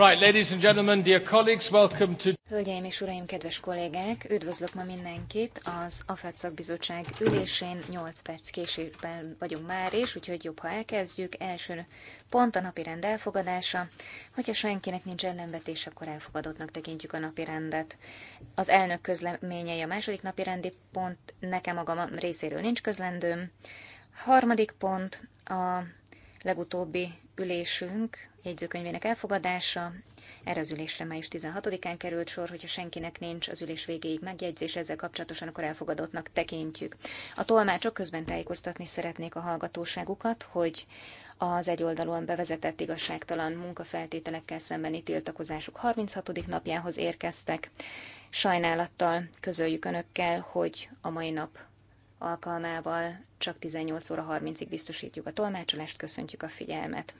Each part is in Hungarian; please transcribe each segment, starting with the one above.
Right, ladies and gentlemen, dear colleagues, welcome to... Hölgyeim és uraim, kedves kollégák, üdvözlök ma mindenkit az AFED szakbizottság ülésén. 8 perc késésben vagyunk már és úgyhogy jobb, ha elkezdjük. Első pont a napi rend elfogadása. Hogyha senkinek nincs ellenvetés, akkor elfogadottnak tekintjük a napi rendet. Az elnök közleményei a második napi rendi pont, nekem magam részéről nincs közlendőm. Harmadik pont a legutóbbi ülésünk, jegyzőkönyvének elfogadása. Erre az ülésre május 16-án került sor, hogyha senkinek nincs az ülés végéig megjegyzés ezzel kapcsolatosan, akkor elfogadottnak tekintjük. A tolmácsok közben tájékoztatni szeretnék a hallgatóságukat, hogy az egyoldalúan bevezetett igazságtalan munkafeltételekkel szembeni tiltakozásuk 36. napjához érkeztek. Sajnálattal közöljük önökkel, hogy a mai nap alkalmával csak 18 óra 30-ig biztosítjuk a tolmácsolást, köszöntjük a figyelmet.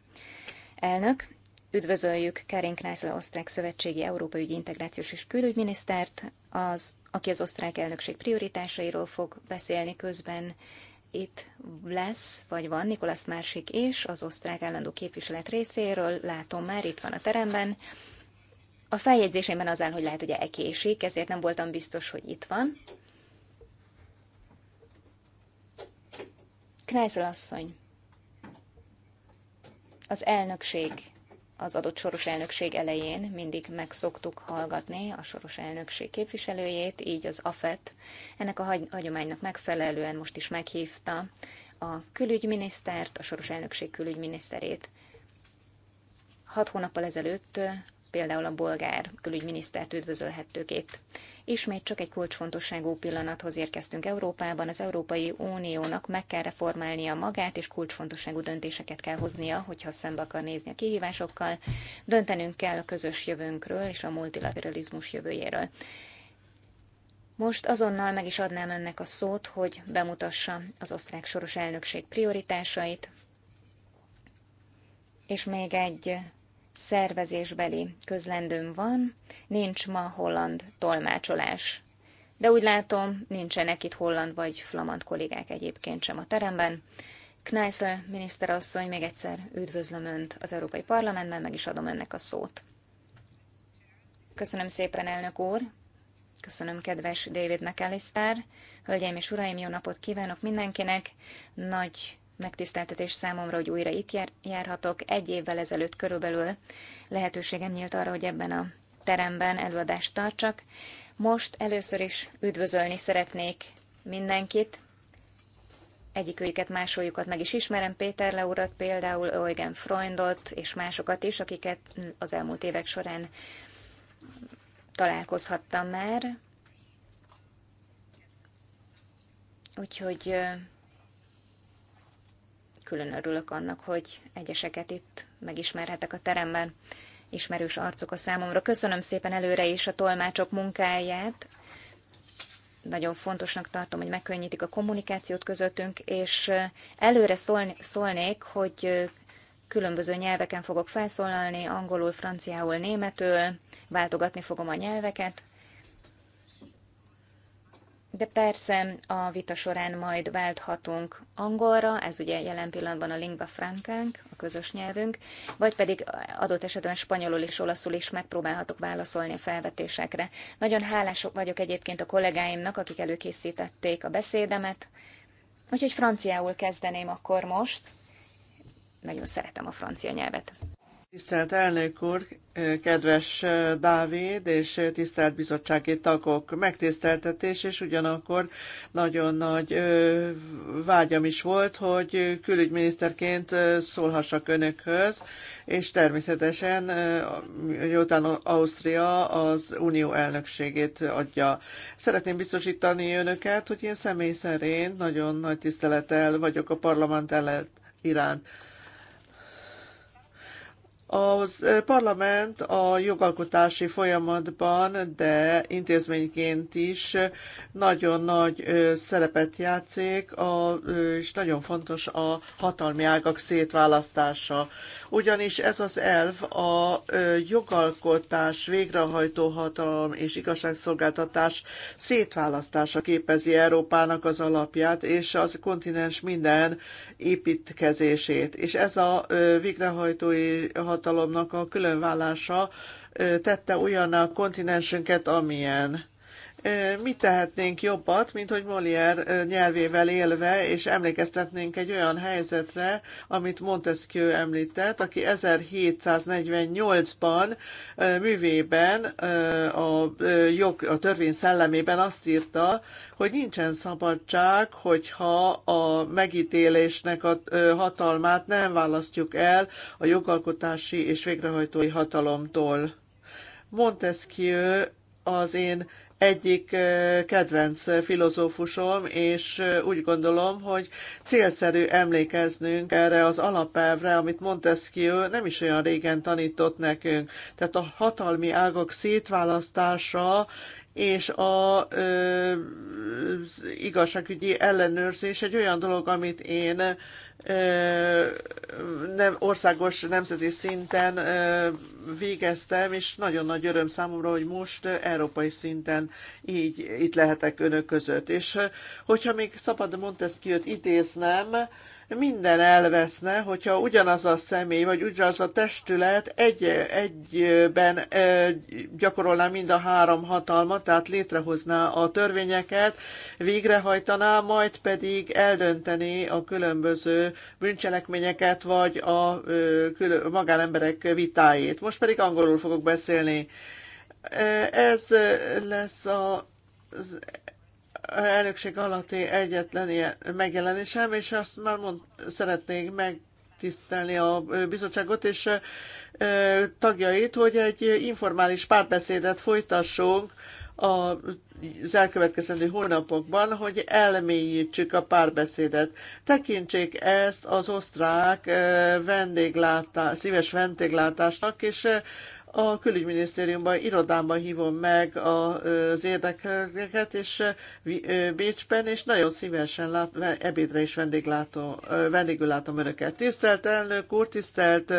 Elnök, üdvözöljük Karin Kreisler, osztrák szövetségi Európai Ügyi Integrációs és Külügyminisztert, az, aki az osztrák elnökség prioritásairól fog beszélni közben. Itt lesz, vagy van Nikolas Másik és az osztrák állandó képviselet részéről, látom már, itt van a teremben. A feljegyzésében az áll, hogy lehet, hogy elkésik, ezért nem voltam biztos, hogy itt van. Kreisler asszony, az elnökség, az adott soros elnökség elején mindig megszoktuk hallgatni a soros elnökség képviselőjét, így az AFET ennek a hagyománynak megfelelően most is meghívta a külügyminisztert, a soros elnökség külügyminiszterét. Hat hónappal ezelőtt például a bolgár külügyminisztert üdvözölhettük itt. Ismét csak egy kulcsfontosságú pillanathoz érkeztünk Európában. Az Európai Uniónak meg kell reformálnia magát, és kulcsfontosságú döntéseket kell hoznia, hogyha szembe akar nézni a kihívásokkal. Döntenünk kell a közös jövőnkről és a multilateralizmus jövőjéről. Most azonnal meg is adnám önnek a szót, hogy bemutassa az osztrák soros elnökség prioritásait, és még egy szervezésbeli közlendőm van, nincs ma holland tolmácsolás. De úgy látom, nincsenek itt holland vagy flamand kollégák egyébként sem a teremben. Kneisel miniszterasszony, még egyszer üdvözlöm Önt az Európai Parlamentben, meg is adom Önnek a szót. Köszönöm szépen, elnök úr! Köszönöm, kedves David McAllister! Hölgyeim és uraim, jó napot kívánok mindenkinek! Nagy megtiszteltetés számomra, hogy újra itt jár, járhatok. Egy évvel ezelőtt körülbelül lehetőségem nyílt arra, hogy ebben a teremben előadást tartsak. Most először is üdvözölni szeretnék mindenkit. Egyikőjüket, másoljukat meg is ismerem, Péter Leurat például, Eugen Freundot és másokat is, akiket az elmúlt évek során találkozhattam már. Úgyhogy Külön örülök annak, hogy egyeseket itt megismerhetek a teremben. Ismerős arcok a számomra. Köszönöm szépen előre is a tolmácsok munkáját. Nagyon fontosnak tartom, hogy megkönnyítik a kommunikációt közöttünk, és eh, előre szólnék, hogy eh, különböző nyelveken fogok felszólalni, angolul, franciául, németül, váltogatni fogom a nyelveket de persze a vita során majd válthatunk angolra, ez ugye jelen pillanatban a lingva francánk, a közös nyelvünk, vagy pedig adott esetben spanyolul és olaszul is megpróbálhatok válaszolni a felvetésekre. Nagyon hálás vagyok egyébként a kollégáimnak, akik előkészítették a beszédemet, úgyhogy franciául kezdeném akkor most. Nagyon szeretem a francia nyelvet. Tisztelt elnök úr, kedves eh, Dávid és eh, tisztelt bizottsági tagok, megtiszteltetés, és ugyanakkor nagyon nagy eh, vágyam is volt, hogy külügyminiszterként szólhassak önökhöz, és természetesen miután Ausztria az unió elnökségét adja. Szeretném biztosítani önöket, hogy én személy szerint nagyon nagy tisztelettel vagyok a parlament elett iránt az parlament a jogalkotási folyamatban, de intézményként is nagyon nagy szerepet játszik, és nagyon fontos a hatalmi ágak szétválasztása ugyanis ez az elv a jogalkotás, végrehajtó hatalom és igazságszolgáltatás szétválasztása képezi Európának az alapját és az kontinens minden építkezését. És ez a végrehajtói hatalomnak a különvállása tette olyan a kontinensünket, amilyen mit tehetnénk jobbat, mint hogy Molière nyelvével élve, és emlékeztetnénk egy olyan helyzetre, amit Montesquieu említett, aki 1748-ban művében a, jog, a törvény szellemében azt írta, hogy nincsen szabadság, hogyha a megítélésnek a hatalmát nem választjuk el a jogalkotási és végrehajtói hatalomtól. Montesquieu az én egyik kedvenc filozófusom, és úgy gondolom, hogy célszerű emlékeznünk erre az alapelvre, amit Montesquieu nem is olyan régen tanított nekünk. Tehát a hatalmi ágok szétválasztása és a, ö, az igazságügyi ellenőrzés egy olyan dolog, amit én nem, országos, nemzeti szinten végeztem, és nagyon nagy öröm számomra, hogy most európai szinten így itt lehetek önök között. És hogyha még szabad Montesquieu-t idéznem, minden elveszne, hogyha ugyanaz a személy, vagy ugyanaz a testület egy, egyben gyakorolná mind a három hatalmat, tehát létrehozná a törvényeket, végrehajtaná, majd pedig eldöntené a különböző bűncselekményeket, vagy a magánemberek vitáit. Most pedig angolul fogok beszélni. Ez lesz a az elnökség alatti egyetlen ilyen megjelenésem, és azt már mond, szeretnék megtisztelni a bizottságot, és tagjait, hogy egy informális párbeszédet folytassunk az elkövetkezendő hónapokban, hogy elmélyítsük a párbeszédet. Tekintsék ezt az osztrák vendéglátás, szíves vendéglátásnak, és a külügyminisztériumban, irodában hívom meg az érdekelteket, és Bécsben, és nagyon szívesen lát, ebédre is vendéglátom, vendégül látom önöket. Tisztelt elnök úr, tisztelt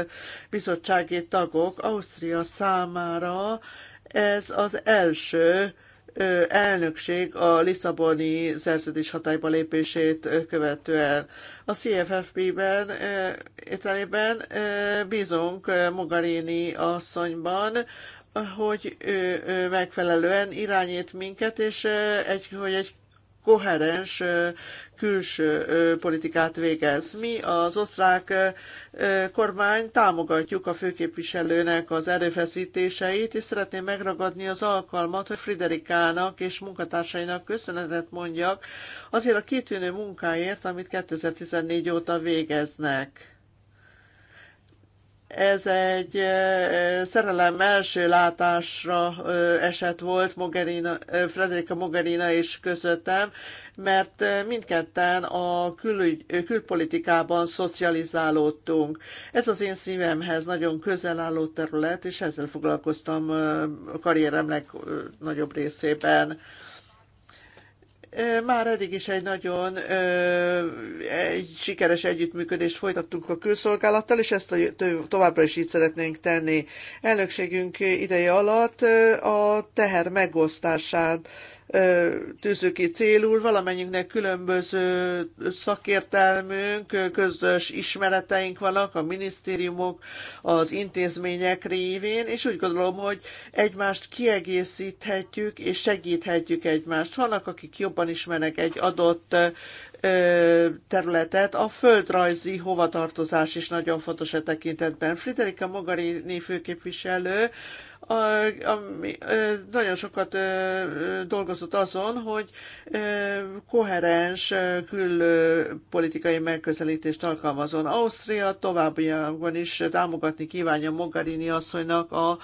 bizottsági tagok, Ausztria számára ez az első elnökség a Lisszaboni szerződés hatályba lépését követően. A CFFP-ben értelmében bízunk Mogarini asszonyban, hogy ő megfelelően irányít minket, és egy, hogy egy koherens külső politikát végez. Mi az osztrák kormány támogatjuk a főképviselőnek az erőfeszítéseit, és szeretném megragadni az alkalmat, hogy Friderikának és munkatársainak köszönetet mondjak azért a kitűnő munkáért, amit 2014 óta végeznek ez egy szerelem első látásra eset volt Mogherina, Frederica Mogherina és közöttem, mert mindketten a külügy, külpolitikában szocializálódtunk. Ez az én szívemhez nagyon közel álló terület, és ezzel foglalkoztam a karrierem legnagyobb részében. Már eddig is egy nagyon egy sikeres együttműködést folytattunk a külszolgálattal, és ezt a továbbra is így szeretnénk tenni. Elnökségünk ideje alatt a teher megosztását tűzőki célul, valamennyiknek különböző szakértelmünk, közös ismereteink vannak a minisztériumok, az intézmények révén, és úgy gondolom, hogy egymást kiegészíthetjük és segíthetjük egymást. Vannak, akik jobban ismernek egy adott területet. A földrajzi hovatartozás is nagyon fontos a e tekintetben. Friderika Mogherini főképviselő ami nagyon sokat dolgozott azon, hogy koherens külpolitikai megközelítést alkalmazon. Ausztria továbbiakban is támogatni kívánja Mogherini asszonynak a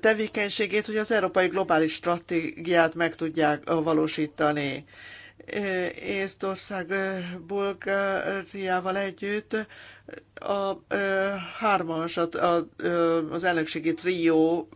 tevékenységét, hogy az európai globális stratégiát meg tudják valósítani. Észtország Bulgáriával együtt a ö, hármas, a, a, az elnökségi trió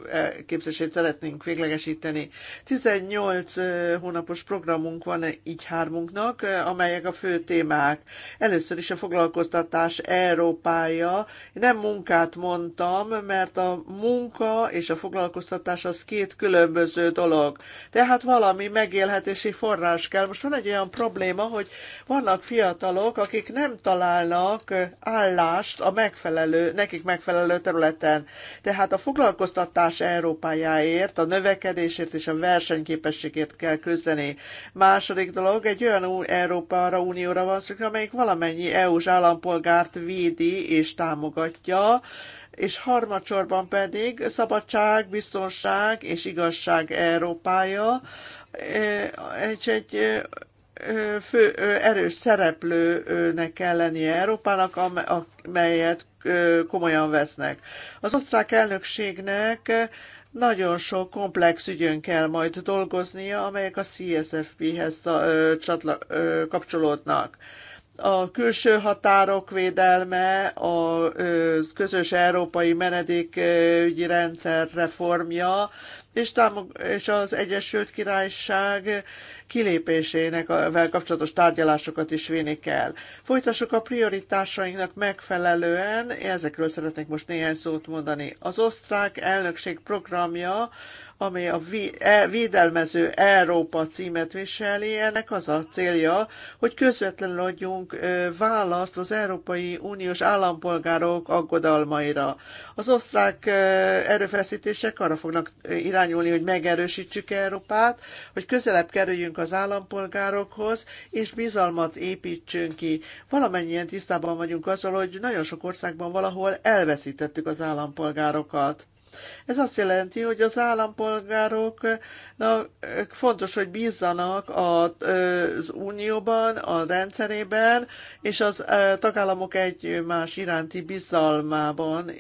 képzését szeretnénk véglegesíteni. 18 hónapos programunk van így hármunknak, amelyek a fő témák. Először is a foglalkoztatás Európája. Nem munkát mondtam, mert a munka és a foglalkoztatás az két különböző dolog. Tehát valami megélhetési forrás kell. Most van egy olyan probléma, hogy vannak fiatalok, akik nem találnak állást a megfelelő, nekik megfelelő területen. Tehát a foglalkoztatás Európájáért, a növekedésért és a versenyképességért kell küzdeni. Második dolog, egy olyan Európára, Unióra van szükség, amelyik valamennyi EU-s állampolgárt védi és támogatja, és harmadsorban pedig szabadság, biztonság és igazság Európája, egy, egy fő erős szereplőnek kell lennie Európának, amelyet komolyan vesznek. Az osztrák elnökségnek nagyon sok komplex ügyön kell majd dolgoznia, amelyek a CSFP-hez kapcsolódnak a külső határok védelme, a közös európai menedékügyi rendszer reformja, és, támog- és az Egyesült Királyság kilépésének vel kapcsolatos tárgyalásokat is vinni kell. Folytassuk a prioritásainknak megfelelően, ezekről szeretnék most néhány szót mondani. Az osztrák elnökség programja ami a e, Védelmező Európa címet viseli. Ennek az a célja, hogy közvetlenül adjunk választ az Európai Uniós állampolgárok aggodalmaira. Az osztrák erőfeszítések arra fognak irányulni, hogy megerősítsük Európát, hogy közelebb kerüljünk az állampolgárokhoz, és bizalmat építsünk ki. Valamennyien tisztában vagyunk azzal, hogy nagyon sok országban valahol elveszítettük az állampolgárokat. Ez azt jelenti, hogy az állampolgároknak fontos, hogy bízzanak az unióban, a rendszerében, és az tagállamok egymás iránti bizalmában.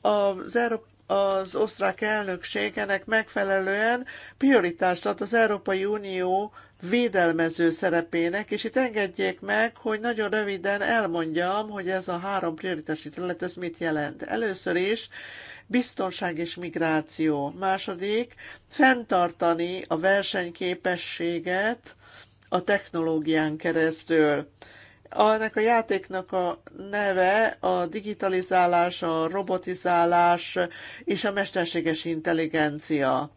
Az Európai az osztrák elnökség ennek megfelelően prioritást ad az Európai Unió védelmező szerepének, és itt engedjék meg, hogy nagyon röviden elmondjam, hogy ez a három prioritási terület, ez mit jelent. Először is Biztonság és migráció. Második, fenntartani a versenyképességet a technológián keresztül. Ennek a játéknak a neve a digitalizálás, a robotizálás és a mesterséges intelligencia.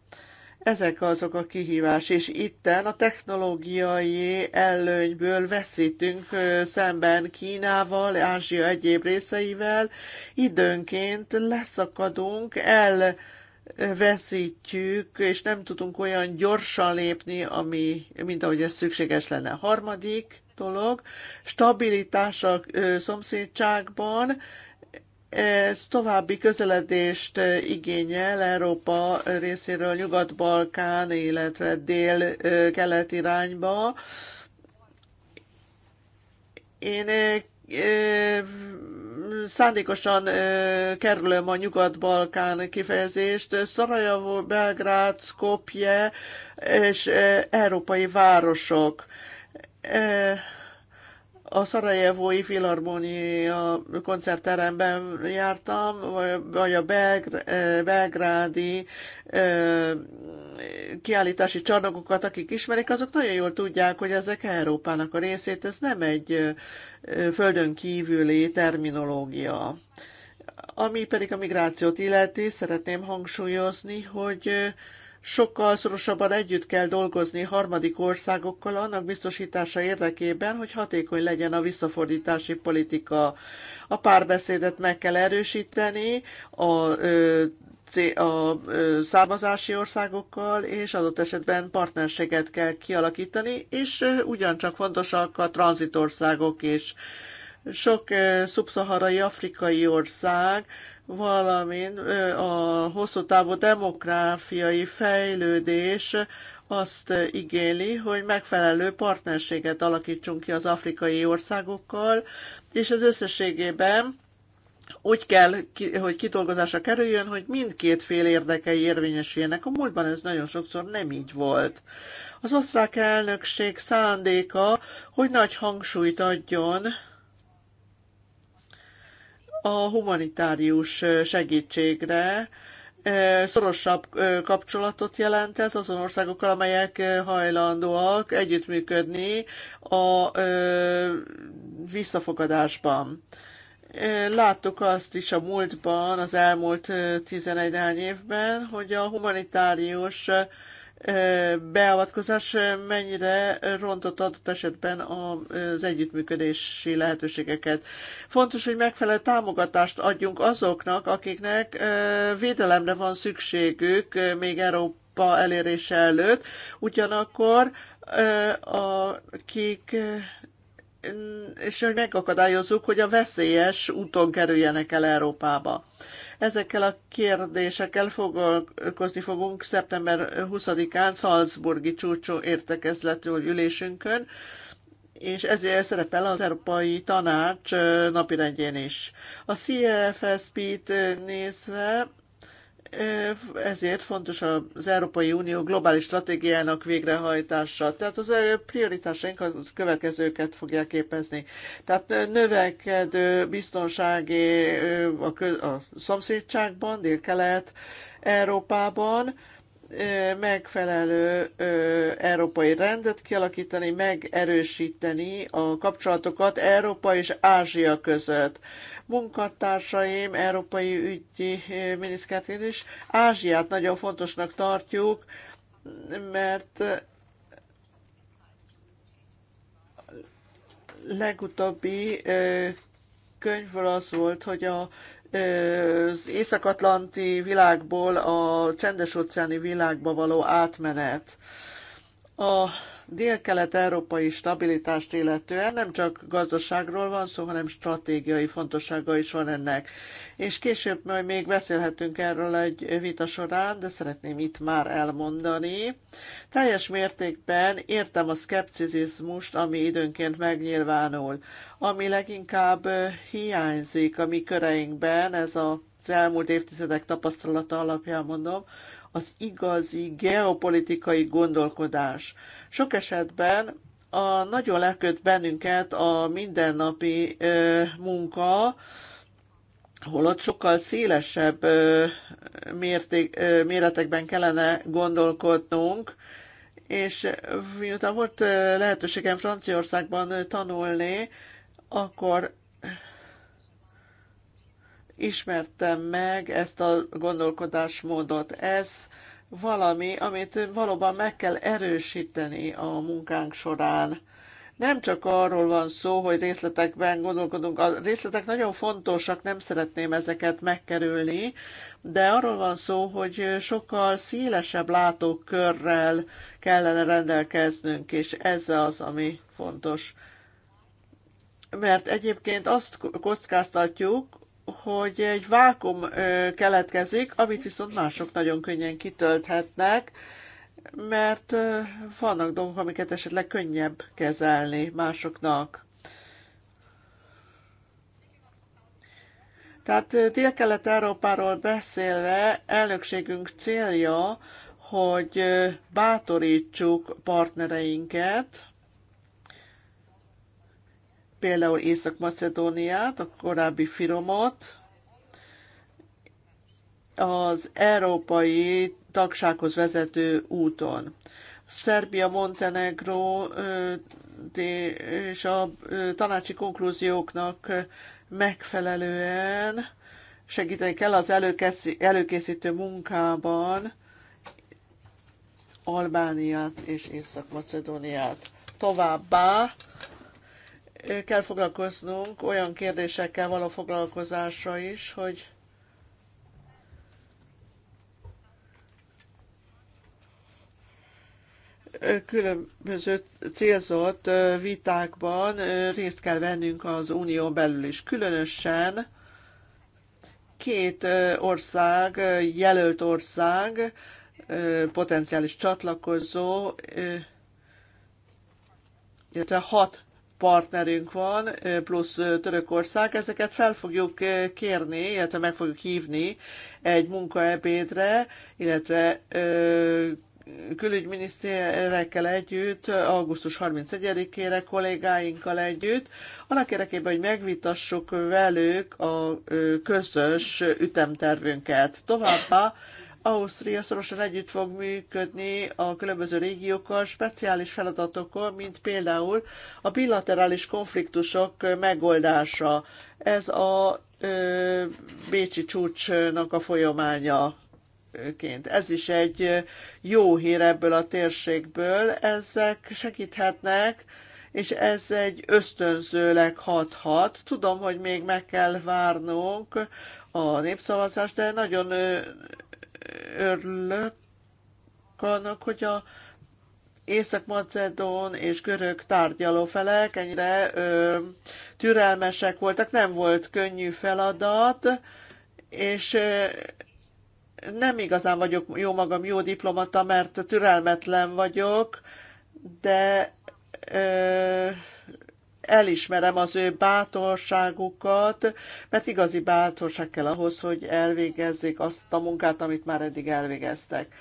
Ezek azok a kihívás, és itten a technológiai előnyből veszítünk szemben Kínával, Ázsia egyéb részeivel. Időnként leszakadunk, el és nem tudunk olyan gyorsan lépni, ami, mint ahogy ez szükséges lenne. Harmadik dolog, stabilitás a szomszédságban, ez további közeledést eh, igényel Európa részéről Nyugat-Balkán, illetve dél-kelet eh, irányba. Én eh, szándékosan kerülöm a Nyugat-Balkán kifejezést. Szarajevó, Belgrád, Skopje és európai városok a Szarajevói Filharmónia koncertteremben jártam, vagy a Belgr- eh, belgrádi eh, kiállítási csarnokokat, akik ismerik, azok nagyon jól tudják, hogy ezek Európának a részét, ez nem egy eh, földön kívüli terminológia. Ami pedig a migrációt illeti, szeretném hangsúlyozni, hogy sokkal szorosabban együtt kell dolgozni harmadik országokkal annak biztosítása érdekében, hogy hatékony legyen a visszafordítási politika. A párbeszédet meg kell erősíteni, a a származási országokkal, és adott esetben partnerséget kell kialakítani, és ugyancsak fontosak a tranzitországok is. Sok szubszaharai afrikai ország valamint a hosszú távú demográfiai fejlődés azt igényli, hogy megfelelő partnerséget alakítsunk ki az afrikai országokkal, és az összességében úgy kell, hogy kitolgozásra kerüljön, hogy mindkét fél érdekei érvényesüljenek. A múltban ez nagyon sokszor nem így volt. Az osztrák elnökség szándéka, hogy nagy hangsúlyt adjon a humanitárius segítségre, szorosabb kapcsolatot jelent ez azon országokkal, amelyek hajlandóak együttműködni a visszafogadásban. Láttuk azt is a múltban, az elmúlt 11 évben, hogy a humanitárius beavatkozás mennyire rontott adott esetben az együttműködési lehetőségeket. Fontos, hogy megfelelő támogatást adjunk azoknak, akiknek védelemre van szükségük még Európa elérése előtt, ugyanakkor akik és hogy megakadályozzuk, hogy a veszélyes úton kerüljenek el Európába. Ezekkel a kérdésekkel foglalkozni fogunk szeptember 20-án Salzburgi csúcsó értekezletű ülésünkön, és ezért szerepel az Európai Tanács napirendjén is. A CFSP-t nézve ezért fontos az Európai Unió globális stratégiának végrehajtása. Tehát az prioritásaink a következőket fogják képezni. Tehát növekedő biztonsági a, köz, a szomszédságban, dél-kelet, Európában, megfelelő európai rendet kialakítani, megerősíteni a kapcsolatokat Európa és Ázsia között. Munkatársaim, európai ügyi Miniszkertén is Ázsiát nagyon fontosnak tartjuk, mert legutóbbi könyvből az volt, hogy a az észak-atlanti világból a csendes-óceáni világba való átmenet. A dél-kelet-európai stabilitást illetően nem csak gazdaságról van szó, hanem stratégiai fontossága is van ennek. És később majd még beszélhetünk erről egy vita során, de szeretném itt már elmondani. Teljes mértékben értem a szkepticizmust, ami időnként megnyilvánul. Ami leginkább hiányzik a mi köreinkben, ez az elmúlt évtizedek tapasztalata alapján mondom, az igazi geopolitikai gondolkodás sok esetben a nagyon leköt bennünket a mindennapi ö, munka, holott sokkal szélesebb ö, mérték, ö, méretekben kellene gondolkodnunk, és miután volt lehetőségem Franciaországban tanulni, akkor ismertem meg ezt a gondolkodásmódot. Ez valami, amit valóban meg kell erősíteni a munkánk során. Nem csak arról van szó, hogy részletekben gondolkodunk, a részletek nagyon fontosak, nem szeretném ezeket megkerülni, de arról van szó, hogy sokkal szélesebb látókörrel kellene rendelkeznünk, és ez az, ami fontos. Mert egyébként azt kockáztatjuk, hogy egy vákum keletkezik, amit viszont mások nagyon könnyen kitölthetnek, mert vannak dolgok, amiket esetleg könnyebb kezelni másoknak. Tehát Dél-Kelet-Európáról beszélve elnökségünk célja, hogy bátorítsuk partnereinket, például Észak-Macedóniát, a korábbi Firomot, az európai tagsághoz vezető úton. Szerbia, Montenegro és a tanácsi konklúzióknak megfelelően segíteni kell az előkészítő munkában Albániát és Észak-Macedóniát. Továbbá kell foglalkoznunk olyan kérdésekkel való foglalkozásra is, hogy különböző célzott vitákban részt kell vennünk az unió belül is. Különösen két ország, jelölt ország, potenciális csatlakozó, illetve hat partnerünk van, plusz Törökország, ezeket fel fogjuk kérni, illetve meg fogjuk hívni egy munkaebédre, illetve külügyminiszterekkel együtt, augusztus 31-ére kollégáinkkal együtt, annak érdekében, hogy megvitassuk velük a közös ütemtervünket. Továbbá Ausztria szorosan együtt fog működni a különböző régiókkal, speciális feladatokon, mint például a bilaterális konfliktusok megoldása. Ez a ö, Bécsi csúcsnak a folyamánya. Ként. Ez is egy jó hír ebből a térségből. Ezek segíthetnek, és ez egy ösztönzőleg hathat. Tudom, hogy még meg kell várnunk a népszavazást, de nagyon örülök annak, hogy a észak-macedón és görög tárgyalófelek ennyire ö, türelmesek voltak, nem volt könnyű feladat, és ö, nem igazán vagyok jó magam, jó diplomata, mert türelmetlen vagyok, de ö, elismerem az ő bátorságukat, mert igazi bátorság kell ahhoz, hogy elvégezzék azt a munkát, amit már eddig elvégeztek.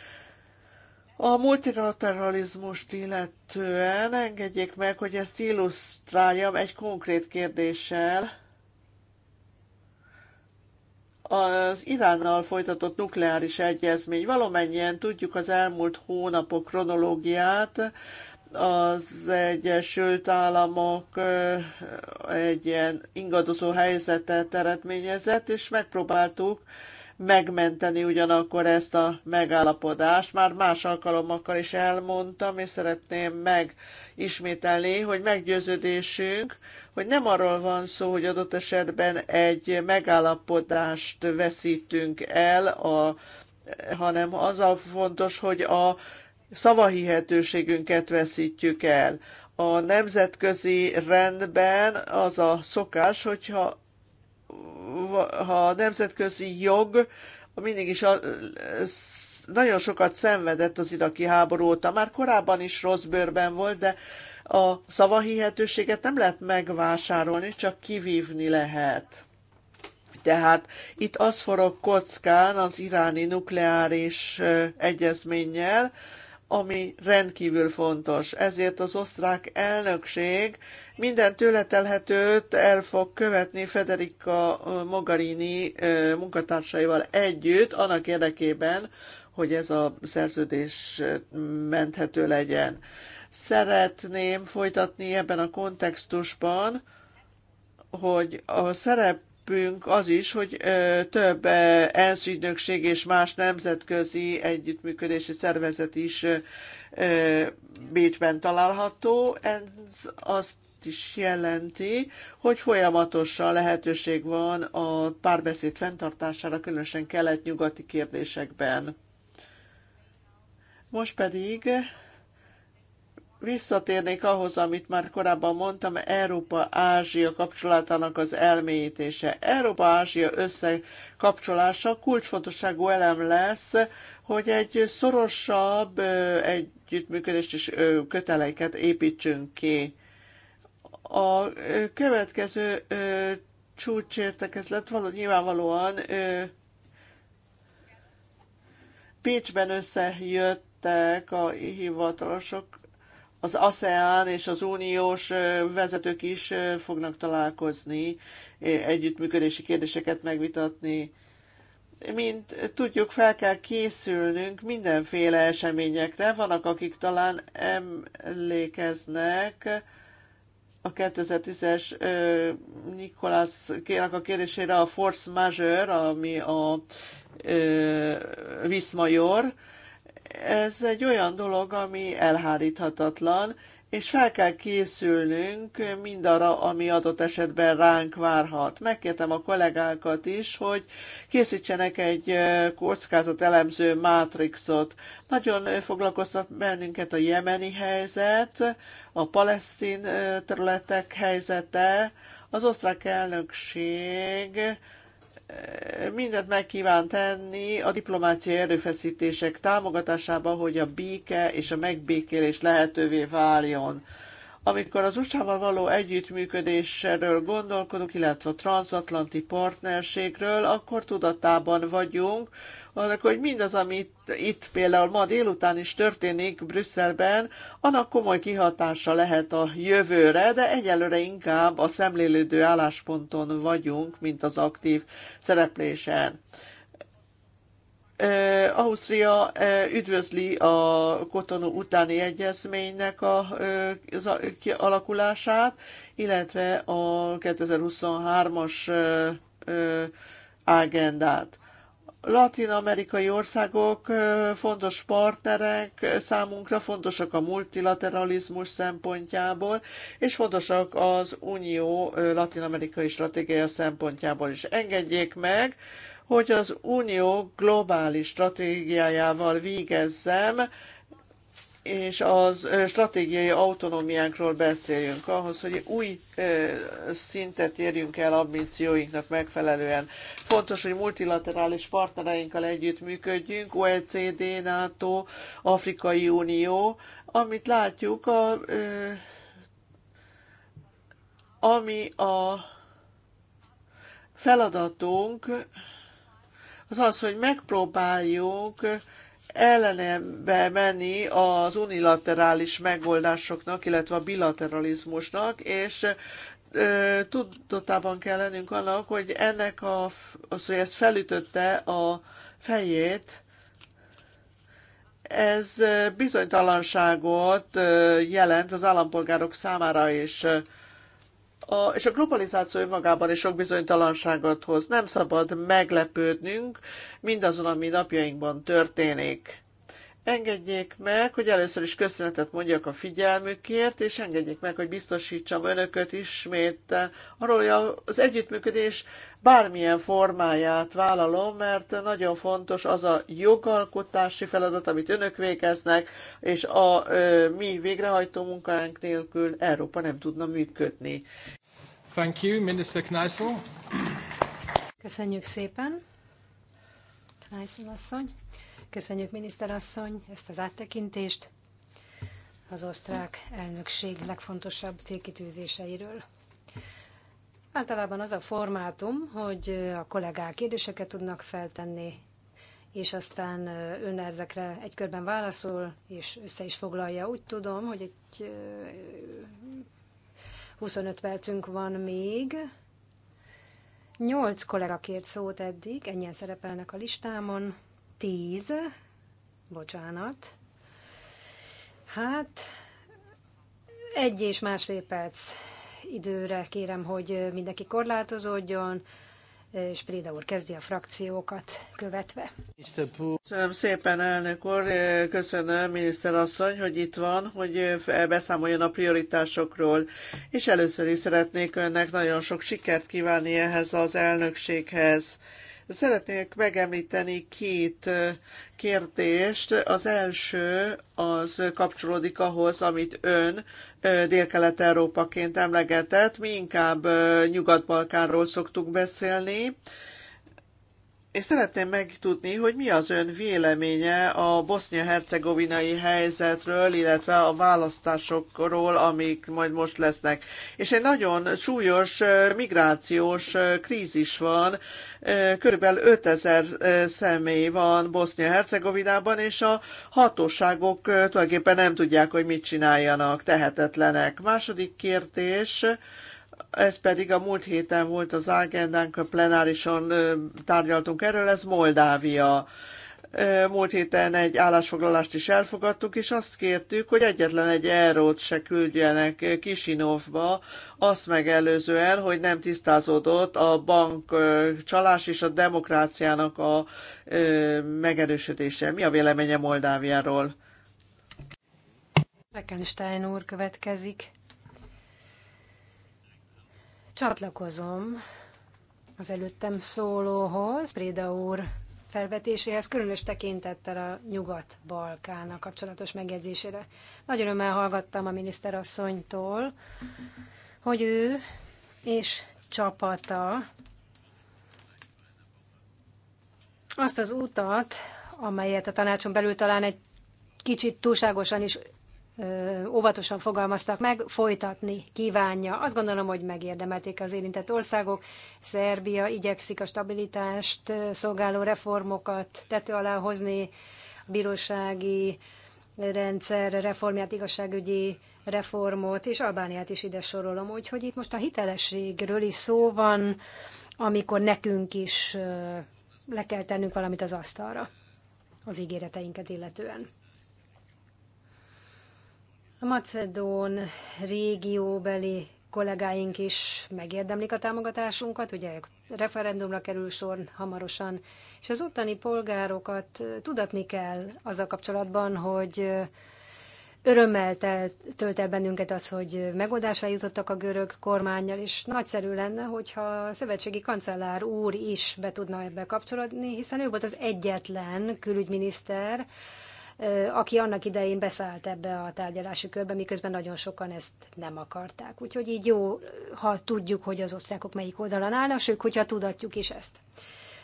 A multilateralizmust illetően engedjék meg, hogy ezt illusztráljam egy konkrét kérdéssel. Az Iránnal folytatott nukleáris egyezmény. Valamennyien tudjuk az elmúlt hónapok kronológiát, az Egyesült Államok egy ilyen ingadozó helyzetet eredményezett, és megpróbáltuk megmenteni ugyanakkor ezt a megállapodást. Már más alkalommal is elmondtam, és szeretném megismételni, hogy meggyőződésünk, hogy nem arról van szó, hogy adott esetben egy megállapodást veszítünk el, a, hanem az a fontos, hogy a szavahihetőségünket veszítjük el. A nemzetközi rendben az a szokás, hogyha ha a nemzetközi jog mindig is a, nagyon sokat szenvedett az iraki háború óta. Már korábban is rossz bőrben volt, de a szavahihetőséget nem lehet megvásárolni, csak kivívni lehet. Tehát itt az forog kockán az iráni nukleáris egyezménnyel, ami rendkívül fontos. Ezért az osztrák elnökség minden tőle el fog követni Federica Mogherini munkatársaival együtt, annak érdekében, hogy ez a szerződés menthető legyen. Szeretném folytatni ebben a kontextusban, hogy a szerep szerepünk az is, hogy több ENSZ ügynökség és más nemzetközi együttműködési szervezet is Bécsben található. Ez azt is jelenti, hogy folyamatosan lehetőség van a párbeszéd fenntartására, különösen kelet-nyugati kérdésekben. Most pedig visszatérnék ahhoz, amit már korábban mondtam, Európa-Ázsia kapcsolatának az elmélyítése. Európa-Ázsia összekapcsolása kulcsfontosságú elem lesz, hogy egy szorosabb együttműködést és köteleket építsünk ki. A következő csúcsértekezlet való, nyilvánvalóan Pécsben összejött a hivatalosok, az ASEAN és az uniós vezetők is fognak találkozni, együttműködési kérdéseket megvitatni. Mint tudjuk, fel kell készülnünk mindenféle eseményekre. Vannak, akik talán emlékeznek a 2010-es kérnek a kérdésére a force Major, ami a viszmajor, ez egy olyan dolog, ami elháríthatatlan, és fel kell készülnünk mindarra, ami adott esetben ránk várhat. Megkértem a kollégákat is, hogy készítsenek egy kockázat elemző mátrixot. Nagyon foglalkoztat bennünket a jemeni helyzet, a palesztin területek helyzete, az osztrák elnökség mindent meg kíván tenni a diplomáciai erőfeszítések támogatásában, hogy a béke és a megbékélés lehetővé váljon. Amikor az USA-val való együttműködésről gondolkodunk, illetve a transatlanti partnerségről, akkor tudatában vagyunk, annak, hogy mindaz, amit itt például ma délután is történik Brüsszelben, annak komoly kihatása lehet a jövőre, de egyelőre inkább a szemlélődő állásponton vagyunk, mint az aktív szereplésen. Ausztria üdvözli a kotonó utáni egyezménynek a alakulását, illetve a 2023-as agendát. Latin-amerikai országok fontos partnerek számunkra, fontosak a multilateralizmus szempontjából, és fontosak az Unió latin-amerikai stratégiája szempontjából is. Engedjék meg, hogy az Unió globális stratégiájával végezzem, és az stratégiai autonómiánkról beszéljünk, ahhoz, hogy új szintet érjünk el ambícióinknak megfelelően. Fontos, hogy multilaterális partnereinkkel együtt működjünk, OECD, NATO, Afrikai Unió, amit látjuk, a, ami a feladatunk, az az, hogy megpróbáljunk ellenembe menni az unilaterális megoldásoknak, illetve a bilateralizmusnak, és tudatában kell lennünk annak, hogy ennek a, az, hogy ez felütötte a fejét, ez bizonytalanságot jelent az állampolgárok számára is. A, és a globalizáció önmagában is sok bizonytalanságot hoz. Nem szabad meglepődnünk mindazon, ami napjainkban történik. Engedjék meg, hogy először is köszönetet mondjak a figyelmükért, és engedjék meg, hogy biztosítsam önöket ismét arról, hogy az együttműködés bármilyen formáját vállalom, mert nagyon fontos az a jogalkotási feladat, amit önök végeznek, és a ö, mi végrehajtó munkánk nélkül Európa nem tudna működni. Thank you, Minister Köszönjük szépen, Kneissl asszony. Köszönjük, miniszterasszony, ezt az áttekintést az osztrák elnökség legfontosabb célkitűzéseiről. Általában az a formátum, hogy a kollégák kérdéseket tudnak feltenni, és aztán ön ezekre egy körben válaszol, és össze is foglalja. Úgy tudom, hogy egy 25 percünk van még. Nyolc kollega kért szót eddig, ennyien szerepelnek a listámon. Tíz, bocsánat. Hát, egy és másfél perc időre kérem, hogy mindenki korlátozódjon és Préda úr kezdi a frakciókat követve. Köszönöm szépen, elnök úr, köszönöm miniszter asszony, hogy itt van, hogy beszámoljon a prioritásokról, és először is szeretnék önnek nagyon sok sikert kívánni ehhez az elnökséghez. Szeretnék megemlíteni két kérdést. Az első az kapcsolódik ahhoz, amit ön Dél-Kelet-Európaként emlegetett, mi inkább Nyugat-Balkánról szoktunk beszélni, és szeretném megtudni, hogy mi az ön véleménye a bosznia-hercegovinai helyzetről, illetve a választásokról, amik majd most lesznek. És egy nagyon súlyos migrációs krízis van, körülbelül 5000 személy van Bosznia-Hercegovinában, és a hatóságok tulajdonképpen nem tudják, hogy mit csináljanak, tehetetlenek. Második kérdés, ez pedig a múlt héten volt az agendánk, a plenárison tárgyaltunk erről, ez Moldávia. Múlt héten egy állásfoglalást is elfogadtuk, és azt kértük, hogy egyetlen egy erót se küldjenek Kisinovba, azt megelőzően, hogy nem tisztázódott a bank csalás és a demokráciának a megerősödése. Mi a véleménye Moldáviáról? Lekenstein úr következik. Csatlakozom az előttem szólóhoz, Préda úr felvetéséhez, különös tekintettel a Nyugat-Balkánnal kapcsolatos megjegyzésére. Nagy örömmel hallgattam a miniszterasszonytól, hogy ő és csapata azt az utat, amelyet a tanácson belül talán egy kicsit túlságosan is óvatosan fogalmaztak meg, folytatni kívánja. Azt gondolom, hogy megérdemelték az érintett országok. Szerbia igyekszik a stabilitást szolgáló reformokat tető alá hozni, a bírósági rendszer reformját, igazságügyi reformot, és Albániát is ide sorolom. Úgyhogy itt most a hitelességről is szó van, amikor nekünk is le kell tennünk valamit az asztalra az ígéreteinket illetően. A macedón régióbeli kollégáink is megérdemlik a támogatásunkat, ugye referendumra kerül sor hamarosan, és az ottani polgárokat tudatni kell az a kapcsolatban, hogy örömmel tölt el bennünket az, hogy megoldásra jutottak a görög kormányjal, és nagyszerű lenne, hogyha a szövetségi kancellár úr is be tudna ebbe kapcsolódni, hiszen ő volt az egyetlen külügyminiszter, aki annak idején beszállt ebbe a tárgyalási körbe, miközben nagyon sokan ezt nem akarták. Úgyhogy így jó, ha tudjuk, hogy az osztrákok melyik oldalon állnak, sőt, hogyha tudatjuk is ezt.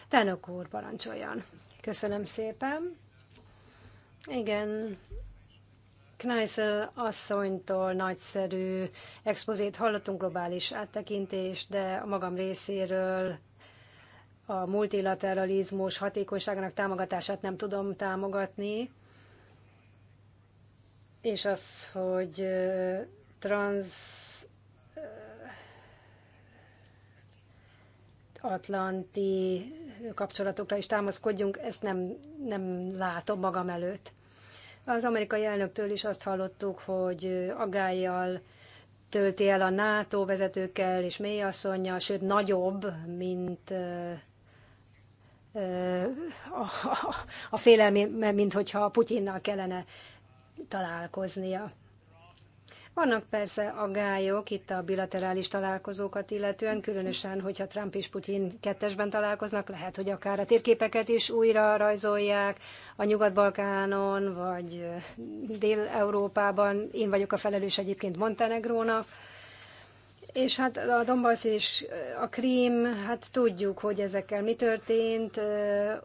Tánok úr, parancsoljon. Köszönöm szépen. Igen, Kneisel asszonytól nagyszerű expozét hallottunk, globális áttekintés, de a magam részéről a multilateralizmus hatékonyságának támogatását nem tudom támogatni, és az, hogy trans atlanti kapcsolatokra is támaszkodjunk, ezt nem, nem látom magam előtt. Az amerikai elnöktől is azt hallottuk, hogy agállyal tölti el a NATO vezetőkkel és mélyasszonyjal, sőt nagyobb, mint a, a, a félelmi, mint hogyha Putyinnal kellene találkoznia. Vannak persze agályok itt a bilaterális találkozókat illetően, különösen, hogyha Trump és Putyin kettesben találkoznak, lehet, hogy akár a térképeket is újra rajzolják a Nyugat-Balkánon, vagy Dél-Európában. Én vagyok a felelős egyébként Montenegrónak és hát a Donbass és a Krím, hát tudjuk, hogy ezekkel mi történt.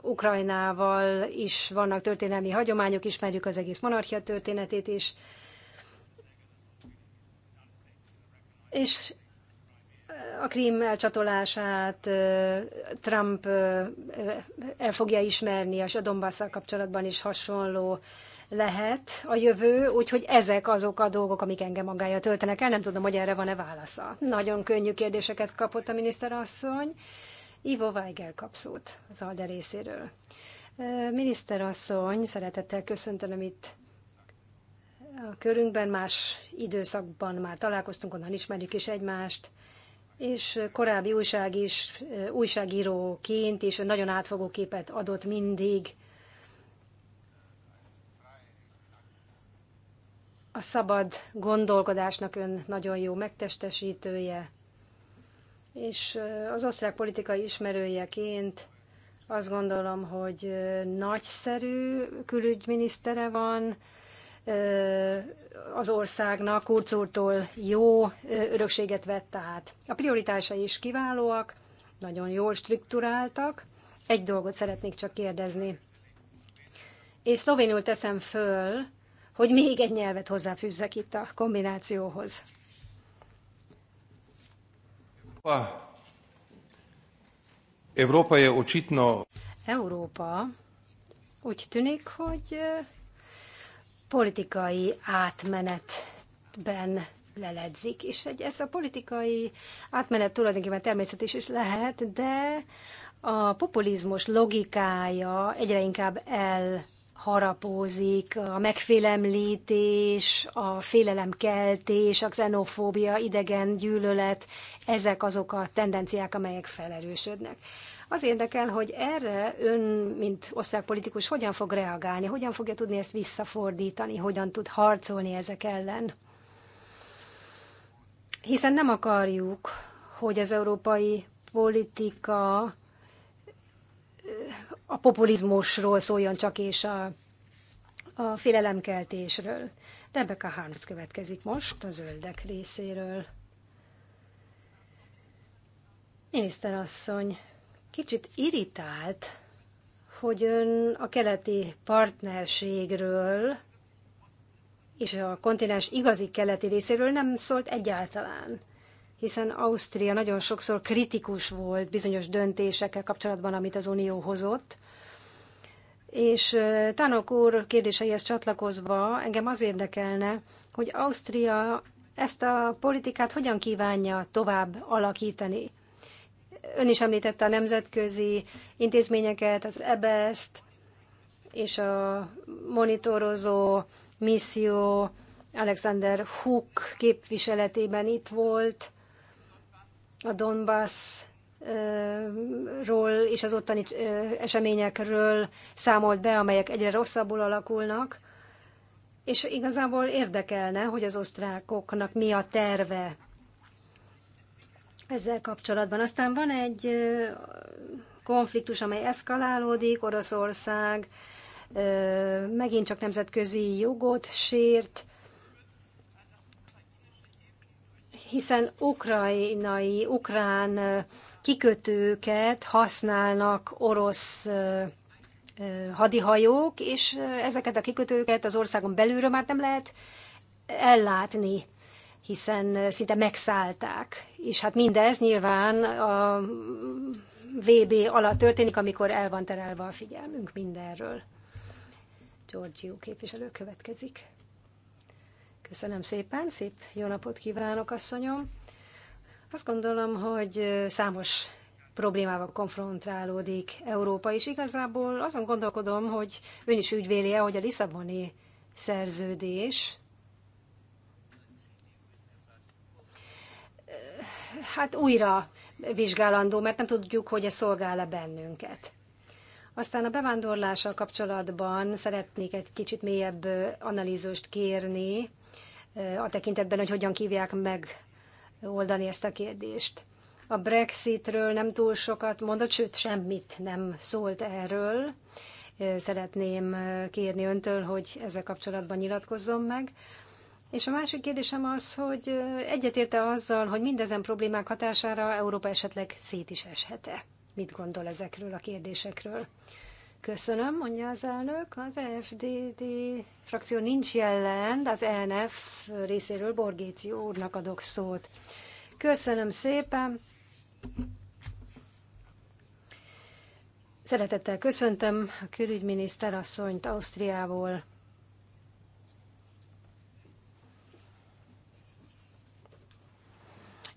Ukrajnával is vannak történelmi hagyományok, ismerjük az egész monarchia történetét is. És a krím elcsatolását Trump el fogja ismerni, és a Donbasszal kapcsolatban is hasonló lehet a jövő, úgyhogy ezek azok a dolgok, amik engem magája töltenek el. Nem tudom, hogy erre van-e válasza. Nagyon könnyű kérdéseket kapott a miniszterasszony. Ivo Weigel kap szót az ALDE részéről. Miniszterasszony, szeretettel köszöntöm itt a körünkben, más időszakban már találkoztunk, onnan ismerjük is egymást, és korábbi újság is, újságíróként is nagyon átfogó képet adott mindig a szabad gondolkodásnak ön nagyon jó megtestesítője, és az osztrák politikai ismerőjeként azt gondolom, hogy nagyszerű külügyminisztere van, az országnak kurcúrtól jó örökséget vett át. A prioritásai is kiválóak, nagyon jól strukturáltak. Egy dolgot szeretnék csak kérdezni. És szlovénul teszem föl, hogy még egy nyelvet hozzáfűzzek itt a kombinációhoz. Európa, Európa je očitno... Európa úgy tűnik, hogy politikai átmenetben leledzik, és egy, ez a politikai átmenet tulajdonképpen természetes is lehet, de a populizmus logikája egyre inkább el harapózik, a megfélemlítés, a félelemkeltés, a xenofóbia, idegen gyűlölet, ezek azok a tendenciák, amelyek felerősödnek. Az érdekel, hogy erre ön, mint osztrák politikus, hogyan fog reagálni, hogyan fogja tudni ezt visszafordítani, hogyan tud harcolni ezek ellen. Hiszen nem akarjuk, hogy az európai politika a populizmusról szóljon csak, és a, a félelemkeltésről. Rebecca Harms következik most a zöldek részéről. Miniszterasszony, kicsit irritált, hogy ön a keleti partnerségről és a kontinens igazi keleti részéről nem szólt egyáltalán hiszen Ausztria nagyon sokszor kritikus volt bizonyos döntésekkel kapcsolatban, amit az Unió hozott, és Tanok úr kérdéseihez csatlakozva engem az érdekelne, hogy Ausztria ezt a politikát hogyan kívánja tovább alakítani. Ön is említette a nemzetközi intézményeket, az EBS-t e és a monitorozó misszió Alexander Hook képviseletében itt volt, a Donbass ról és az ottani eseményekről számolt be, amelyek egyre rosszabbul alakulnak, és igazából érdekelne, hogy az osztrákoknak mi a terve ezzel kapcsolatban. Aztán van egy konfliktus, amely eszkalálódik, Oroszország megint csak nemzetközi jogot sért, hiszen ukrajnai, ukrán kikötőket használnak orosz hadihajók, és ezeket a kikötőket az országon belülről már nem lehet ellátni, hiszen szinte megszállták. És hát mindez nyilván a VB alatt történik, amikor el van terelve a figyelmünk mindenről. Giorgio képviselő következik. Köszönöm szépen, szép jó napot kívánok, asszonyom! Azt gondolom, hogy számos problémával konfrontálódik Európa, és igazából azon gondolkodom, hogy ön is ügyvélje, hogy a Lisszaboni szerződés hát újra vizsgálandó, mert nem tudjuk, hogy ez szolgál-e bennünket. Aztán a bevándorlással kapcsolatban szeretnék egy kicsit mélyebb analízust kérni, a tekintetben, hogy hogyan kívják meg oldani ezt a kérdést. A Brexitről nem túl sokat mondott, sőt, semmit nem szólt erről. Szeretném kérni öntől, hogy ezzel kapcsolatban nyilatkozzon meg. És a másik kérdésem az, hogy egyetérte azzal, hogy mindezen problémák hatására Európa esetleg szét is eshet-e? Mit gondol ezekről a kérdésekről? Köszönöm, mondja az elnök. Az e FDD frakció nincs jelen, de az ENF részéről Borgéci úrnak adok szót. Köszönöm szépen. Szeretettel köszöntöm a külügyminiszter asszonyt Ausztriából.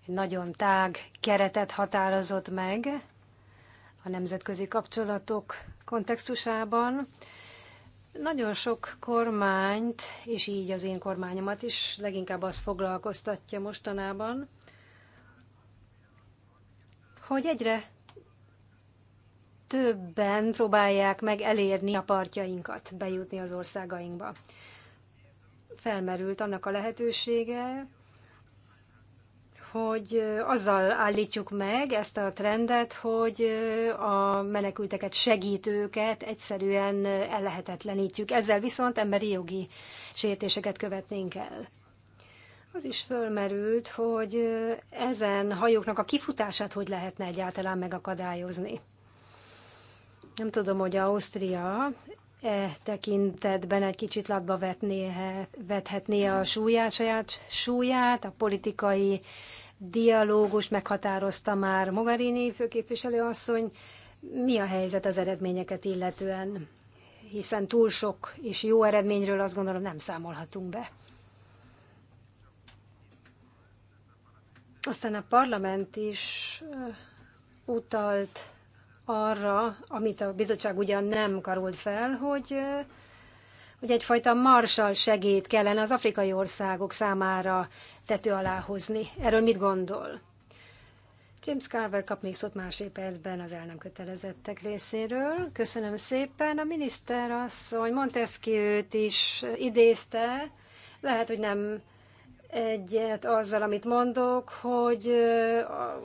Egy nagyon tág keretet határozott meg a nemzetközi kapcsolatok kontextusában. Nagyon sok kormányt, és így az én kormányomat is, leginkább az foglalkoztatja mostanában, hogy egyre többen próbálják meg elérni a partjainkat, bejutni az országainkba. Felmerült annak a lehetősége, hogy azzal állítjuk meg ezt a trendet, hogy a menekülteket, segítőket egyszerűen ellehetetlenítjük. Ezzel viszont emberi jogi sértéseket követnénk el. Az is fölmerült, hogy ezen hajóknak a kifutását hogy lehetne egyáltalán megakadályozni. Nem tudom, hogy Ausztria e tekintetben egy kicsit latba vetné, vethetné a súlyát, saját súlyát, a politikai dialógus meghatározta már Mogherini főképviselő asszony. Mi a helyzet az eredményeket illetően? Hiszen túl sok és jó eredményről azt gondolom nem számolhatunk be. Aztán a parlament is utalt arra, amit a bizottság ugyan nem karolt fel, hogy hogy egyfajta marsal segít kellene az afrikai országok számára tető alá hozni. Erről mit gondol? James Carver kap még szót másfél percben az el nem kötelezettek részéről. Köszönöm szépen. A miniszter asszony Montesquieu-t is idézte. Lehet, hogy nem egyet azzal, amit mondok, hogy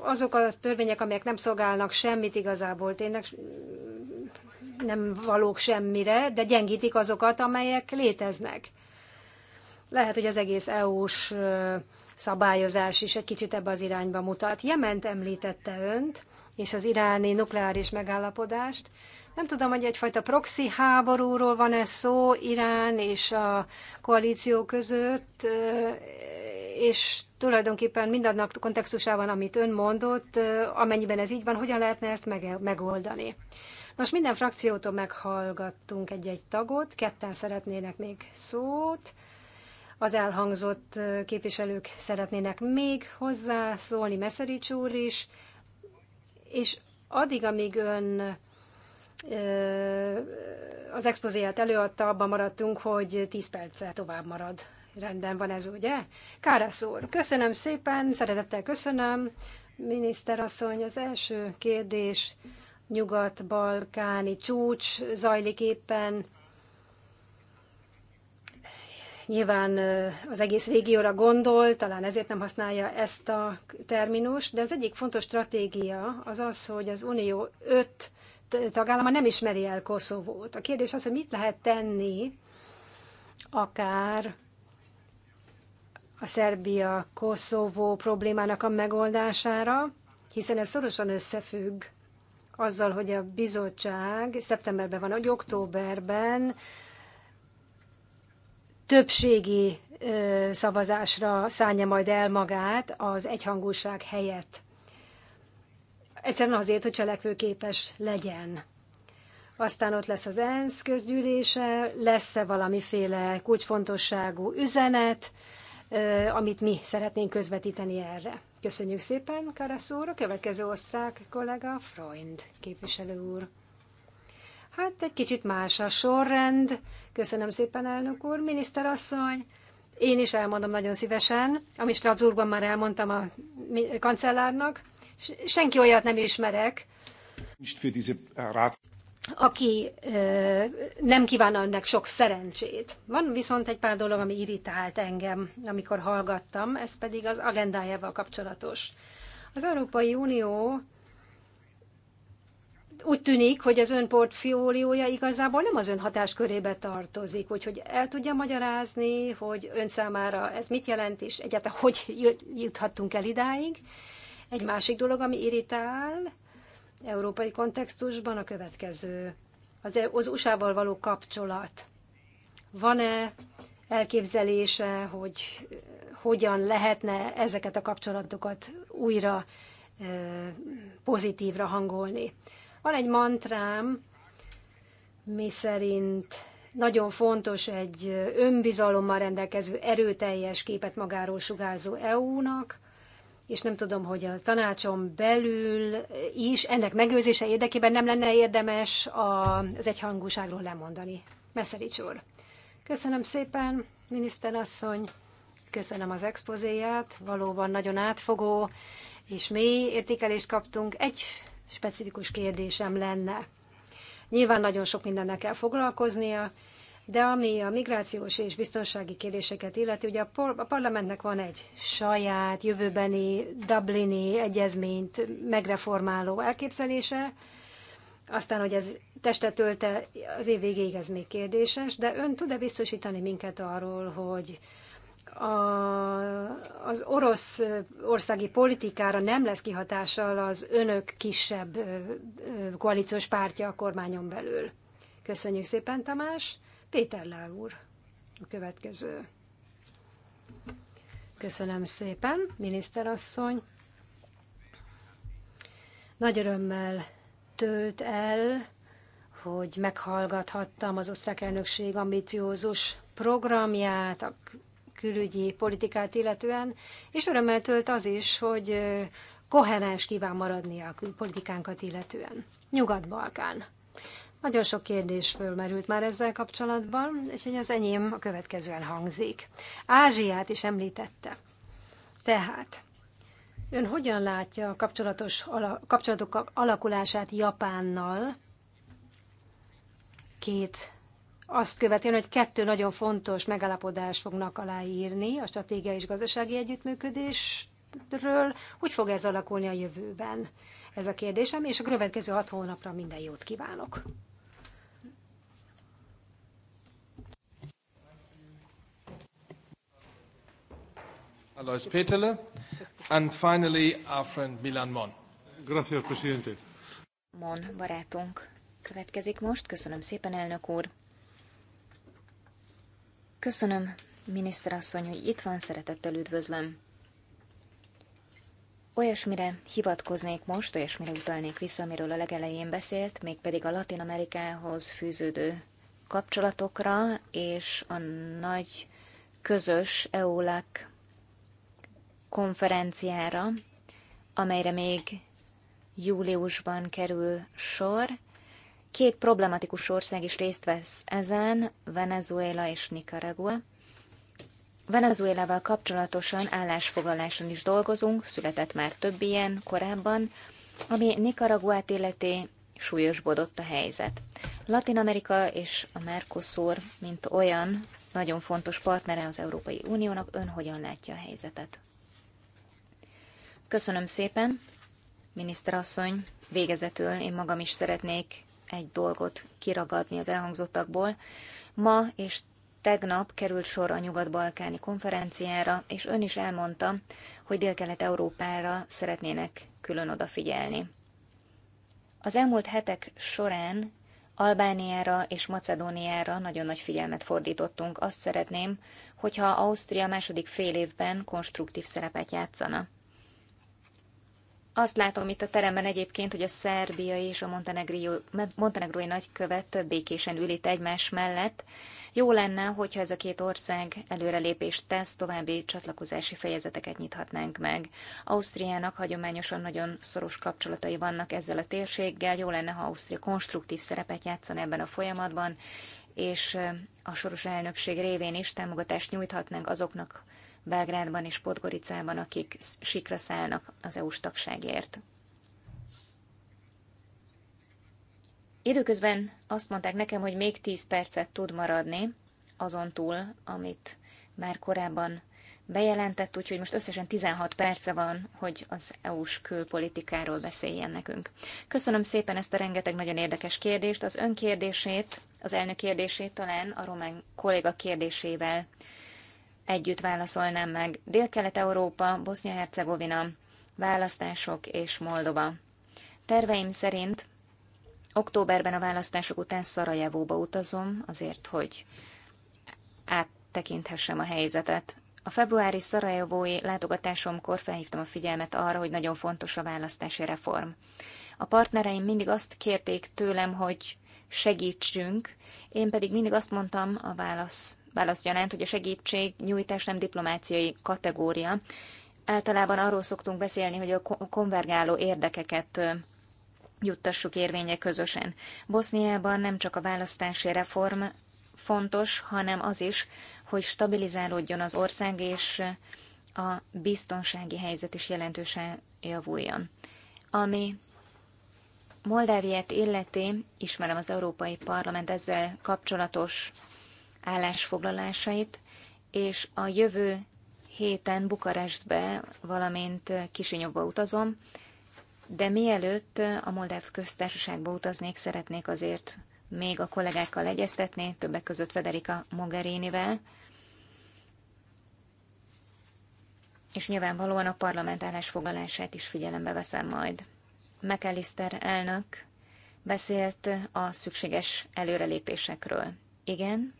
azok a törvények, amelyek nem szolgálnak semmit igazából, tényleg nem valók semmire, de gyengítik azokat, amelyek léteznek. Lehet, hogy az egész EU-s szabályozás is egy kicsit ebbe az irányba mutat. Jement említette önt, és az iráni nukleáris megállapodást. Nem tudom, hogy egyfajta proxy háborúról van ez szó Irán és a koalíció között, és tulajdonképpen mindannak kontextusában, amit ön mondott, amennyiben ez így van, hogyan lehetne ezt megoldani. Most minden frakciótól meghallgattunk egy-egy tagot, ketten szeretnének még szót, az elhangzott képviselők szeretnének még hozzászólni, Meszerics úr is, és addig, amíg ön az expozéját előadta, abban maradtunk, hogy 10 perccel tovább marad. Rendben van ez, ugye? Kárász úr, köszönöm szépen, szeretettel köszönöm. Miniszter asszony, az első kérdés nyugat-balkáni csúcs zajlik éppen. Nyilván az egész régióra gondol, talán ezért nem használja ezt a terminust, de az egyik fontos stratégia az az, hogy az Unió öt tagállama nem ismeri el Koszovót. A kérdés az, hogy mit lehet tenni, akár a Szerbia-Koszovó problémának a megoldására, hiszen ez szorosan összefügg azzal, hogy a bizottság szeptemberben van, vagy októberben többségi szavazásra szállja majd el magát az egyhangúság helyett. Egyszerűen azért, hogy cselekvőképes legyen. Aztán ott lesz az ENSZ közgyűlése, lesz-e valamiféle kulcsfontosságú üzenet, amit mi szeretnénk közvetíteni erre. Köszönjük szépen, Karasz úr. A következő osztrák kollega, Freund képviselő úr. Hát egy kicsit más a sorrend. Köszönöm szépen, elnök úr, miniszterasszony. Én is elmondom nagyon szívesen, amit Strasbourgban már elmondtam a kancellárnak. Senki olyat nem ismerek aki ö, nem kíván annak sok szerencsét. Van viszont egy pár dolog, ami irritált engem, amikor hallgattam, ez pedig az agendájával kapcsolatos. Az Európai Unió úgy tűnik, hogy az ön portfóliója igazából nem az ön hatáskörébe tartozik, úgyhogy el tudja magyarázni, hogy ön számára ez mit jelent, és egyáltalán hogy juthattunk el idáig. Egy másik dolog, ami irritál, európai kontextusban a következő. Az, e- az USA-val való kapcsolat. Van-e elképzelése, hogy eh, hogyan lehetne ezeket a kapcsolatokat újra eh, pozitívra hangolni? Van egy mantrám, mi szerint nagyon fontos egy eh, önbizalommal rendelkező erőteljes képet magáról sugárzó EU-nak, és nem tudom, hogy a tanácson belül is ennek megőrzése érdekében nem lenne érdemes az egyhangúságról lemondani. Messzerics úr. Köszönöm szépen, miniszterasszony, köszönöm az expozéját, valóban nagyon átfogó és mély értékelést kaptunk. Egy specifikus kérdésem lenne. Nyilván nagyon sok mindennel kell foglalkoznia, de ami a migrációs és biztonsági kérdéseket illeti, ugye a, a parlamentnek van egy saját jövőbeni Dublini egyezményt megreformáló elképzelése, aztán, hogy ez testet tölte az év végéig, ez még kérdéses, de ön tud-e biztosítani minket arról, hogy a, az orosz országi politikára nem lesz kihatással az önök kisebb koalíciós pártja a kormányon belül. Köszönjük szépen, Tamás. Péter Lál úr, a következő. Köszönöm szépen, miniszterasszony. Nagy örömmel tölt el, hogy meghallgathattam az osztrák elnökség ambiciózus programját, a külügyi politikát illetően, és örömmel tölt az is, hogy koherens kíván maradni a külpolitikánkat illetően. Nyugat-Balkán. Nagyon sok kérdés fölmerült már ezzel kapcsolatban, és hogy az enyém a következően hangzik. Ázsiát is említette. Tehát, ön hogyan látja a kapcsolatos, ala, kapcsolatok alakulását Japánnal? Két azt követően, hogy kettő nagyon fontos megállapodást fognak aláírni a stratégiai és gazdasági együttműködésről. Hogy fog ez alakulni a jövőben? Ez a kérdésem, és a következő hat hónapra minden jót kívánok. Alois Peterle, and finally our friend Milan Mon. Gracias, presidente. Mon barátunk következik most. Köszönöm szépen, elnök úr. Köszönöm, miniszterasszony, hogy itt van, szeretettel üdvözlöm. Olyasmire hivatkoznék most, olyasmire utalnék vissza, amiről a legelején beszélt, mégpedig a Latin Amerikához fűződő kapcsolatokra és a nagy közös EULAC konferenciára, amelyre még júliusban kerül sor. Két problematikus ország is részt vesz ezen, Venezuela és Nicaragua. Venezuelával kapcsolatosan állásfoglaláson is dolgozunk, született már több ilyen korábban, ami Nicaraguát életé súlyosbodott a helyzet. Latin Amerika és a Mercosur, mint olyan, nagyon fontos partnere az Európai Uniónak, ön hogyan látja a helyzetet? Köszönöm szépen, miniszterasszony. Végezetül én magam is szeretnék egy dolgot kiragadni az elhangzottakból. Ma és tegnap került sor a Nyugat-Balkáni konferenciára, és ön is elmondta, hogy Dél-Kelet-Európára szeretnének külön odafigyelni. Az elmúlt hetek során Albániára és Macedóniára nagyon nagy figyelmet fordítottunk. Azt szeretném, hogyha Ausztria második fél évben konstruktív szerepet játszana. Azt látom itt a teremben egyébként, hogy a szerbiai és a montenegrói nagykövet békésen ül itt egymás mellett. Jó lenne, hogyha ez a két ország előrelépést tesz, további csatlakozási fejezeteket nyithatnánk meg. Ausztriának hagyományosan nagyon szoros kapcsolatai vannak ezzel a térséggel, jó lenne, ha Ausztria konstruktív szerepet játszana ebben a folyamatban, és a soros elnökség révén is támogatást nyújthatnánk azoknak, Belgrádban és Podgoricában, akik sikra szállnak az EU-s tagságért. Időközben azt mondták nekem, hogy még 10 percet tud maradni, azon túl, amit már korábban bejelentett, úgyhogy most összesen 16 perce van, hogy az EU-s külpolitikáról beszéljen nekünk. Köszönöm szépen ezt a rengeteg nagyon érdekes kérdést. Az ön kérdését, az elnök kérdését talán a román kolléga kérdésével együtt válaszolnám meg. Dél-Kelet-Európa, Bosznia-Hercegovina, választások és Moldova. Terveim szerint októberben a választások után Szarajevóba utazom, azért, hogy áttekinthessem a helyzetet. A februári szarajevói látogatásomkor felhívtam a figyelmet arra, hogy nagyon fontos a választási reform. A partnereim mindig azt kérték tőlem, hogy segítsünk, én pedig mindig azt mondtam a válasz választ jelent, hogy a segítségnyújtás nem diplomáciai kategória. Általában arról szoktunk beszélni, hogy a konvergáló érdekeket juttassuk érvénye közösen. Boszniában nem csak a választási reform fontos, hanem az is, hogy stabilizálódjon az ország, és a biztonsági helyzet is jelentősen javuljon. Ami Moldáviát illeti, ismerem az Európai Parlament ezzel kapcsolatos állásfoglalásait, és a jövő héten Bukarestbe, valamint Kisinyobba utazom, de mielőtt a Moldáv köztársaságba utaznék, szeretnék azért még a kollégákkal egyeztetni, többek között Federica Mogherinivel, és nyilvánvalóan a parlament állásfoglalását is figyelembe veszem majd. McAllister elnök beszélt a szükséges előrelépésekről. Igen,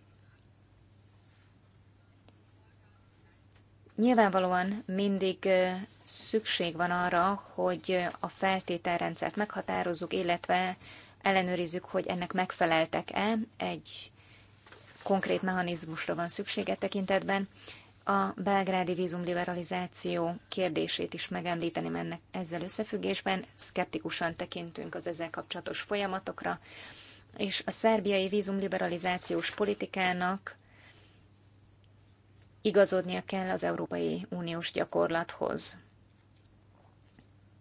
Nyilvánvalóan mindig szükség van arra, hogy a feltételrendszert meghatározzuk, illetve ellenőrizzük, hogy ennek megfeleltek-e. Egy konkrét mechanizmusra van szüksége tekintetben. A belgrádi vízumliberalizáció kérdését is megemlíteném ennek ezzel összefüggésben. Szkeptikusan tekintünk az ezzel kapcsolatos folyamatokra, és a szerbiai vízumliberalizációs politikának igazodnia kell az Európai Uniós gyakorlathoz.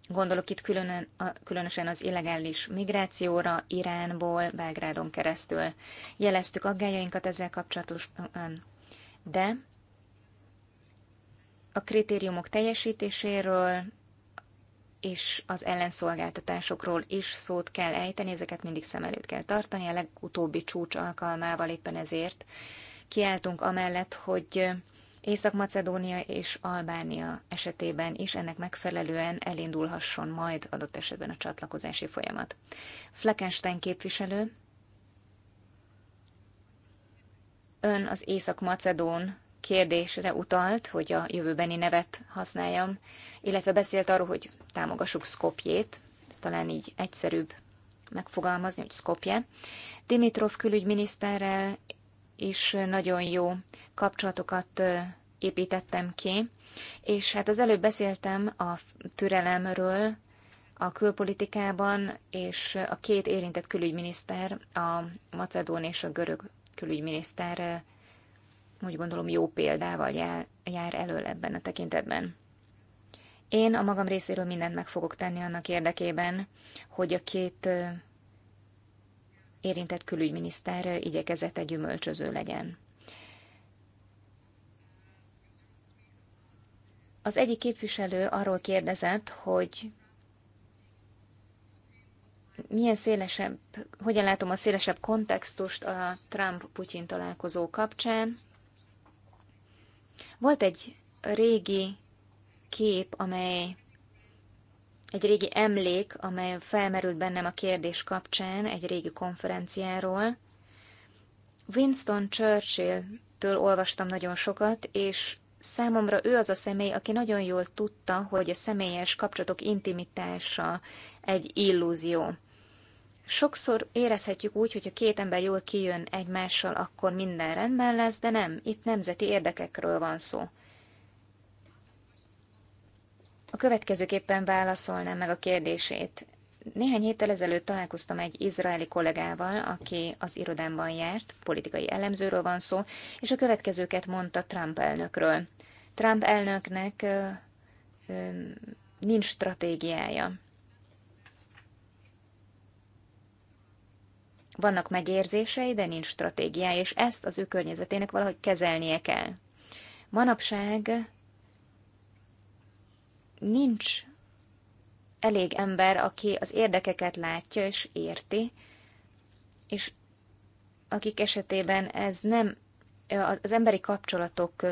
Gondolok itt különön, különösen az illegális migrációra Iránból, Belgrádon keresztül. Jeleztük aggájainkat ezzel kapcsolatosan, de a kritériumok teljesítéséről és az ellenszolgáltatásokról is szót kell ejteni, ezeket mindig szem előtt kell tartani, a legutóbbi csúcs alkalmával éppen ezért kiáltunk amellett, hogy Észak-Macedónia és Albánia esetében is ennek megfelelően elindulhasson majd adott esetben a csatlakozási folyamat. Fleckenstein képviselő, ön az Észak-Macedón kérdésre utalt, hogy a jövőbeni nevet használjam, illetve beszélt arról, hogy támogassuk Skopjét, ez talán így egyszerűbb megfogalmazni, hogy Skopje. Dimitrov külügyminiszterrel is nagyon jó kapcsolatokat építettem ki. És hát az előbb beszéltem a türelemről a külpolitikában, és a két érintett külügyminiszter, a macedón és a görög külügyminiszter, úgy gondolom jó példával jár, jár ebben a tekintetben. Én a magam részéről mindent meg fogok tenni annak érdekében, hogy a két érintett külügyminiszter igyekezete gyümölcsöző legyen. Az egyik képviselő arról kérdezett, hogy milyen szélesebb, hogyan látom a szélesebb kontextust a Trump-Putyin találkozó kapcsán. Volt egy régi kép, amely egy régi emlék, amely felmerült bennem a kérdés kapcsán egy régi konferenciáról. Winston Churchill-től olvastam nagyon sokat, és számomra ő az a személy, aki nagyon jól tudta, hogy a személyes kapcsolatok intimitása egy illúzió. Sokszor érezhetjük úgy, hogy a két ember jól kijön egymással, akkor minden rendben lesz, de nem, itt nemzeti érdekekről van szó. A következőképpen válaszolnám meg a kérdését. Néhány héttel ezelőtt találkoztam egy izraeli kollégával, aki az irodámban járt, politikai elemzőről van szó, és a következőket mondta Trump elnökről. Trump elnöknek ö, ö, nincs stratégiája. Vannak megérzései, de nincs stratégiája, és ezt az ő környezetének valahogy kezelnie kell. Manapság nincs elég ember, aki az érdekeket látja és érti, és akik esetében ez nem az emberi kapcsolatok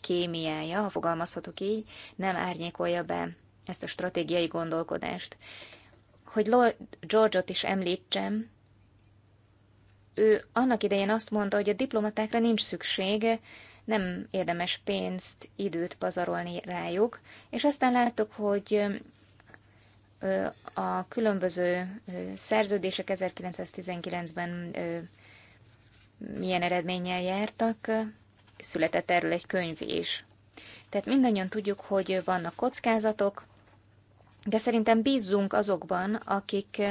kémiája, ha fogalmazhatok így, nem árnyékolja be ezt a stratégiai gondolkodást. Hogy Lloyd George-ot is említsem, ő annak idején azt mondta, hogy a diplomatákra nincs szüksége, nem érdemes pénzt, időt pazarolni rájuk, és aztán láttuk, hogy a különböző szerződések 1919-ben milyen eredménnyel jártak, született erről egy könyv is. Tehát mindannyian tudjuk, hogy vannak kockázatok, de szerintem bízzunk azokban, akik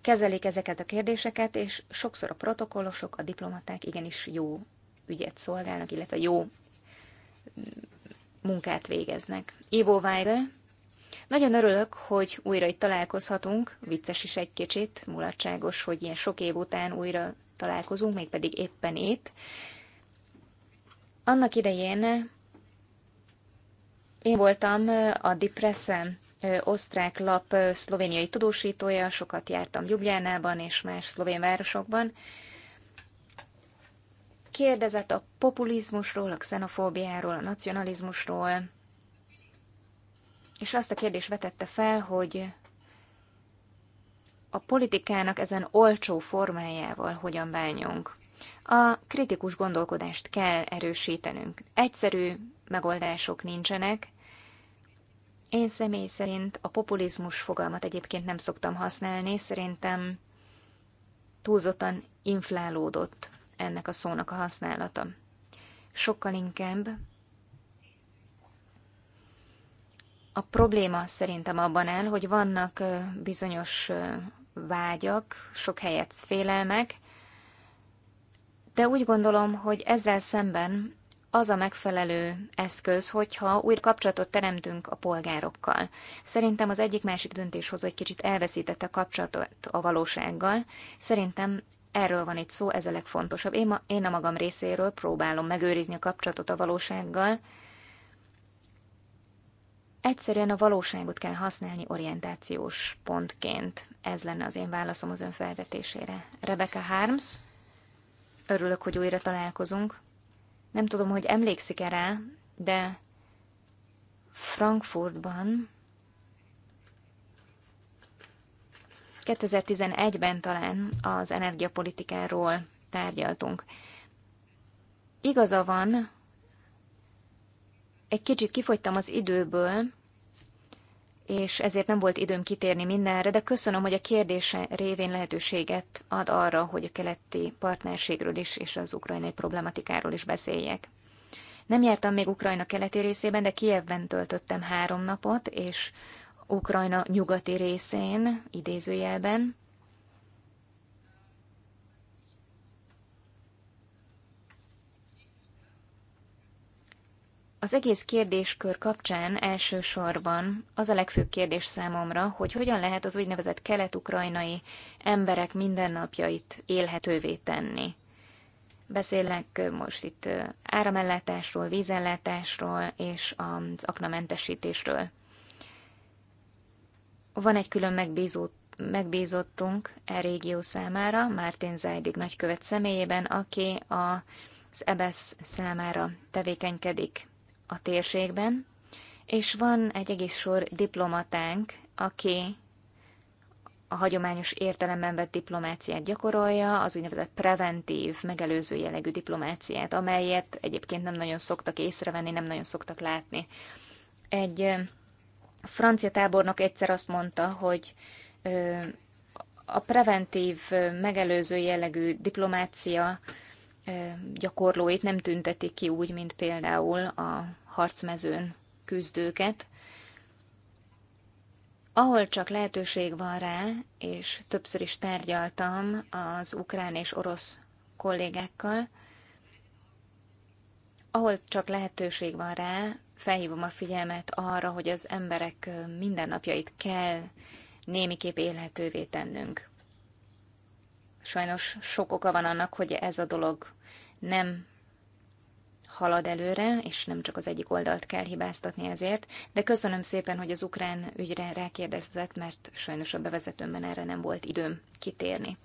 kezelik ezeket a kérdéseket, és sokszor a protokollosok, a diplomaták igenis jó ügyet szolgálnak, illetve jó munkát végeznek. Ivo Weigel, nagyon örülök, hogy újra itt találkozhatunk, vicces is egy kicsit, mulatságos, hogy ilyen sok év után újra találkozunk, mégpedig éppen itt. Annak idején én voltam a Depressen osztrák lap szlovéniai tudósítója, sokat jártam Ljubljánában és más szlovén városokban, kérdezett a populizmusról, a xenofóbiáról, a nacionalizmusról, és azt a kérdést vetette fel, hogy a politikának ezen olcsó formájával hogyan bánjunk. A kritikus gondolkodást kell erősítenünk. Egyszerű megoldások nincsenek. Én személy szerint a populizmus fogalmat egyébként nem szoktam használni, szerintem túlzottan inflálódott ennek a szónak a használata. Sokkal inkább a probléma szerintem abban áll, hogy vannak bizonyos vágyak, sok helyet félelmek, de úgy gondolom, hogy ezzel szemben az a megfelelő eszköz, hogyha új kapcsolatot teremtünk a polgárokkal. Szerintem az egyik-másik döntéshoz, egy kicsit elveszítette a kapcsolatot a valósággal. Szerintem Erről van itt szó, ez a legfontosabb. Én, ma, én a magam részéről próbálom megőrizni a kapcsolatot a valósággal. Egyszerűen a valóságot kell használni orientációs pontként. Ez lenne az én válaszom az ön felvetésére. Rebecca Harms, örülök, hogy újra találkozunk. Nem tudom, hogy emlékszik-e rá, de Frankfurtban 2011-ben talán az energiapolitikáról tárgyaltunk. Igaza van, egy kicsit kifogytam az időből, és ezért nem volt időm kitérni mindenre, de köszönöm, hogy a kérdése révén lehetőséget ad arra, hogy a keleti partnerségről is és az ukrajnai problematikáról is beszéljek. Nem jártam még Ukrajna keleti részében, de Kievben töltöttem három napot, és Ukrajna nyugati részén, idézőjelben. Az egész kérdéskör kapcsán elsősorban az a legfőbb kérdés számomra, hogy hogyan lehet az úgynevezett kelet-ukrajnai emberek mindennapjait élhetővé tenni. Beszélek most itt áramellátásról, vízellátásról és az aknamentesítésről. Van egy külön megbízót, megbízottunk e régió számára, Mártin Zajdig nagykövet személyében, aki a, az EBESZ számára tevékenykedik a térségben, és van egy egész sor diplomatánk, aki a hagyományos értelemben vett diplomáciát gyakorolja, az úgynevezett preventív, megelőző jellegű diplomáciát, amelyet egyébként nem nagyon szoktak észrevenni, nem nagyon szoktak látni. Egy francia tábornok egyszer azt mondta, hogy a preventív, megelőző jellegű diplomácia gyakorlóit nem tüntetik ki úgy, mint például a harcmezőn küzdőket. Ahol csak lehetőség van rá, és többször is tárgyaltam az ukrán és orosz kollégákkal, ahol csak lehetőség van rá, felhívom a figyelmet arra, hogy az emberek mindennapjait kell némiképp élhetővé tennünk. Sajnos sok oka van annak, hogy ez a dolog nem halad előre, és nem csak az egyik oldalt kell hibáztatni ezért, de köszönöm szépen, hogy az ukrán ügyre rákérdezett, mert sajnos a bevezetőmben erre nem volt időm kitérni.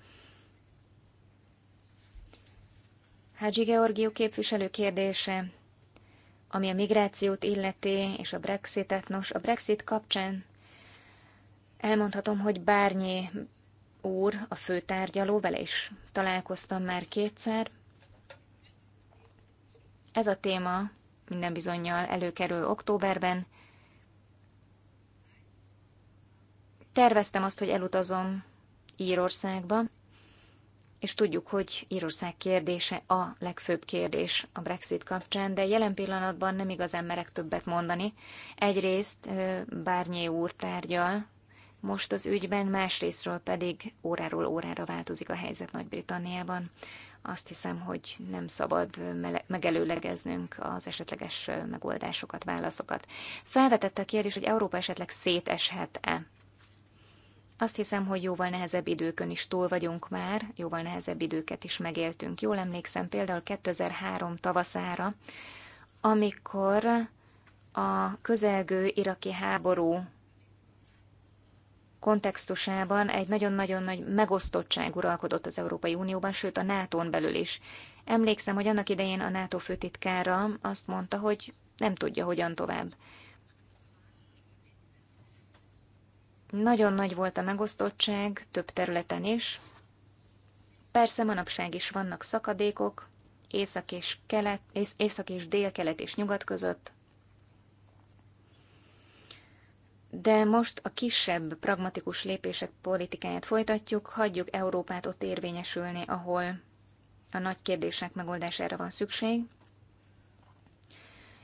Hágyi Georgiú képviselő kérdése ami a migrációt illeti, és a Brexitet. Nos, a Brexit kapcsán elmondhatom, hogy bárnyi úr, a főtárgyaló, vele is találkoztam már kétszer. Ez a téma minden bizonyal előkerül októberben. Terveztem azt, hogy elutazom Írországba, és tudjuk, hogy Írország kérdése a legfőbb kérdés a Brexit kapcsán, de jelen pillanatban nem igazán merek többet mondani. Egyrészt Bárnyé úr tárgyal most az ügyben, másrésztről pedig óráról órára változik a helyzet Nagy-Britanniában. Azt hiszem, hogy nem szabad megelőlegeznünk az esetleges megoldásokat, válaszokat. Felvetette a kérdés, hogy Európa esetleg széteshet-e. Azt hiszem, hogy jóval nehezebb időkön is túl vagyunk már, jóval nehezebb időket is megéltünk. Jól emlékszem például 2003 tavaszára, amikor a közelgő iraki háború kontextusában egy nagyon-nagyon nagy megosztottság uralkodott az Európai Unióban, sőt a NATO-n belül is. Emlékszem, hogy annak idején a NATO főtitkára azt mondta, hogy nem tudja, hogyan tovább. Nagyon nagy volt a megosztottság több területen is. Persze manapság is vannak szakadékok, észak és, kelet, ész, észak és dél, kelet és nyugat között, de most a kisebb, pragmatikus lépések politikáját folytatjuk, hagyjuk Európát ott érvényesülni, ahol a nagy kérdések megoldására van szükség,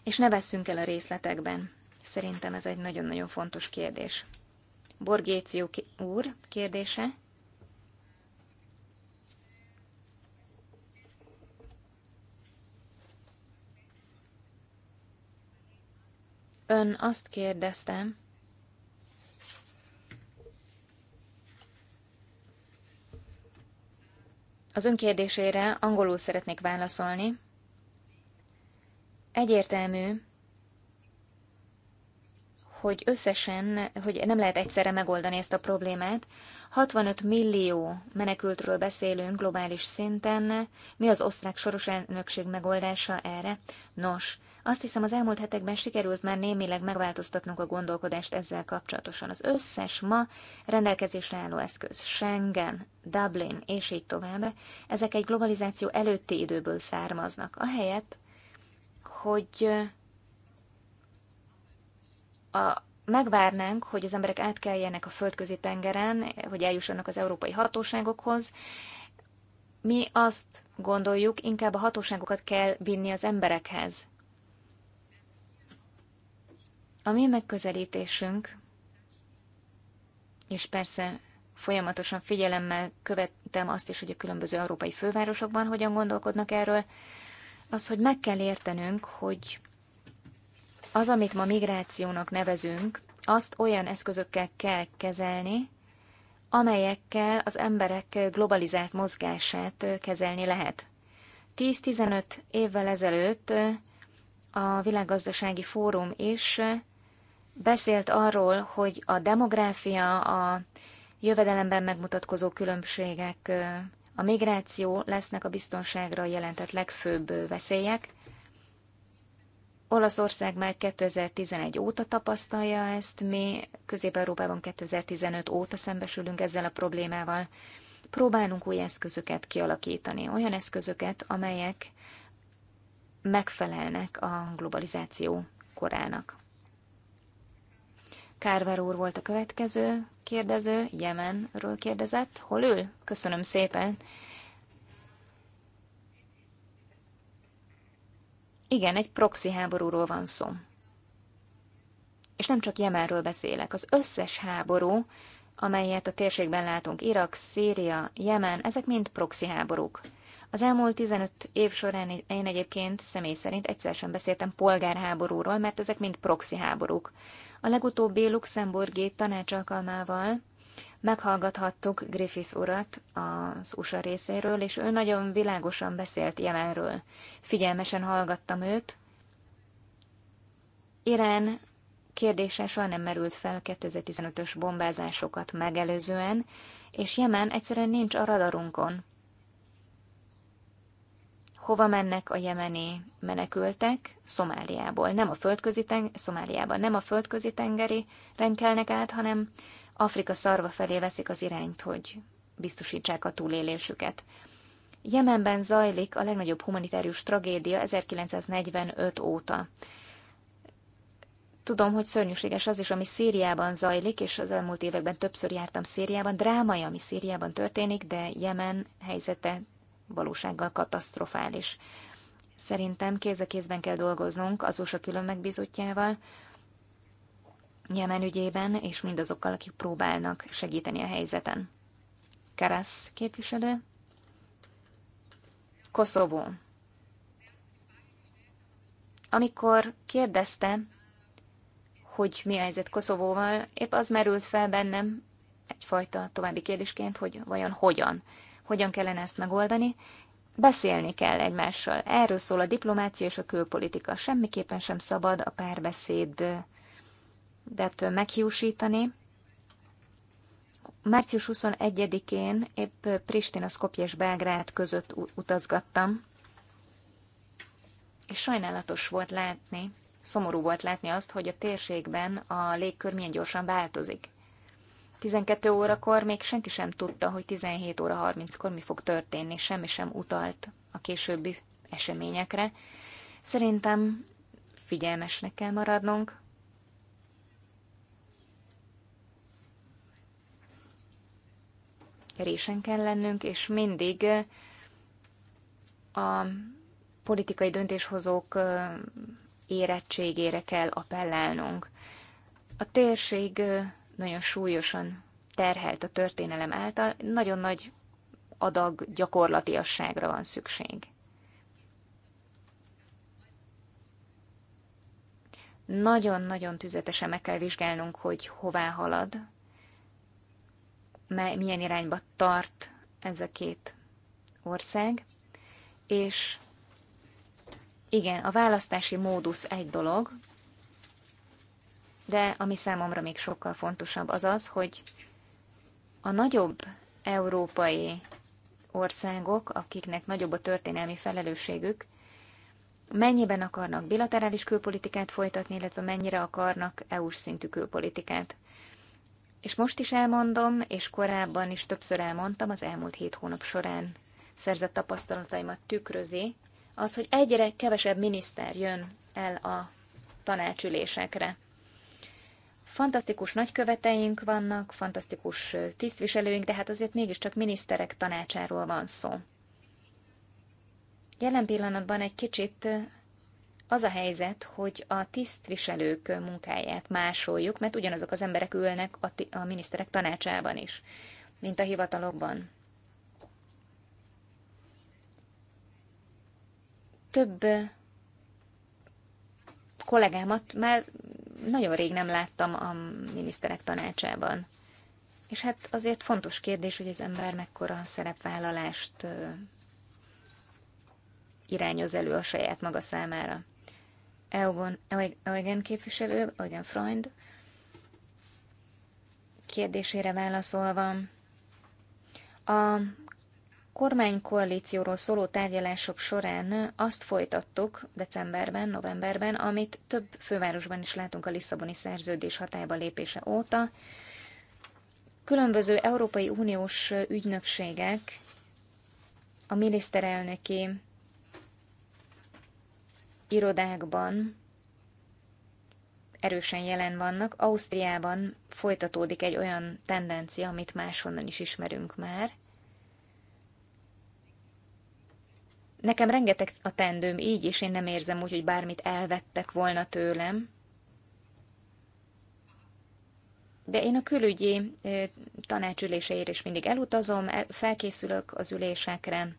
és ne veszünk el a részletekben. Szerintem ez egy nagyon-nagyon fontos kérdés. Borgéció úr kérdése. Ön azt kérdeztem, Az ön kérdésére angolul szeretnék válaszolni. Egyértelmű, hogy összesen, hogy nem lehet egyszerre megoldani ezt a problémát. 65 millió menekültről beszélünk globális szinten. Mi az osztrák soros elnökség megoldása erre? Nos, azt hiszem az elmúlt hetekben sikerült már némileg megváltoztatnunk a gondolkodást ezzel kapcsolatosan. Az összes ma rendelkezésre álló eszköz, Schengen, Dublin és így tovább, ezek egy globalizáció előtti időből származnak. Ahelyett, hogy a, megvárnánk, hogy az emberek átkeljenek a földközi tengeren, hogy eljussanak az európai hatóságokhoz. Mi azt gondoljuk, inkább a hatóságokat kell vinni az emberekhez. A mi megközelítésünk, és persze folyamatosan figyelemmel követtem azt is, hogy a különböző európai fővárosokban hogyan gondolkodnak erről, az, hogy meg kell értenünk, hogy az, amit ma migrációnak nevezünk, azt olyan eszközökkel kell kezelni, amelyekkel az emberek globalizált mozgását kezelni lehet. 10-15 évvel ezelőtt a Világgazdasági Fórum is beszélt arról, hogy a demográfia, a jövedelemben megmutatkozó különbségek, a migráció lesznek a biztonságra jelentett legfőbb veszélyek, Olaszország már 2011 óta tapasztalja ezt, mi Közép-Európában 2015 óta szembesülünk ezzel a problémával. Próbálunk új eszközöket kialakítani, olyan eszközöket, amelyek megfelelnek a globalizáció korának. Kárver úr volt a következő kérdező, Jemenről kérdezett. Hol ül? Köszönöm szépen. Igen, egy proxy háborúról van szó. És nem csak Jemenről beszélek, az összes háború, amelyet a térségben látunk, Irak, Szíria, Jemen, ezek mind proxy háborúk. Az elmúlt 15 év során én egyébként személy szerint egyszer sem beszéltem polgárháborúról, mert ezek mind proxy háborúk. A legutóbbi luxemburgi tanács alkalmával Meghallgathattuk Griffith urat az USA részéről, és ő nagyon világosan beszélt Jemenről. Figyelmesen hallgattam őt. Irán kérdése soha nem merült fel 2015-ös bombázásokat megelőzően, és Jemen egyszerűen nincs a radarunkon. Hova mennek a jemeni menekültek? Szomáliából. Nem a földközi tengeri, Szomáliában nem a földközi tengeri renkelnek át, hanem Afrika szarva felé veszik az irányt, hogy biztosítsák a túlélésüket. Jemenben zajlik a legnagyobb humanitárius tragédia 1945 óta. Tudom, hogy szörnyűséges az is, ami Szíriában zajlik, és az elmúlt években többször jártam Szíriában. Drámai, ami Szíriában történik, de Jemen helyzete valósággal katasztrofális. Szerintem kéz a kézben kell dolgoznunk az USA külön megbízottjával, Jemen ügyében, és mindazokkal, akik próbálnak segíteni a helyzeten. Karasz képviselő. Koszovó. Amikor kérdezte, hogy mi a helyzet Koszovóval, épp az merült fel bennem egyfajta további kérdésként, hogy vajon hogyan, hogyan kellene ezt megoldani. Beszélni kell egymással. Erről szól a diplomácia és a külpolitika. Semmiképpen sem szabad a párbeszéd de ettől meghiúsítani. Március 21-én épp Pristina, Skopje és Belgrád között utazgattam, és sajnálatos volt látni, szomorú volt látni azt, hogy a térségben a légkör milyen gyorsan változik. 12 órakor még senki sem tudta, hogy 17 óra 30-kor mi fog történni, semmi sem utalt a későbbi eseményekre. Szerintem figyelmesnek kell maradnunk, résen kell lennünk, és mindig a politikai döntéshozók érettségére kell appellálnunk. A térség nagyon súlyosan terhelt a történelem által, nagyon nagy adag gyakorlatiasságra van szükség. Nagyon-nagyon tüzetesen meg kell vizsgálnunk, hogy hová halad milyen irányba tart ez a két ország, és igen, a választási módusz egy dolog, de ami számomra még sokkal fontosabb az az, hogy a nagyobb európai országok, akiknek nagyobb a történelmi felelősségük, mennyiben akarnak bilaterális külpolitikát folytatni, illetve mennyire akarnak EU-s szintű külpolitikát és most is elmondom, és korábban is többször elmondtam az elmúlt hét hónap során szerzett tapasztalataimat tükrözi, az, hogy egyre kevesebb miniszter jön el a tanácsülésekre. Fantasztikus nagyköveteink vannak, fantasztikus tisztviselőink, de hát azért mégiscsak miniszterek tanácsáról van szó. Jelen pillanatban egy kicsit az a helyzet, hogy a tisztviselők munkáját másoljuk, mert ugyanazok az emberek ülnek a, a miniszterek tanácsában is, mint a hivatalokban. Több kollégámat már nagyon rég nem láttam a miniszterek tanácsában. És hát azért fontos kérdés, hogy az ember mekkora szerepvállalást irányoz elő a saját maga számára. Eugen, Eugen képviselő, Eugen Freund kérdésére válaszolva, a kormánykoalícióról szóló tárgyalások során azt folytattuk decemberben, novemberben, amit több fővárosban is látunk a Lisszaboni szerződés hatályba lépése óta. Különböző Európai Uniós ügynökségek a miniszterelnöki irodákban erősen jelen vannak. Ausztriában folytatódik egy olyan tendencia, amit máshonnan is ismerünk már. Nekem rengeteg a tendőm így, és én nem érzem úgy, hogy bármit elvettek volna tőlem. De én a külügyi tanácsüléseért is mindig elutazom, felkészülök az ülésekre,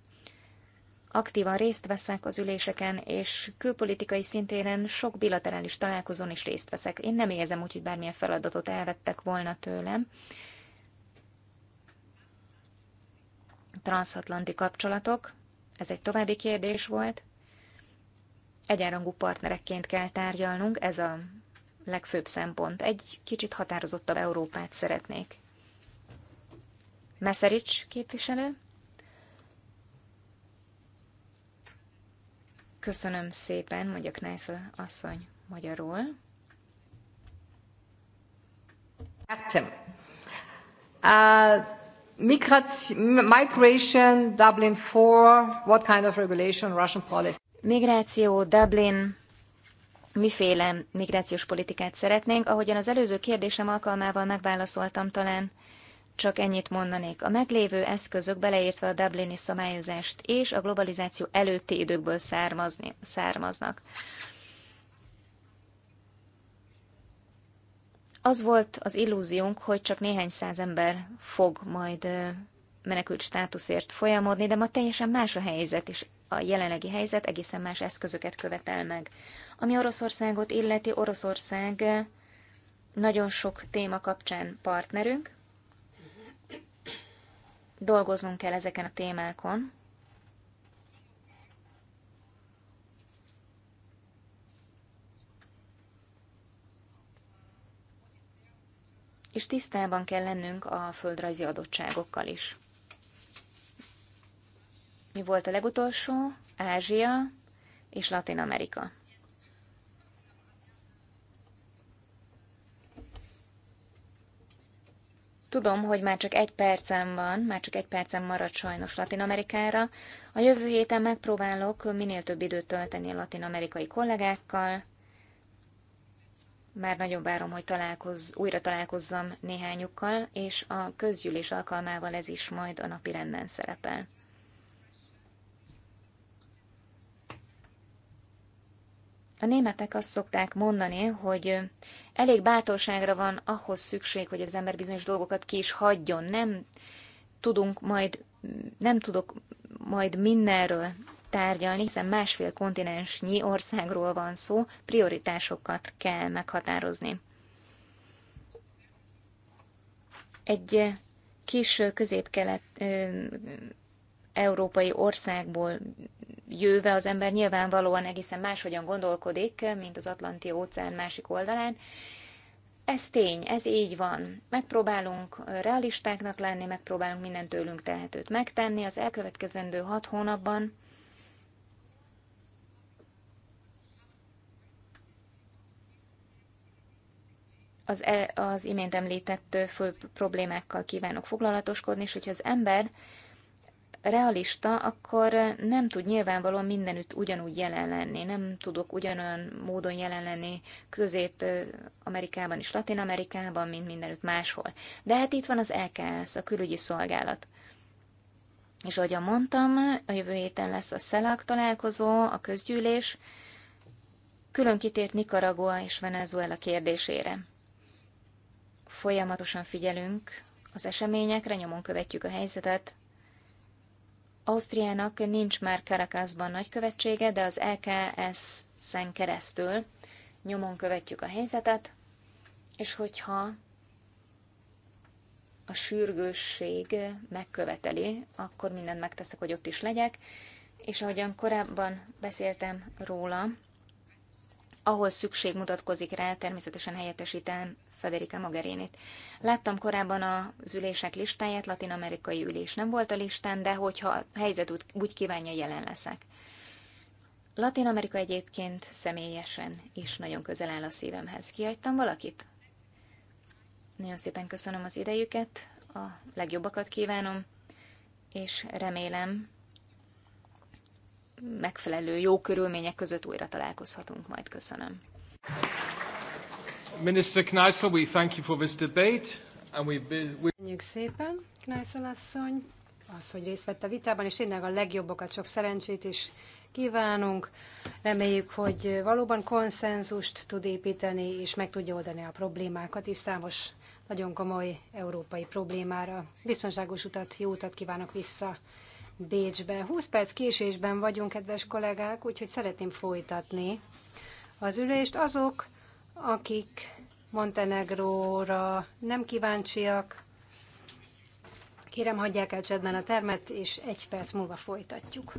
aktívan részt veszek az üléseken, és külpolitikai szintéren sok bilaterális találkozón is részt veszek. Én nem érzem úgy, hogy bármilyen feladatot elvettek volna tőlem. Transatlanti kapcsolatok, ez egy további kérdés volt. Egyenrangú partnerekként kell tárgyalnunk, ez a legfőbb szempont. Egy kicsit határozottabb Európát szeretnék. Meszerics képviselő. Köszönöm szépen, mondja Knájsz asszony magyarul. Értem. Uh, migration, Dublin 4, what kind of regulation, Russian policy? Migráció, Dublin, miféle migrációs politikát szeretnénk, ahogyan az előző kérdésem alkalmával megválaszoltam talán. Csak ennyit mondanék. A meglévő eszközök, beleértve a Dublini szabályozást és a globalizáció előtti időkből származni, származnak. Az volt az illúziónk, hogy csak néhány száz ember fog majd menekült státuszért folyamodni, de ma teljesen más a helyzet, és a jelenlegi helyzet egészen más eszközöket követel meg. Ami Oroszországot illeti, Oroszország nagyon sok téma kapcsán partnerünk, dolgoznunk kell ezeken a témákon. És tisztában kell lennünk a földrajzi adottságokkal is. Mi volt a legutolsó? Ázsia és Latin Amerika. Tudom, hogy már csak egy percem van, már csak egy percem marad sajnos Latin Amerikára. A jövő héten megpróbálok minél több időt tölteni a latin amerikai kollégákkal. Már nagyon várom, hogy találkozz, újra találkozzam néhányukkal, és a közgyűlés alkalmával ez is majd a napi rendben szerepel. A németek azt szokták mondani, hogy Elég bátorságra van ahhoz szükség, hogy az ember bizonyos dolgokat ki is hagyjon. Nem tudunk majd, nem tudok majd mindenről tárgyalni, hiszen másfél kontinensnyi országról van szó, prioritásokat kell meghatározni. Egy kis közép-kelet európai országból jöve az ember nyilvánvalóan egészen máshogyan gondolkodik, mint az Atlanti óceán másik oldalán. Ez tény, ez így van. Megpróbálunk realistáknak lenni, megpróbálunk minden tőlünk tehetőt megtenni. Az elkövetkezendő hat hónapban az, e, az imént említett fő problémákkal kívánok foglalatoskodni, és hogyha az ember realista, akkor nem tud nyilvánvalóan mindenütt ugyanúgy jelen lenni. Nem tudok ugyanolyan módon jelen lenni Közép-Amerikában és Latin-Amerikában, mint mindenütt máshol. De hát itt van az EKS, a külügyi szolgálat. És ahogyan mondtam, a jövő héten lesz a SZELAK találkozó, a közgyűlés, külön kitért Nicaragua és Venezuela kérdésére. Folyamatosan figyelünk az eseményekre, nyomon követjük a helyzetet, Ausztriának nincs már Caracasban nagykövetsége, de az EKS-szen keresztül nyomon követjük a helyzetet, és hogyha a sürgősség megköveteli, akkor mindent megteszek, hogy ott is legyek, és ahogyan korábban beszéltem róla, ahol szükség mutatkozik rá, természetesen helyettesítem Federica Mogherinit. Láttam korábban az ülések listáját, latin-amerikai ülés nem volt a listán, de hogyha a helyzet úgy kívánja, jelen leszek. Latin Amerika egyébként személyesen is nagyon közel áll a szívemhez. Kihagytam valakit? Nagyon szépen köszönöm az idejüket, a legjobbakat kívánom, és remélem megfelelő jó körülmények között újra találkozhatunk majd. Köszönöm. Minister Kneissel, we thank you for this debate. And we, Köszönjük szépen, Kneisel asszony, az, hogy részt vett a vitában, és tényleg a legjobbakat, sok szerencsét is kívánunk. Reméljük, hogy valóban konszenzust tud építeni, és meg tudja oldani a problémákat, és számos nagyon komoly európai problémára. Biztonságos utat, jó utat kívánok vissza Bécsbe. 20 perc késésben vagyunk, kedves kollégák, úgyhogy szeretném folytatni az ülést. Azok, akik Montenegróra nem kíváncsiak, kérem hagyják el csendben a termet, és egy perc múlva folytatjuk.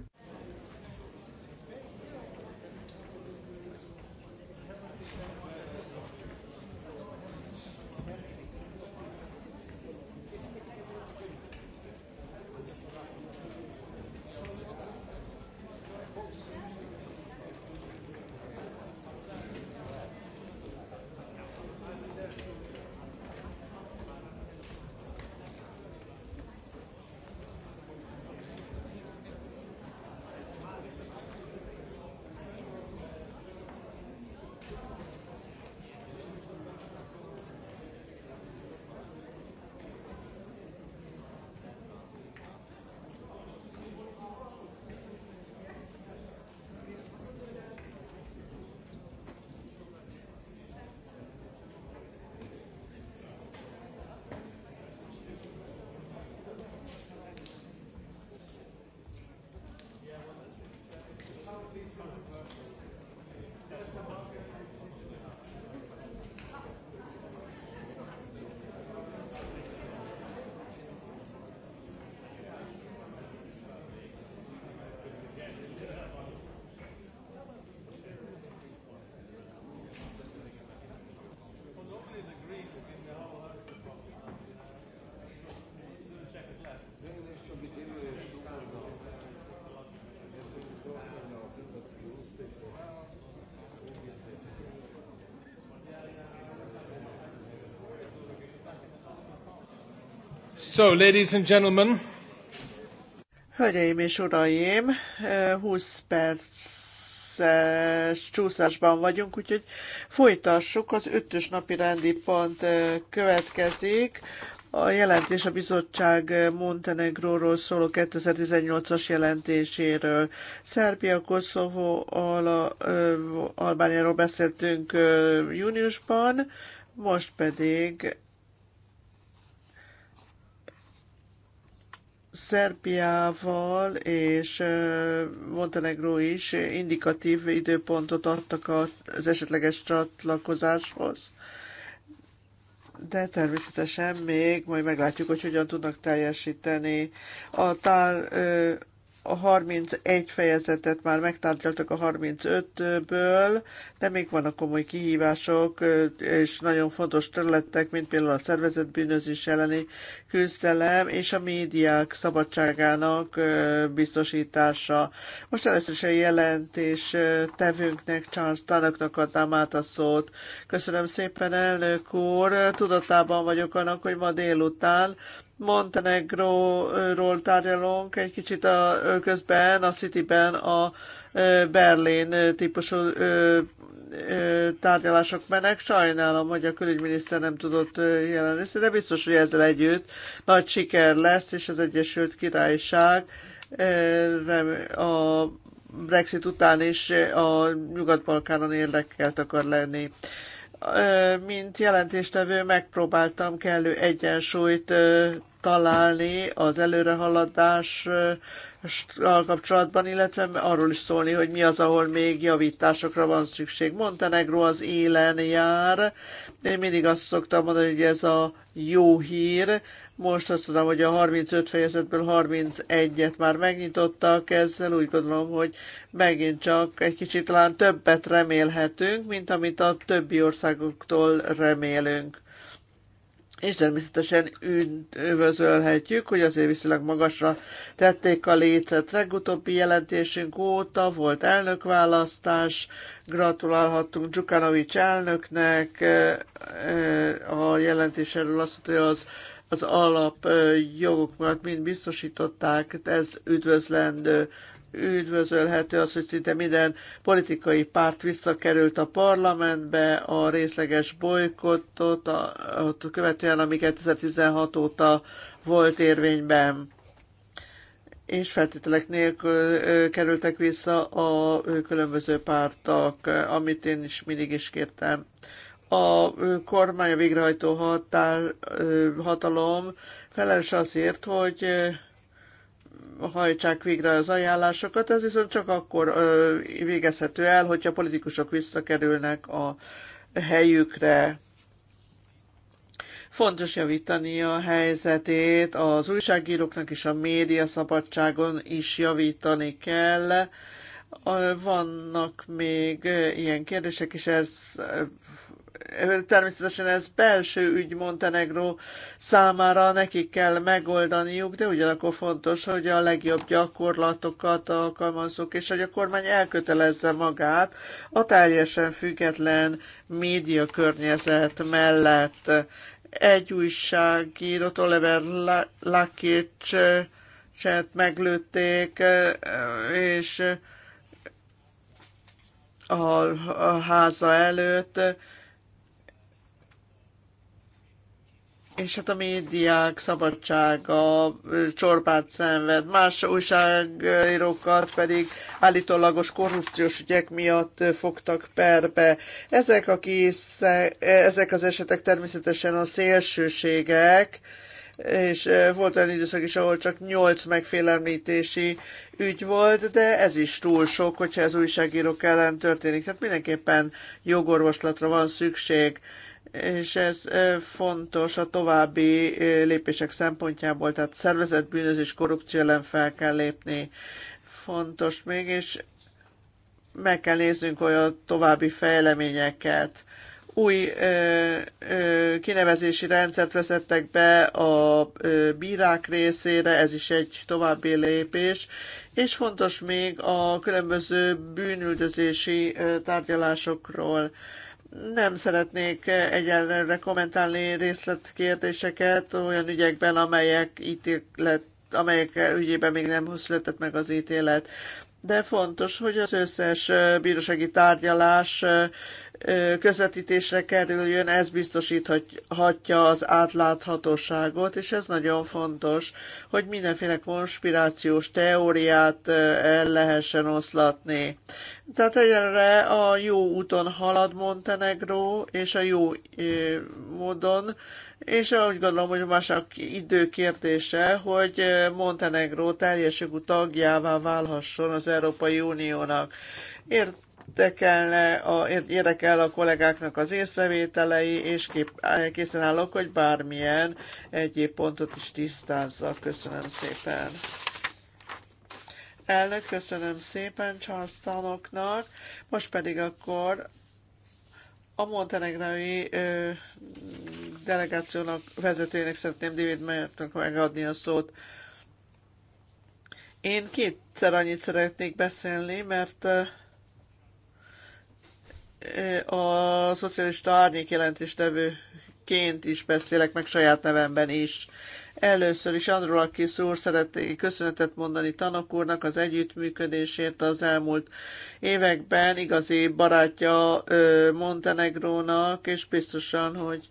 So, ladies and gentlemen. Hölgyeim és uraim, 20 perces csúszásban vagyunk, úgyhogy folytassuk. Az ötös napi rendi pont következik. A jelentés a bizottság Montenegróról szóló 2018-as jelentéséről. Szerbia, Koszovó, Albániáról beszéltünk júniusban, most pedig Szerbiával és Montenegró is indikatív időpontot adtak az esetleges csatlakozáshoz, de természetesen még majd meglátjuk, hogy hogyan tudnak teljesíteni. A tár a 31 fejezetet már megtárgyaltak a 35-ből, de még vannak komoly kihívások és nagyon fontos területek, mint például a szervezetbűnözés elleni küzdelem és a médiák szabadságának biztosítása. Most először is a jelentés tevőnknek, Charles Tanaknak adnám át a szót. Köszönöm szépen, elnök úr! Tudatában vagyok annak, hogy ma délután Montenegróról tárgyalunk egy kicsit a, közben a Cityben a Berlin típusú tárgyalások mennek. Sajnálom, hogy a külügyminiszter nem tudott jelenni, de biztos, hogy ezzel együtt nagy siker lesz, és az Egyesült Királyság a Brexit után is a Nyugat-Balkánon érdekelt akar lenni mint jelentéstevő megpróbáltam kellő egyensúlyt találni az előrehaladás kapcsolatban, illetve arról is szólni, hogy mi az, ahol még javításokra van szükség. Montenegro az élen jár. Én mindig azt szoktam mondani, hogy ez a jó hír, most azt tudom, hogy a 35 fejezetből 31-et már megnyitottak, ezzel úgy gondolom, hogy megint csak egy kicsit talán többet remélhetünk, mint amit a többi országoktól remélünk. És természetesen üdvözölhetjük, hogy azért viszonylag magasra tették a lécet. Legutóbbi jelentésünk óta volt elnökválasztás, gratulálhattunk Dzsukanovics elnöknek, a jelentés erről azt, hogy az az alapjogokat mind biztosították, ez üdvözlendő üdvözölhető az, hogy szinte minden politikai párt visszakerült a parlamentbe, a részleges bolykottot a, a, követően, ami 2016 óta volt érvényben és feltételek nélkül kerültek vissza a különböző pártak, amit én is mindig is kértem a kormány a végrehajtó hatál, hatalom felelős azért, hogy hajtsák végre az ajánlásokat, ez viszont csak akkor végezhető el, hogyha politikusok visszakerülnek a helyükre. Fontos javítani a helyzetét, az újságíróknak és a média szabadságon is javítani kell. Vannak még ilyen kérdések, és ez természetesen ez belső ügy Montenegro számára, nekik kell megoldaniuk, de ugyanakkor fontos, hogy a legjobb gyakorlatokat alkalmazzuk, és hogy a kormány elkötelezze magát a teljesen független média környezet mellett. Egy újságírót, Oliver Lakicset meglőtték, és a, a háza előtt, és hát a médiák szabadsága csorbát szenved, más újságírókat pedig állítólagos korrupciós ügyek miatt fogtak perbe. Ezek, a kisze, ezek az esetek természetesen a szélsőségek, és volt olyan időszak is, ahol csak 8 megfélemlítési ügy volt, de ez is túl sok, hogyha ez újságírók ellen történik. Tehát mindenképpen jogorvoslatra van szükség és ez fontos a további lépések szempontjából, tehát szervezetbűnözés korrupció ellen fel kell lépni. Fontos még, és meg kell néznünk olyan további fejleményeket. Új ö, ö, kinevezési rendszert vezettek be a ö, bírák részére, ez is egy további lépés, és fontos még a különböző bűnüldözési ö, tárgyalásokról. Ö, nem szeretnék egyenlőre kommentálni részletkérdéseket olyan ügyekben, amelyek ítélet, amelyek ügyében még nem született meg az ítélet. De fontos, hogy az összes bírósági tárgyalás közvetítésre kerüljön, ez biztosíthatja az átláthatóságot, és ez nagyon fontos, hogy mindenféle konspirációs teóriát el lehessen oszlatni. Tehát egyenre a jó úton halad Montenegro és a jó módon, és úgy gondolom, hogy más a idő kérdése, hogy Montenegro teljes jogú tagjává válhasson az Európai Uniónak. Ért, érdekelne, a, érdekel a kollégáknak az észrevételei, és kép, készen állok, hogy bármilyen egyéb pontot is tisztázza Köszönöm szépen. Elnök, köszönöm szépen Charles Tanoknak. Most pedig akkor a montenegrai ö, delegációnak vezetőjének szeretném David Mertnek megadni a szót. Én kétszer annyit szeretnék beszélni, mert a szocialista árnyék nevőként is beszélek, meg saját nevemben is. Először is aki Szúr szeretnék köszönetet mondani Tanok úrnak az együttműködésért az elmúlt években, igazi barátja Montenegrónak, és biztosan, hogy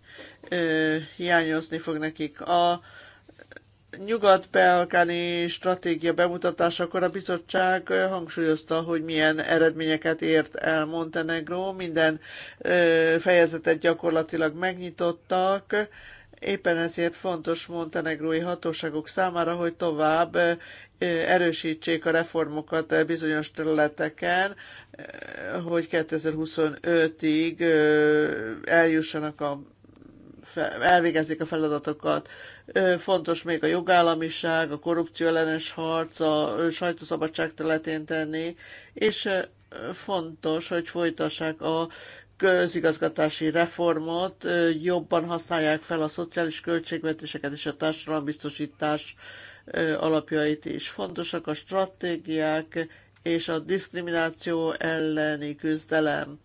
hiányozni fog nekik a nyugat-balkáni stratégia bemutatásakor a bizottság hangsúlyozta, hogy milyen eredményeket ért el Montenegró, minden fejezetet gyakorlatilag megnyitottak, Éppen ezért fontos montenegrói hatóságok számára, hogy tovább erősítsék a reformokat bizonyos területeken, hogy 2025-ig eljussanak a elvégezzék a feladatokat. Fontos még a jogállamiság, a korrupció ellenes harc, a sajtószabadság területén tenni, és fontos, hogy folytassák a közigazgatási reformot, jobban használják fel a szociális költségvetéseket és a társadalombiztosítás alapjait is. Fontosak a stratégiák és a diszkrimináció elleni küzdelem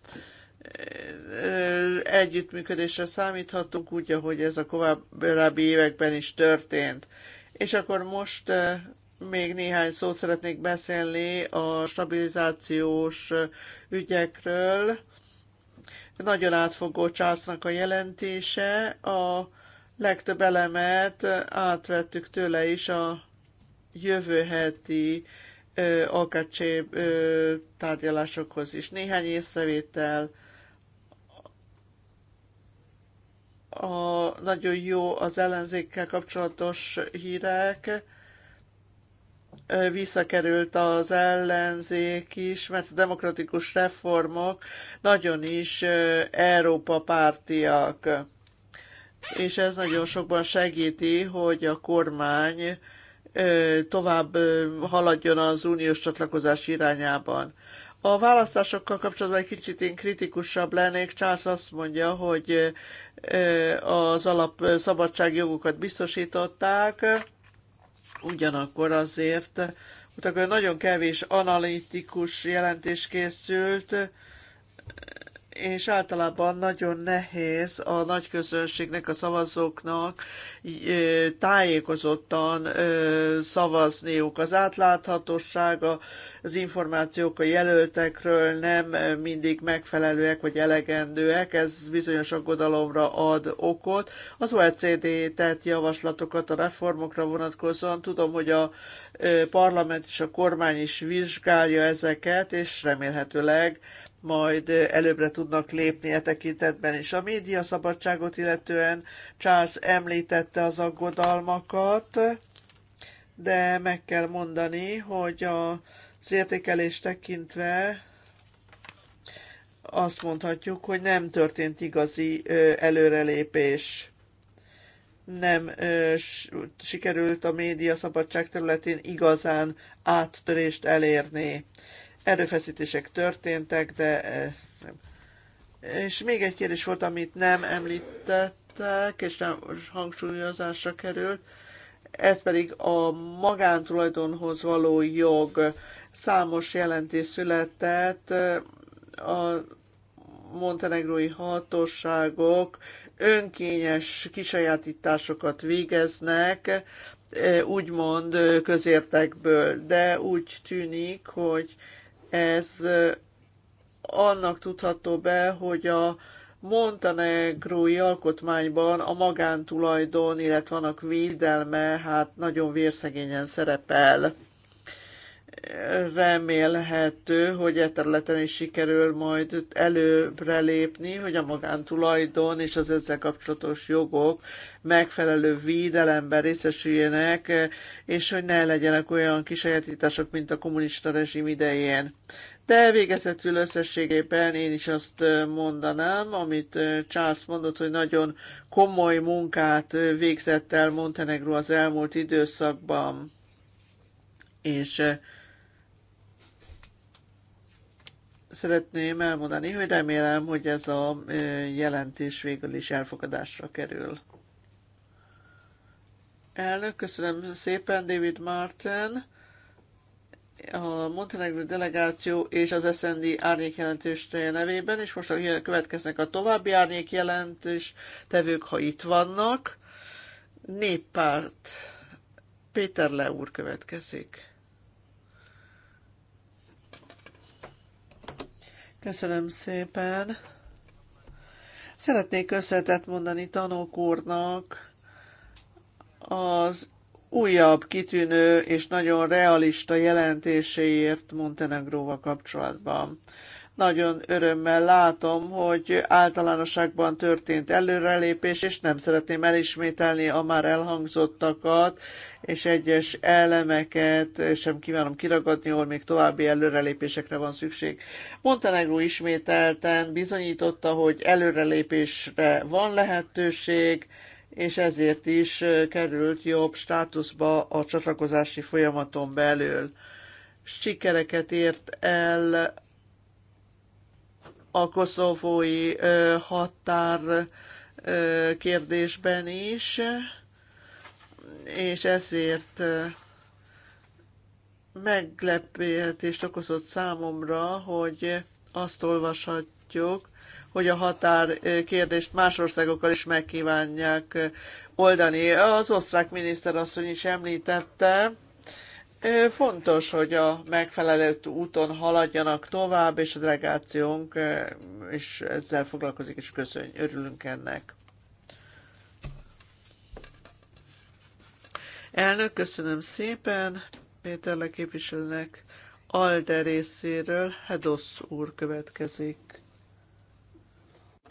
együttműködésre számíthatunk, úgy, ahogy ez a korábbi években is történt. És akkor most eh, még néhány szót szeretnék beszélni a stabilizációs eh, ügyekről. Nagyon átfogó császnak a jelentése. A legtöbb elemet eh, átvettük tőle is a jövő heti AKC tárgyalásokhoz is. Néhány észrevétel a, nagyon jó az ellenzékkel kapcsolatos hírek, visszakerült az ellenzék is, mert a demokratikus reformok nagyon is Európa pártiak. És ez nagyon sokban segíti, hogy a kormány tovább haladjon az uniós csatlakozás irányában. A választásokkal kapcsolatban egy kicsit én kritikusabb lennék. Charles azt mondja, hogy az alap szabadságjogokat biztosították, ugyanakkor azért, utána nagyon kevés analitikus jelentés készült, és általában nagyon nehéz a nagy közönségnek, a szavazóknak tájékozottan szavazniuk. Az átláthatóság, az információk a jelöltekről nem mindig megfelelőek vagy elegendőek, ez bizonyos aggodalomra ad okot. Az OECD tett javaslatokat a reformokra vonatkozóan. Tudom, hogy a parlament és a kormány is vizsgálja ezeket, és remélhetőleg majd előbbre tudnak lépni e tekintetben is. A média szabadságot illetően Charles említette az aggodalmakat, de meg kell mondani, hogy az értékelés tekintve azt mondhatjuk, hogy nem történt igazi előrelépés. Nem sikerült a média szabadság területén igazán áttörést elérni. Erőfeszítések történtek, de eh, nem. És még egy kérdés volt, amit nem említettek, és nem hangsúlyozásra került, ez pedig a magántulajdonhoz való jog. Számos jelentés született, eh, a montenegrói hatóságok önkényes kisajátításokat végeznek, eh, úgymond közértekből, de úgy tűnik, hogy ez eh, annak tudható be, hogy a montenegrói alkotmányban a magántulajdon, illetve annak védelme hát nagyon vérszegényen szerepel remélhető, hogy e területen is sikerül majd előbbre lépni, hogy a magántulajdon és az ezzel kapcsolatos jogok megfelelő védelemben részesüljenek, és hogy ne legyenek olyan kisajátítások, mint a kommunista rezsim idején. De végezetül összességében én is azt mondanám, amit Charles mondott, hogy nagyon komoly munkát végzett el Montenegro az elmúlt időszakban, és szeretném elmondani, hogy remélem, hogy ez a jelentés végül is elfogadásra kerül. Elnök, köszönöm szépen, David Martin. A Montenegro delegáció és az SND árnyék jelentőstője nevében, és most következnek a további árnyék jelentős tevők, ha itt vannak. Néppárt. Péter Le úr következik. Köszönöm szépen. Szeretnék összetett mondani tanók úrnak az újabb kitűnő és nagyon realista jelentéséért Montenegróval kapcsolatban. Nagyon örömmel látom, hogy általánosságban történt előrelépés, és nem szeretném elismételni a már elhangzottakat, és egyes elemeket sem kívánom kiragadni, ahol még további előrelépésekre van szükség. Montenegro ismételten bizonyította, hogy előrelépésre van lehetőség, és ezért is került jobb státuszba a csatlakozási folyamaton belül. Sikereket ért el a koszovói határ kérdésben is, és ezért meglepetést okozott számomra, hogy azt olvashatjuk, hogy a határ kérdést más országokkal is megkívánják oldani. Az osztrák asszony is említette, Fontos, hogy a megfelelő úton haladjanak tovább, és a delegációnk is ezzel foglalkozik, és köszönj, örülünk ennek. Elnök, köszönöm szépen Péter képviselőnek. Alde részéről Hedosz úr következik.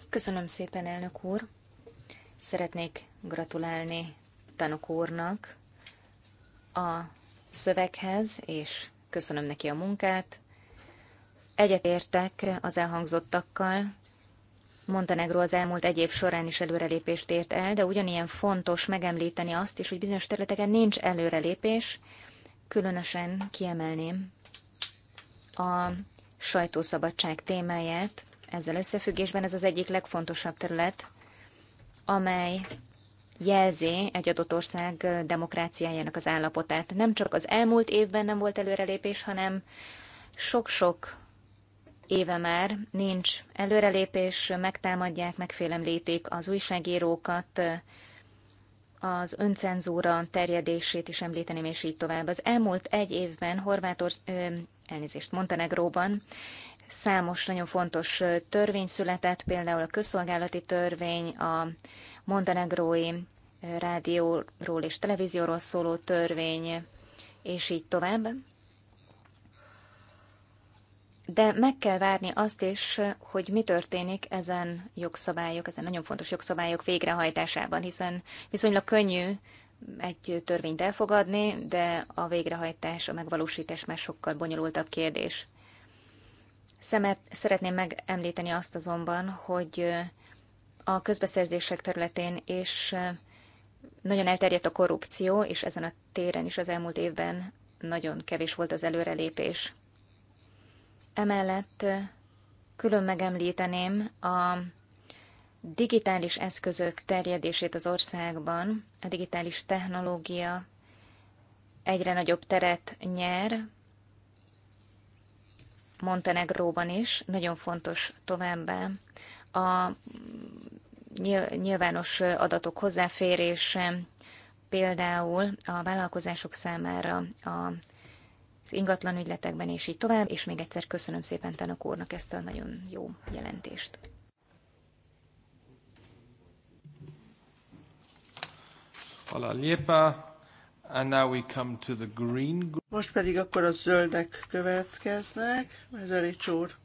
Köszönöm szépen, elnök úr. Szeretnék gratulálni tanok úrnak a szöveghez, és köszönöm neki a munkát. Egyetértek az elhangzottakkal. Montenegro az elmúlt egy év során is előrelépést ért el, de ugyanilyen fontos megemlíteni azt is, hogy bizonyos területeken nincs előrelépés, különösen kiemelném a sajtószabadság témáját. Ezzel összefüggésben ez az egyik legfontosabb terület, amely jelzi egy adott ország demokráciájának az állapotát. Nem csak az elmúlt évben nem volt előrelépés, hanem sok-sok éve már nincs előrelépés, megtámadják, megfélemlítik az újságírókat, az öncenzúra terjedését is említeném, és így tovább. Az elmúlt egy évben Horvátország, elnézést, Montenegróban számos nagyon fontos törvény született, például a közszolgálati törvény, a montenegrói rádióról és televízióról szóló törvény, és így tovább. De meg kell várni azt is, hogy mi történik ezen jogszabályok, ezen nagyon fontos jogszabályok végrehajtásában, hiszen viszonylag könnyű egy törvényt elfogadni, de a végrehajtás, a megvalósítás már sokkal bonyolultabb kérdés. Szemet, szeretném megemlíteni azt azonban, hogy a közbeszerzések területén és nagyon elterjedt a korrupció, és ezen a téren is az elmúlt évben nagyon kevés volt az előrelépés. Emellett külön megemlíteném a digitális eszközök terjedését az országban. A digitális technológia egyre nagyobb teret nyer, Montenegróban is, nagyon fontos továbbá a nyilvános adatok hozzáférése, például a vállalkozások számára a az ingatlan ügyletekben, és így tovább. És még egyszer köszönöm szépen Tanok úrnak ezt a nagyon jó jelentést. Most pedig akkor a zöldek következnek, ez elég csúr.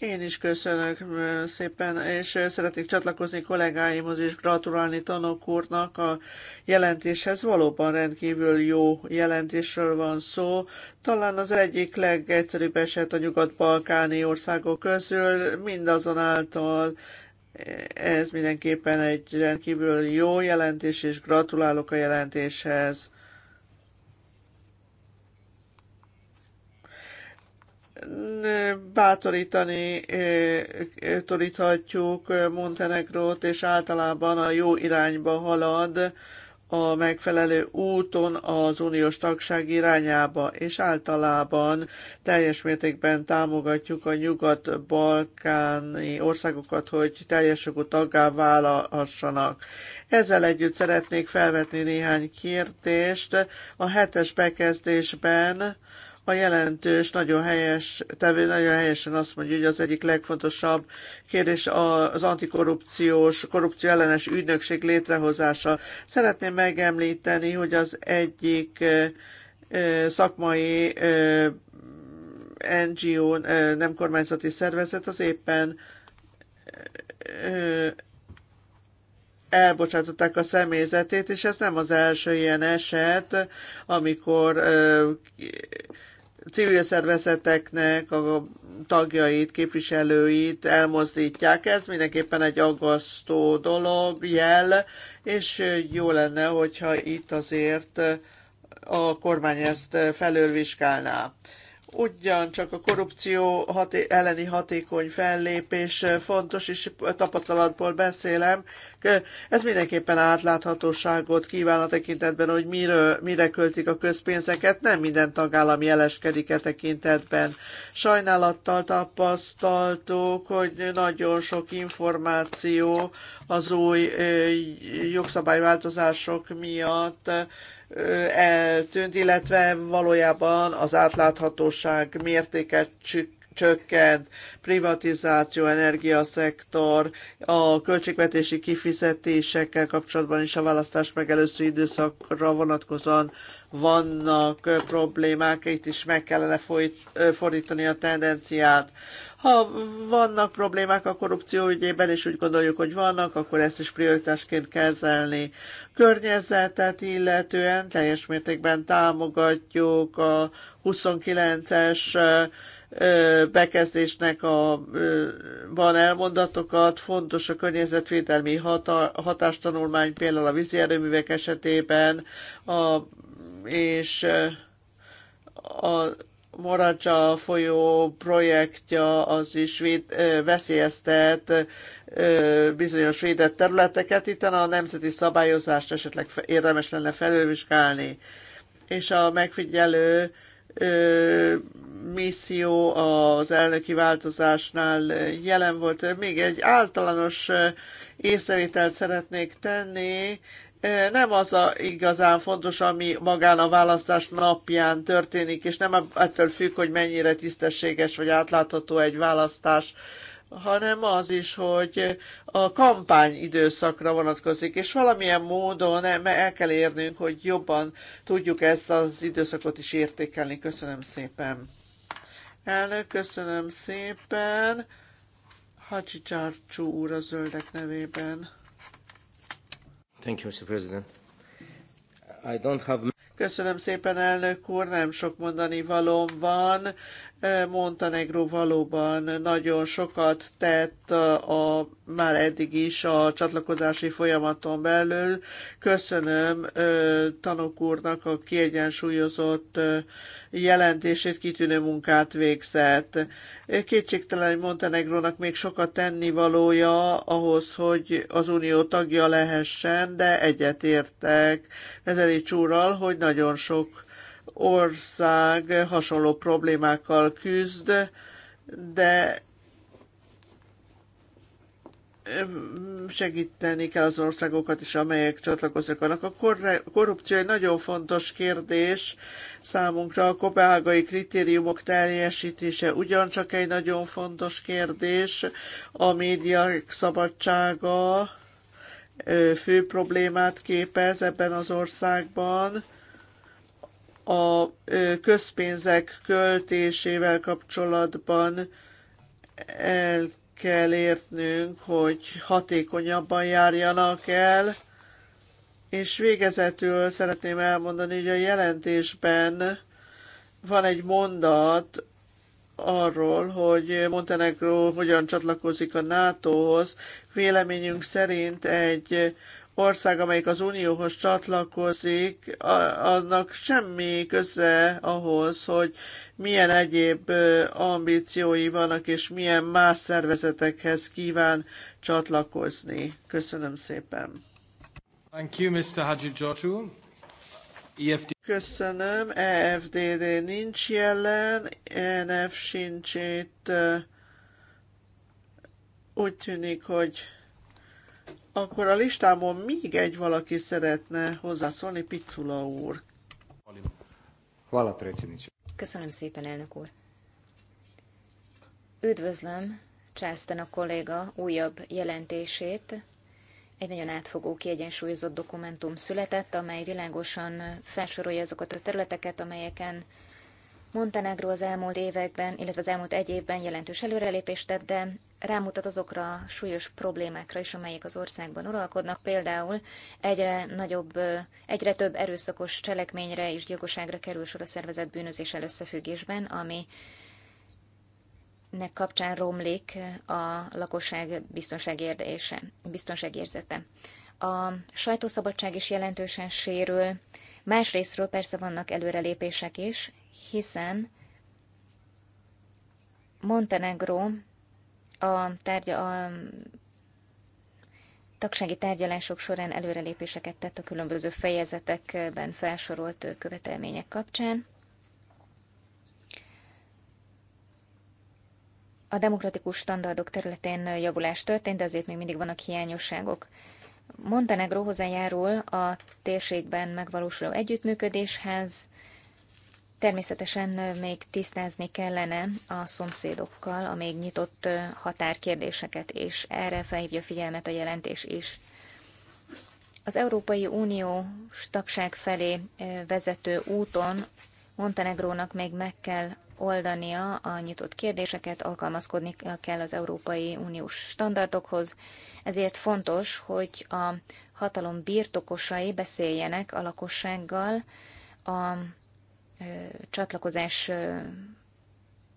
Én is köszönök szépen, és szeretnék csatlakozni kollégáimhoz és gratulálni Tanok úrnak a jelentéshez. Valóban rendkívül jó jelentésről van szó. Talán az egyik legegyszerűbb eset a nyugat-balkáni országok közül, mindazonáltal ez mindenképpen egy rendkívül jó jelentés, és gratulálok a jelentéshez. bátorítani toríthatjuk Montenegrót, és általában a jó irányba halad a megfelelő úton az uniós tagság irányába, és általában teljes mértékben támogatjuk a nyugat-balkáni országokat, hogy teljes jogú taggá válhassanak. Ezzel együtt szeretnék felvetni néhány kérdést. A hetes bekezdésben a jelentős nagyon helyes, tevő nagyon helyesen azt mondja, hogy az egyik legfontosabb kérdés az antikorrupciós, korrupció ellenes ügynökség létrehozása. Szeretném megemlíteni, hogy az egyik szakmai NGO, nem kormányzati szervezet az éppen elbocsátották a személyzetét, és ez nem az első ilyen eset, amikor civil szervezeteknek a tagjait, képviselőit elmozdítják. Ez mindenképpen egy aggasztó dolog, jel, és jó lenne, hogyha itt azért a kormány ezt felülvizsgálná ugyancsak a korrupció haté- elleni hatékony fellépés fontos, és tapasztalatból beszélem. Ez mindenképpen átláthatóságot kíván a tekintetben, hogy miről, mire költik a közpénzeket. Nem minden tagállam jeleskedik e tekintetben. Sajnálattal tapasztaltuk, hogy nagyon sok információ az új jogszabályváltozások miatt eltűnt, illetve valójában az átláthatóság mértéke csökkent, privatizáció, energiaszektor, a költségvetési kifizetésekkel kapcsolatban is a választás megelőző időszakra vonatkozóan vannak problémák, itt is meg kellene fordítani a tendenciát. Ha vannak problémák a korrupció ügyében, és úgy gondoljuk, hogy vannak, akkor ezt is prioritásként kezelni. Környezetet illetően teljes mértékben támogatjuk a 29-es bekezdésnek a, van elmondatokat, fontos a környezetvédelmi hata, hatástanulmány például a vízi erőművek esetében, a, és a, Maradzsa folyó projektja az is véd, veszélyeztet bizonyos védett területeket. Itt a nemzeti szabályozást esetleg érdemes lenne felülvizsgálni. És a megfigyelő misszió az elnöki változásnál jelen volt. Még egy általános észrevételt szeretnék tenni nem az a igazán fontos, ami magán a választás napján történik, és nem ettől függ, hogy mennyire tisztességes vagy átlátható egy választás, hanem az is, hogy a kampány időszakra vonatkozik, és valamilyen módon el kell érnünk, hogy jobban tudjuk ezt az időszakot is értékelni. Köszönöm szépen. Elnök, köszönöm szépen. Hacsicsárcsú úr a zöldek nevében. Thank you, Mr. President. I don't have... Köszönöm szépen, elnök úr, nem sok mondani valóm van. Montenegro valóban nagyon sokat tett a, a, már eddig is a csatlakozási folyamaton belül. Köszönöm ö, tanok úrnak a kiegyensúlyozott ö, jelentését, kitűnő munkát végzett. Kétségtelen, hogy Montenegrónak még sokat tennivalója ahhoz, hogy az unió tagja lehessen, de egyetértek Vezeli Csúrral, hogy nagyon sok ország hasonló problémákkal küzd, de segíteni kell az országokat is, amelyek csatlakoznak. A korrupció egy nagyon fontos kérdés számunkra. A kopenhágai kritériumok teljesítése ugyancsak egy nagyon fontos kérdés. A média szabadsága fő problémát képez ebben az országban a közpénzek költésével kapcsolatban el kell értnünk, hogy hatékonyabban járjanak el, és végezetül szeretném elmondani, hogy a jelentésben van egy mondat arról, hogy Montenegro hogyan csatlakozik a NATO-hoz. Véleményünk szerint egy ország, amelyik az Unióhoz csatlakozik, annak semmi köze ahhoz, hogy milyen egyéb ambíciói vannak, és milyen más szervezetekhez kíván csatlakozni. Köszönöm szépen. Thank you, Mr. Haji Joshua. EFD. Köszönöm, EFDD nincs jelen, e NF sincs itt. Úgy tűnik, hogy akkor a listámon még egy valaki szeretne hozzászólni, Picula úr. Vala Köszönöm szépen, elnök úr. Üdvözlöm Császten a kolléga újabb jelentését. Egy nagyon átfogó, kiegyensúlyozott dokumentum született, amely világosan felsorolja azokat a területeket, amelyeken Montenegro az elmúlt években, illetve az elmúlt egy évben jelentős előrelépést tett, de rámutat azokra a súlyos problémákra is, amelyek az országban uralkodnak, például egyre nagyobb, egyre több erőszakos cselekményre és gyilkosságra kerül sor a szervezett bűnözéssel összefüggésben, ami nek kapcsán romlik a lakosság biztonságérzése. biztonságérzete. A sajtószabadság is jelentősen sérül, másrésztről persze vannak előrelépések is, hiszen Montenegro a, tárgya, a tagsági tárgyalások során előrelépéseket tett a különböző fejezetekben felsorolt követelmények kapcsán. A demokratikus standardok területén javulás történt, de azért még mindig vannak hiányosságok. Montenegro hozzájárul a térségben megvalósuló együttműködéshez, Természetesen még tisztázni kellene a szomszédokkal a még nyitott határkérdéseket, és erre felhívja figyelmet a jelentés is. Az Európai Unió tagság felé vezető úton Montenegrónak még meg kell oldania a nyitott kérdéseket, alkalmazkodni kell az Európai Uniós standardokhoz, ezért fontos, hogy a hatalom birtokosai beszéljenek a lakossággal a csatlakozás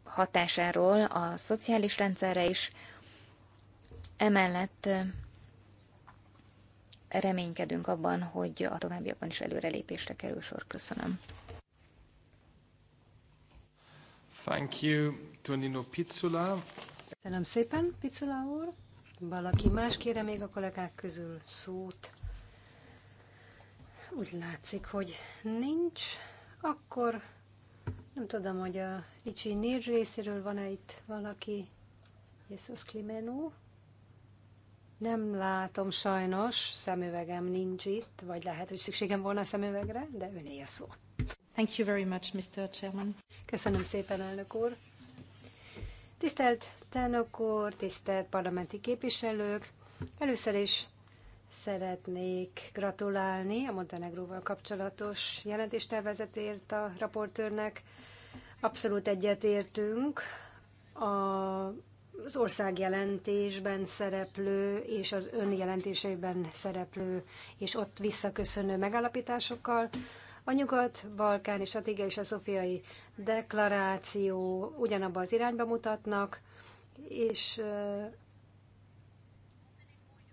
hatásáról a szociális rendszerre is. Emellett reménykedünk abban, hogy a továbbiakban is előrelépésre kerül sor. Köszönöm. Thank you, Tonino Pizzula. Köszönöm szépen, Pizzula úr. Valaki más kére még a kollégák közül szót? Úgy látszik, hogy nincs. Akkor nem tudom, hogy a Ricsi Nír részéről van-e itt valaki, Jézus Klimenó. Nem látom sajnos, szemüvegem nincs itt, vagy lehet, hogy szükségem volna a szemüvegre, de öné a szó. Thank you very much, Mr. Chairman. Köszönöm szépen, elnök úr. Tisztelt elnök úr, tisztelt parlamenti képviselők, először is Szeretnék gratulálni a Montenegróval kapcsolatos jelentéstervezetért a raportőrnek. Abszolút egyetértünk a, az országjelentésben szereplő és az ön jelentéseiben szereplő és ott visszaköszönő megállapításokkal. A Nyugat-Balkáni Stratégia és a Szofiai Deklaráció ugyanabba az irányba mutatnak, és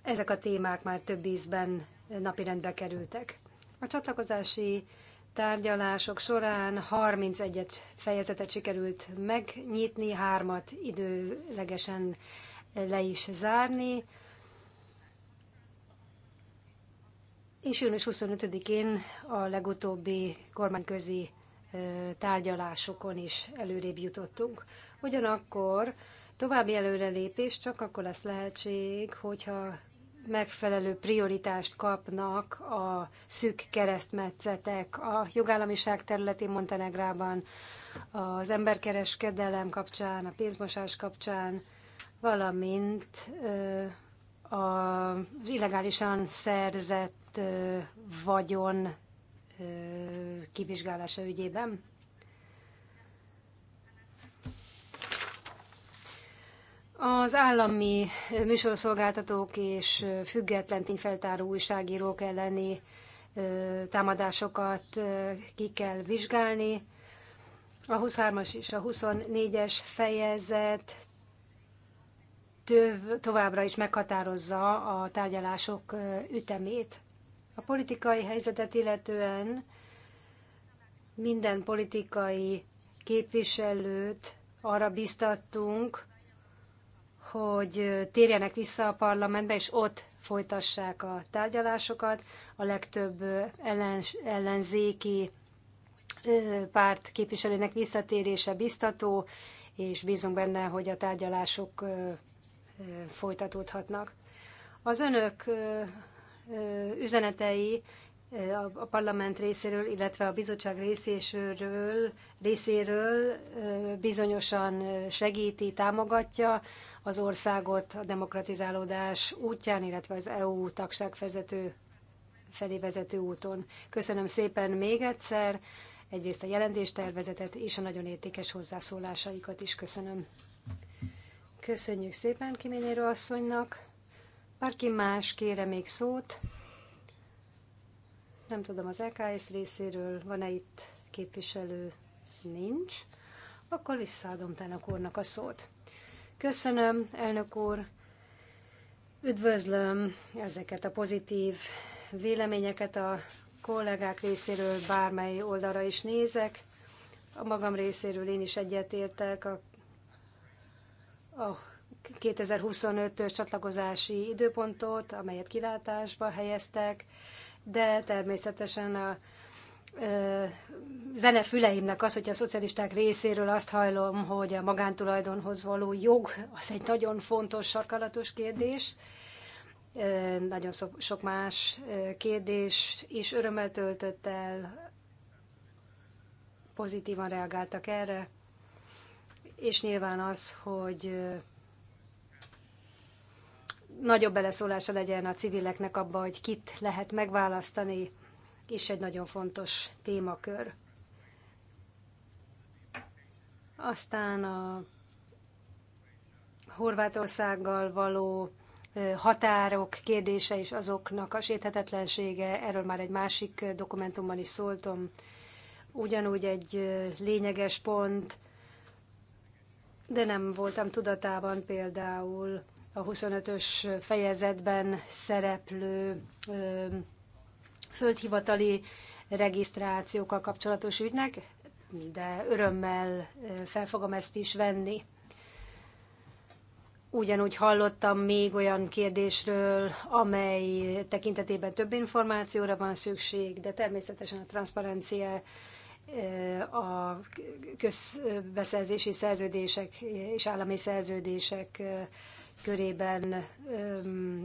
ezek a témák már több ízben napirendbe kerültek. A csatlakozási tárgyalások során 31 fejezetet sikerült megnyitni, hármat időlegesen le is zárni, és június 25-én a legutóbbi kormányközi tárgyalásokon is előrébb jutottunk. Ugyanakkor további előrelépés csak akkor lesz lehetség, hogyha megfelelő prioritást kapnak a szűk keresztmetszetek a jogállamiság területén Montenegrában, az emberkereskedelem kapcsán, a pénzmosás kapcsán, valamint az illegálisan szerzett vagyon kivizsgálása ügyében. Az állami műsorszolgáltatók és független tényfeltáró újságírók elleni támadásokat ki kell vizsgálni. A 23-as és a 24-es fejezet töv, továbbra is meghatározza a tárgyalások ütemét. A politikai helyzetet illetően minden politikai képviselőt arra biztattunk, hogy térjenek vissza a parlamentbe, és ott folytassák a tárgyalásokat. A legtöbb ellens, ellenzéki párt képviselőnek visszatérése biztató, és bízunk benne, hogy a tárgyalások folytatódhatnak. Az önök üzenetei a parlament részéről, illetve a bizottság részéről, részéről bizonyosan segíti, támogatja az országot a demokratizálódás útján, illetve az EU tagság vezető, felé vezető úton. Köszönöm szépen még egyszer, egyrészt a jelentéstervezetet és a nagyon értékes hozzászólásaikat is köszönöm. Köszönjük szépen Kiménérő asszonynak. Bárki más kére még szót? Nem tudom, az LKS e részéről van-e itt képviselő? Nincs. Akkor visszaadom Tának úrnak a szót. Köszönöm, elnök úr. Üdvözlöm ezeket a pozitív véleményeket a kollégák részéről, bármely oldalra is nézek. A magam részéről én is egyetértek a, a 2025-ös csatlakozási időpontot, amelyet kilátásba helyeztek de természetesen a ö, zene füleimnek az, hogy a szocialisták részéről azt hajlom, hogy a magántulajdonhoz való jog az egy nagyon fontos, sarkalatos kérdés. Ö, nagyon sok más kérdés is örömmel töltött el, pozitívan reagáltak erre, és nyilván az, hogy nagyobb beleszólása legyen a civileknek abba, hogy kit lehet megválasztani, és egy nagyon fontos témakör. Aztán a Horvátországgal való határok kérdése és azoknak a séthetetlensége, erről már egy másik dokumentumban is szóltam, ugyanúgy egy lényeges pont, de nem voltam tudatában például a 25-ös fejezetben szereplő földhivatali regisztrációkkal kapcsolatos ügynek, de örömmel fel fogom ezt is venni. Ugyanúgy hallottam még olyan kérdésről, amely tekintetében több információra van szükség, de természetesen a transzparencia, a közbeszerzési szerződések és állami szerződések körében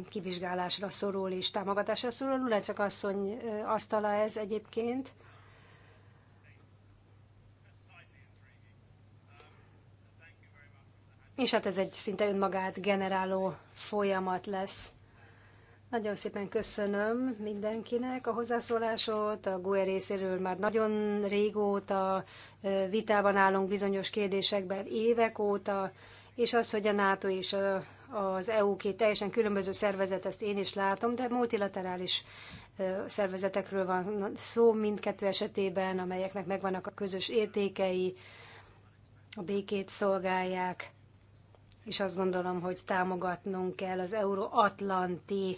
kivizsgálásra szorul és támogatásra szorul. csak asszony asztala ez egyébként. És hát ez egy szinte önmagát generáló folyamat lesz. Nagyon szépen köszönöm mindenkinek a hozzászólásot. A GUE részéről már nagyon régóta vitában állunk bizonyos kérdésekben, évek óta, és az, hogy a NATO és a az EU két teljesen különböző szervezet, ezt én is látom, de multilaterális szervezetekről van szó mindkettő esetében, amelyeknek megvannak a közös értékei, a békét szolgálják, és azt gondolom, hogy támogatnunk kell az euróatlanti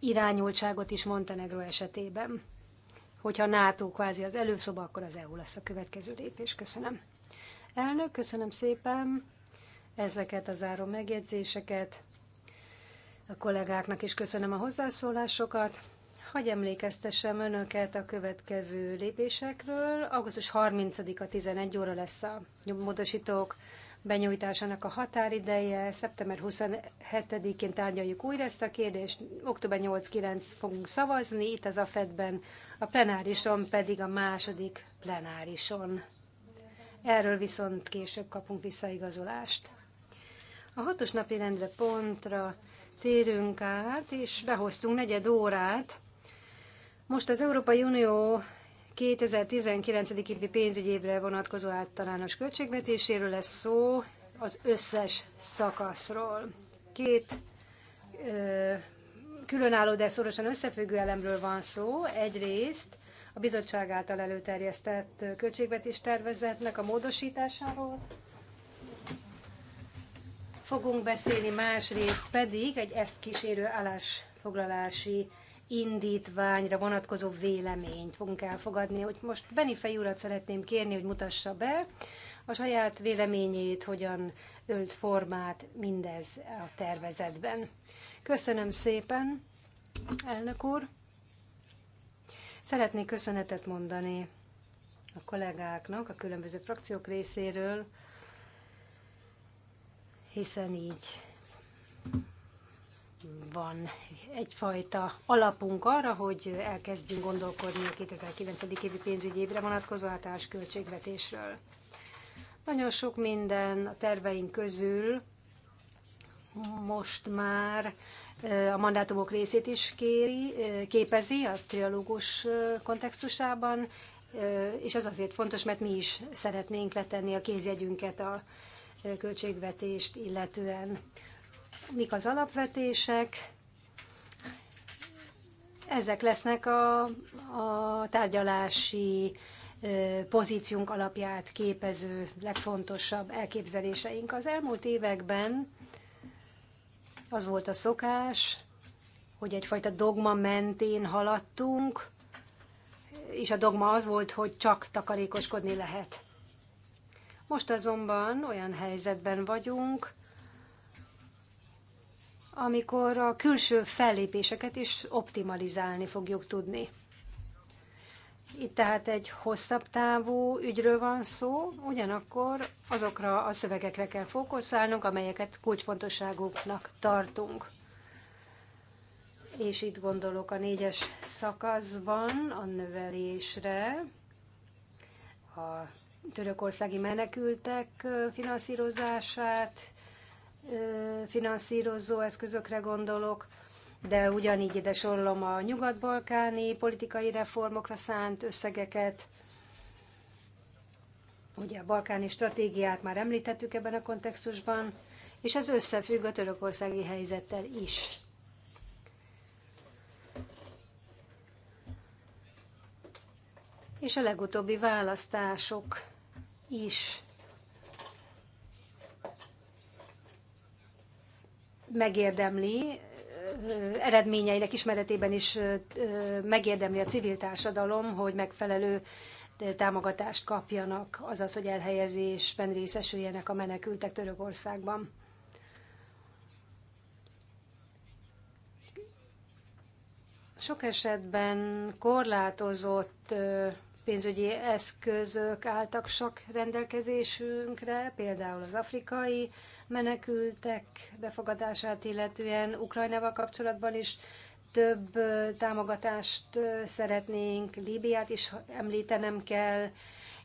irányultságot is Montenegro esetében. Hogyha NATO kvázi az előszoba, akkor az EU lesz a következő lépés. Köszönöm. Elnök, köszönöm szépen ezeket az záró megjegyzéseket. A kollégáknak is köszönöm a hozzászólásokat. Hagy emlékeztessem önöket a következő lépésekről. Augusztus 30-a 11 óra lesz a módosítók benyújtásának a határideje. Szeptember 27-én tárgyaljuk újra ezt a kérdést. Október 8-9 fogunk szavazni, itt az AFED-ben, a plenárison pedig a második plenárison. Erről viszont később kapunk visszaigazolást. A hatos napi rendre pontra térünk át, és behoztunk negyed órát. Most az Európai Unió 2019. évi pénzügyi évre vonatkozó általános költségvetéséről lesz szó, az összes szakaszról. Két ö, különálló, de szorosan összefüggő elemről van szó. Egyrészt a bizottság által előterjesztett költségvetés tervezetnek a módosításáról, fogunk beszélni, másrészt pedig egy ezt kísérő állásfoglalási indítványra vonatkozó véleményt fogunk elfogadni. Hogy most Benifej urat szeretném kérni, hogy mutassa be a saját véleményét, hogyan ölt formát mindez a tervezetben. Köszönöm szépen, elnök úr! Szeretnék köszönetet mondani a kollégáknak a különböző frakciók részéről, hiszen így van egyfajta alapunk arra, hogy elkezdjünk gondolkodni a 2009. évi pénzügyi évre vonatkozó általános költségvetésről. Nagyon sok minden a terveink közül most már a mandátumok részét is kéri, képezi a trialógus kontextusában, és ez azért fontos, mert mi is szeretnénk letenni a kézjegyünket a költségvetést illetően. Mik az alapvetések? Ezek lesznek a, a tárgyalási pozíciónk alapját képező legfontosabb elképzeléseink. Az elmúlt években az volt a szokás, hogy egyfajta dogma mentén haladtunk, és a dogma az volt, hogy csak takarékoskodni lehet. Most azonban olyan helyzetben vagyunk, amikor a külső fellépéseket is optimalizálni fogjuk tudni. Itt tehát egy hosszabb távú ügyről van szó, ugyanakkor azokra a szövegekre kell fókuszálnunk, amelyeket kulcsfontosságúknak tartunk. És itt gondolok a négyes szakaszban a növelésre, a törökországi menekültek finanszírozását, finanszírozó eszközökre gondolok, de ugyanígy ide sorolom a nyugat-balkáni politikai reformokra szánt összegeket. Ugye a balkáni stratégiát már említettük ebben a kontextusban, és ez összefügg a törökországi helyzettel is. És a legutóbbi választások is megérdemli, eredményeinek ismeretében is megérdemli a civil társadalom, hogy megfelelő támogatást kapjanak, azaz, hogy elhelyezésben részesüljenek a menekültek Törökországban. Sok esetben korlátozott pénzügyi eszközök álltak sok rendelkezésünkre, például az afrikai menekültek befogadását illetően Ukrajnával kapcsolatban is több támogatást szeretnénk, Líbiát is említenem kell,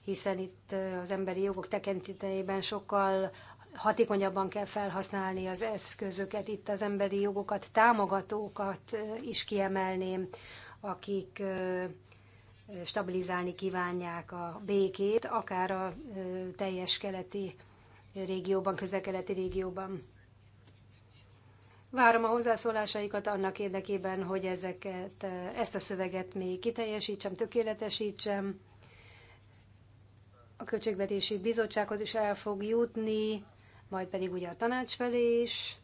hiszen itt az emberi jogok tekintetében sokkal hatékonyabban kell felhasználni az eszközöket, itt az emberi jogokat, támogatókat is kiemelném, akik stabilizálni kívánják a békét, akár a teljes keleti régióban, közelkeleti régióban. Várom a hozzászólásaikat annak érdekében, hogy ezeket, ezt a szöveget még kiteljesítsem, tökéletesítsem. A Költségvetési Bizottsághoz is el fog jutni, majd pedig ugye a tanács felé is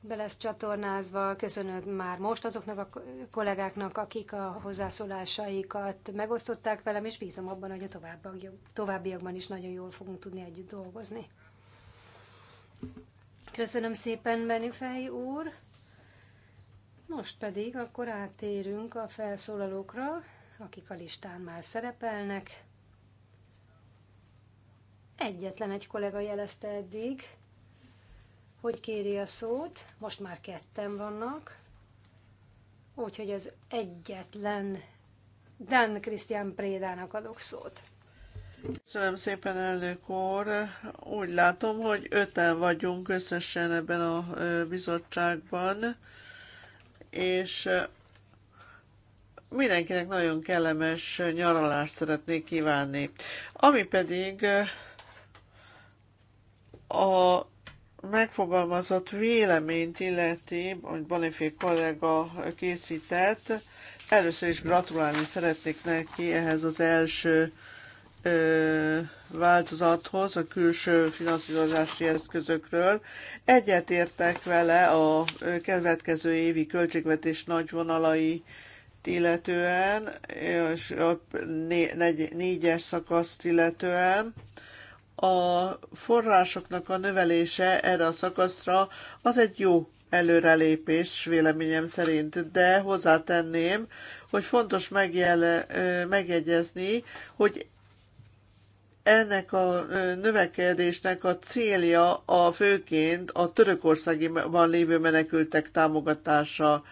be lesz csatornázva. Köszönöm már most azoknak a kollégáknak, akik a hozzászólásaikat megosztották velem, és bízom abban, hogy a továbbiakban is nagyon jól fogunk tudni együtt dolgozni. Köszönöm szépen, Benifej úr! Most pedig akkor áttérünk a felszólalókra, akik a listán már szerepelnek. Egyetlen egy kollega jelezte eddig, hogy kéri a szót. Most már ketten vannak. Úgyhogy az egyetlen Dan Christian Prédának adok szót. Köszönöm szépen, elnök úr. Úgy látom, hogy öten vagyunk összesen ebben a bizottságban, és mindenkinek nagyon kellemes nyaralást szeretnék kívánni. Ami pedig a megfogalmazott véleményt illeti, amit Bonifé kollega készített, először is gratulálni szeretnék neki ehhez az első ö, változathoz, a külső finanszírozási eszközökről. Egyetértek vele a következő évi költségvetés nagyvonalai illetően, és a négyes szakaszt illetően a forrásoknak a növelése erre a szakaszra az egy jó előrelépés véleményem szerint, de hozzátenném, hogy fontos megjele, megjegyezni, hogy ennek a növekedésnek a célja a főként a törökországiban lévő menekültek támogatása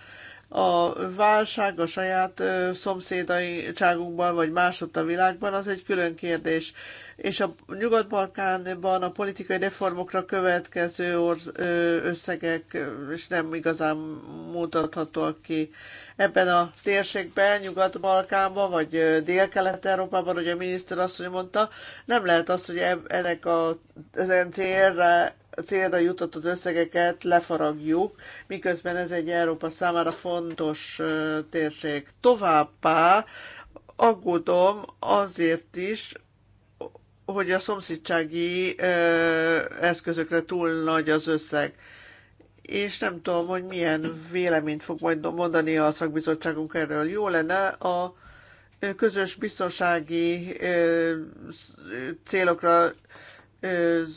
a válság a saját szomszédaiságunkban, vagy másodt a világban, az egy külön kérdés. És a Nyugat-Balkánban a politikai reformokra következő orz, összegek és nem igazán mutathatóak ki. Ebben a térségben, Nyugat-Balkánban, vagy Dél-Kelet-Európában, ugye a miniszter azt mondta, nem lehet azt, hogy e, ennek a, ezen célra célra jutatott összegeket lefaragjuk, miközben ez egy Európa számára fontos térség. Továbbá aggódom azért is, hogy a szomszédsági eszközökre túl nagy az összeg. És nem tudom, hogy milyen véleményt fog majd mondani a szakbizottságunk erről. Jó lenne a közös biztonsági ö, célokra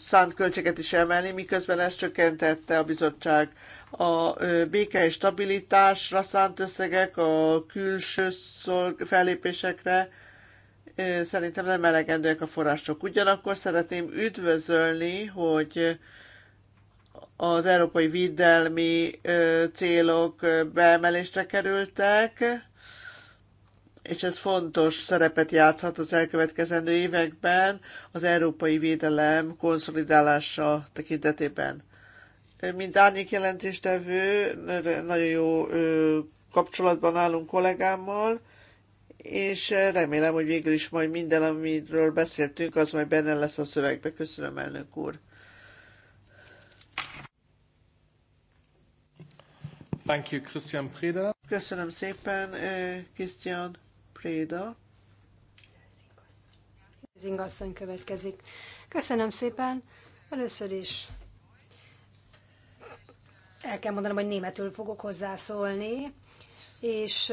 szánt költséget is emelni, miközben ezt csökkentette a bizottság. A béke és stabilitásra szánt összegek, a külső szolg- fellépésekre szerintem nem elegendőek a források. Ugyanakkor szeretném üdvözölni, hogy az európai védelmi célok beemelésre kerültek, és ez fontos szerepet játszhat az elkövetkezendő években az európai védelem konszolidálása tekintetében. Mint árnyék jelentéstevő, nagyon jó kapcsolatban állunk kollégámmal, és remélem, hogy végül is majd minden, amiről beszéltünk, az majd benne lesz a szövegbe. Köszönöm, elnök úr. Thank you, Christian Preda. Köszönöm szépen, Christian. Préda. ingasszony következik. Köszönöm szépen. Először is el kell mondanom, hogy németül fogok hozzászólni, és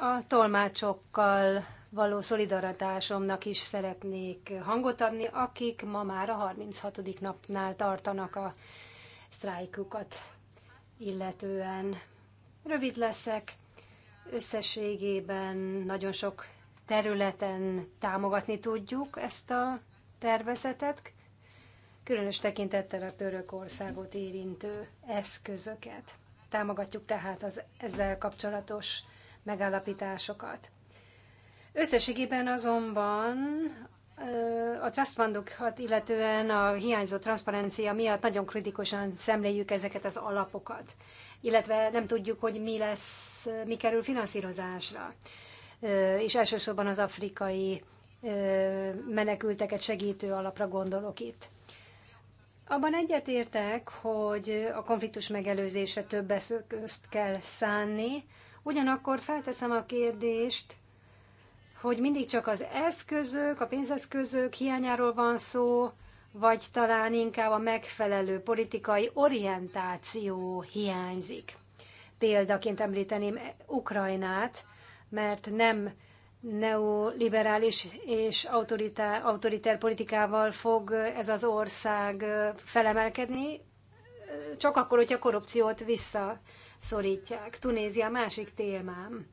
a tolmácsokkal való szolidaritásomnak is szeretnék hangot adni, akik ma már a 36. napnál tartanak a sztrájkukat illetően. Rövid leszek. Összességében nagyon sok területen támogatni tudjuk ezt a tervezetet, különös tekintettel a Törökországot érintő eszközöket. Támogatjuk tehát az ezzel kapcsolatos megállapításokat. Összességében azonban a trust fundokat, illetően a hiányzó transzparencia miatt nagyon kritikusan szemléljük ezeket az alapokat illetve nem tudjuk, hogy mi lesz, mi kerül finanszírozásra. És elsősorban az afrikai menekülteket segítő alapra gondolok itt. Abban egyetértek, hogy a konfliktus megelőzése több eszközt kell szánni, ugyanakkor felteszem a kérdést, hogy mindig csak az eszközök, a pénzeszközök hiányáról van szó, vagy talán inkább a megfelelő politikai orientáció hiányzik. Példaként említeném Ukrajnát, mert nem neoliberális és autoritár autoriter politikával fog ez az ország felemelkedni, csak akkor, hogyha korrupciót visszaszorítják. Tunézia másik témám.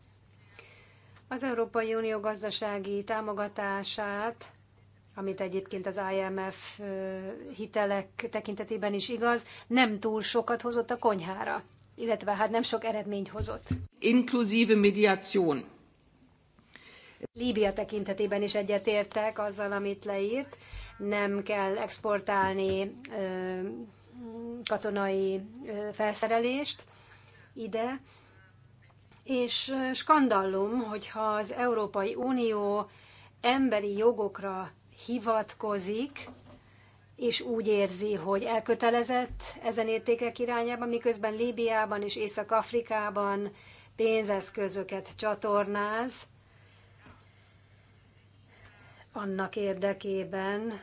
Az Európai Unió gazdasági támogatását amit egyébként az IMF hitelek tekintetében is igaz, nem túl sokat hozott a konyhára, illetve hát nem sok eredményt hozott. Inkluzíve mediáción. Líbia tekintetében is egyetértek azzal, amit leírt. Nem kell exportálni katonai felszerelést ide. És skandallum, hogyha az Európai Unió emberi jogokra hivatkozik, és úgy érzi, hogy elkötelezett ezen értékek irányában, miközben Líbiában és Észak-Afrikában pénzeszközöket csatornáz annak érdekében,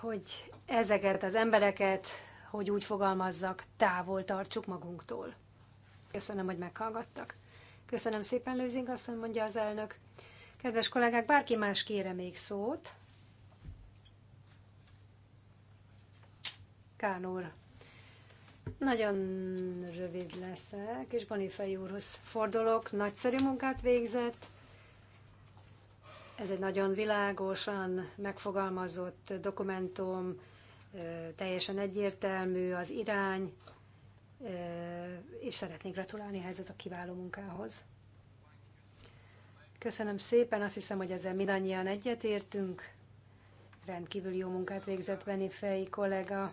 hogy ezeket az embereket, hogy úgy fogalmazzak, távol tartsuk magunktól. Köszönöm, hogy meghallgattak. Köszönöm szépen, Lőzing azt mondja az elnök. Kedves kollégák, bárki más kére még szót? Kánor. Nagyon rövid leszek, és Bonifei úrhoz fordulok. Nagyszerű munkát végzett. Ez egy nagyon világosan megfogalmazott dokumentum, teljesen egyértelmű az irány, és szeretnék gratulálni ehhez a kiváló munkához. Köszönöm szépen, azt hiszem, hogy ezzel mindannyian egyetértünk. Rendkívül jó munkát végzett Benifei kollega.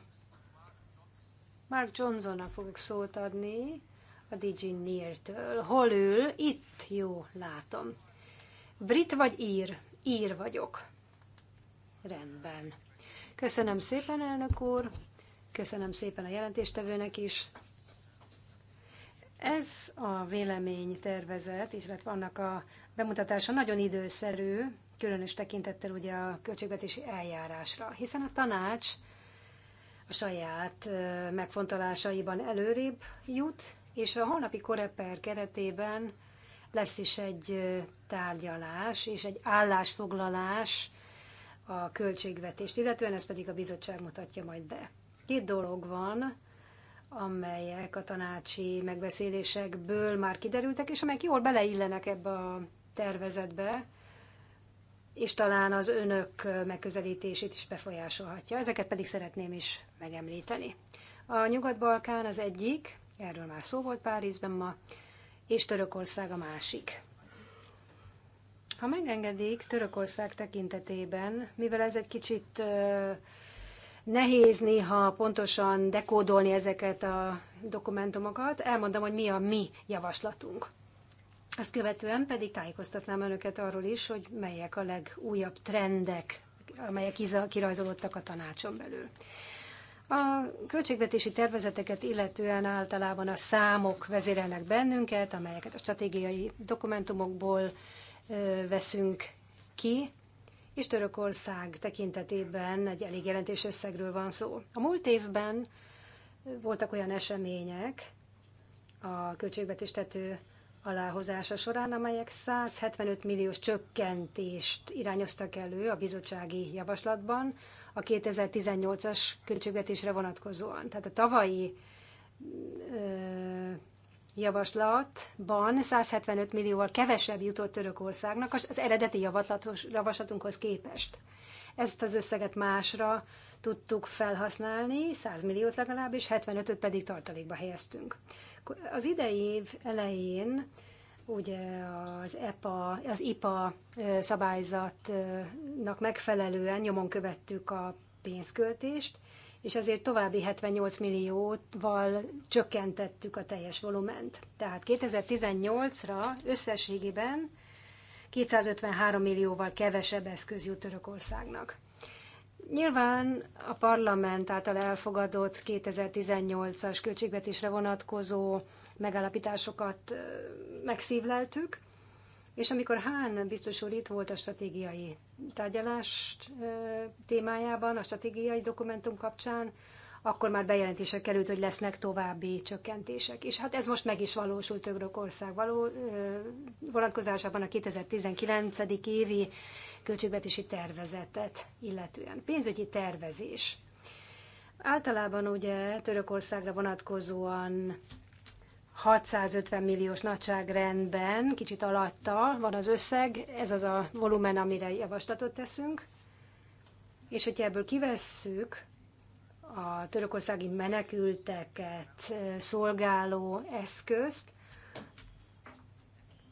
Mark Johnsonnak fogok szót adni a DJ Near-től. Hol ül? Itt jó, látom. Brit vagy ír? Ír vagyok. Rendben. Köszönöm szépen, elnök úr. Köszönöm szépen a jelentéstevőnek is. Ez a vélemény, tervezet illetve annak a bemutatása nagyon időszerű, különös tekintettel ugye a költségvetési eljárásra, hiszen a tanács a saját megfontolásaiban előrébb jut, és a holnapi koreper keretében lesz is egy tárgyalás és egy állásfoglalás a költségvetést, illetően ez pedig a bizottság mutatja majd be. Két dolog van, amelyek a tanácsi megbeszélésekből már kiderültek, és amelyek jól beleillenek ebbe a tervezetbe, és talán az önök megközelítését is befolyásolhatja. Ezeket pedig szeretném is megemlíteni. A Nyugat-Balkán az egyik, erről már szó volt Párizsban ma, és Törökország a másik. Ha megengedik, Törökország tekintetében, mivel ez egy kicsit Nehéz néha pontosan dekódolni ezeket a dokumentumokat. Elmondom, hogy mi a mi javaslatunk. Ezt követően pedig tájékoztatnám önöket arról is, hogy melyek a legújabb trendek, amelyek kirajzolódtak a tanácson belül. A költségvetési tervezeteket illetően általában a számok vezérelnek bennünket, amelyeket a stratégiai dokumentumokból veszünk ki, és Törökország tekintetében egy elég jelentős összegről van szó. A múlt évben voltak olyan események a költségvetéstető aláhozása során, amelyek 175 milliós csökkentést irányoztak elő a bizottsági javaslatban a 2018-as költségvetésre vonatkozóan. Tehát a tavalyi javaslatban 175 millióval kevesebb jutott Törökországnak az eredeti javaslatunkhoz képest. Ezt az összeget másra tudtuk felhasználni, 100 milliót legalábbis, 75-öt pedig tartalékba helyeztünk. Az idei év elején ugye az, EPA, az IPA szabályzatnak megfelelően nyomon követtük a pénzköltést, és ezért további 78 millióval csökkentettük a teljes volument. Tehát 2018-ra összességében 253 millióval kevesebb eszköz jut Törökországnak. Nyilván a parlament által elfogadott 2018-as költségvetésre vonatkozó megállapításokat megszívleltük, és amikor Hán biztos úr itt volt a stratégiai tárgyalás témájában, a stratégiai dokumentum kapcsán, akkor már bejelentése került, hogy lesznek további csökkentések. És hát ez most meg is valósult Törökország való, vonatkozásában a 2019. évi költségvetési tervezetet illetően. Pénzügyi tervezés. Általában ugye Törökországra vonatkozóan 650 milliós nagyságrendben, kicsit alatta van az összeg, ez az a volumen, amire javaslatot teszünk. És hogyha ebből kivesszük a törökországi menekülteket eh, szolgáló eszközt,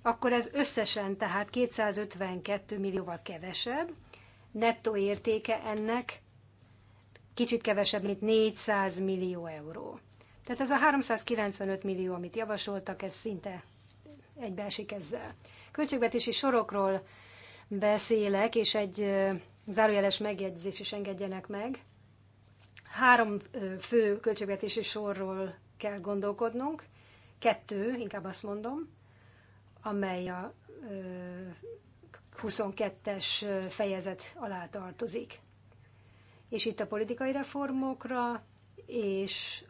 akkor ez összesen tehát 252 millióval kevesebb, nettó értéke ennek kicsit kevesebb, mint 400 millió euró. Tehát ez a 395 millió, amit javasoltak, ez szinte egybeesik ezzel. Költségvetési sorokról beszélek, és egy zárójeles megjegyzés is engedjenek meg. Három fő költségvetési sorról kell gondolkodnunk, kettő, inkább azt mondom, amely a 22-es fejezet alá tartozik. És itt a politikai reformokra és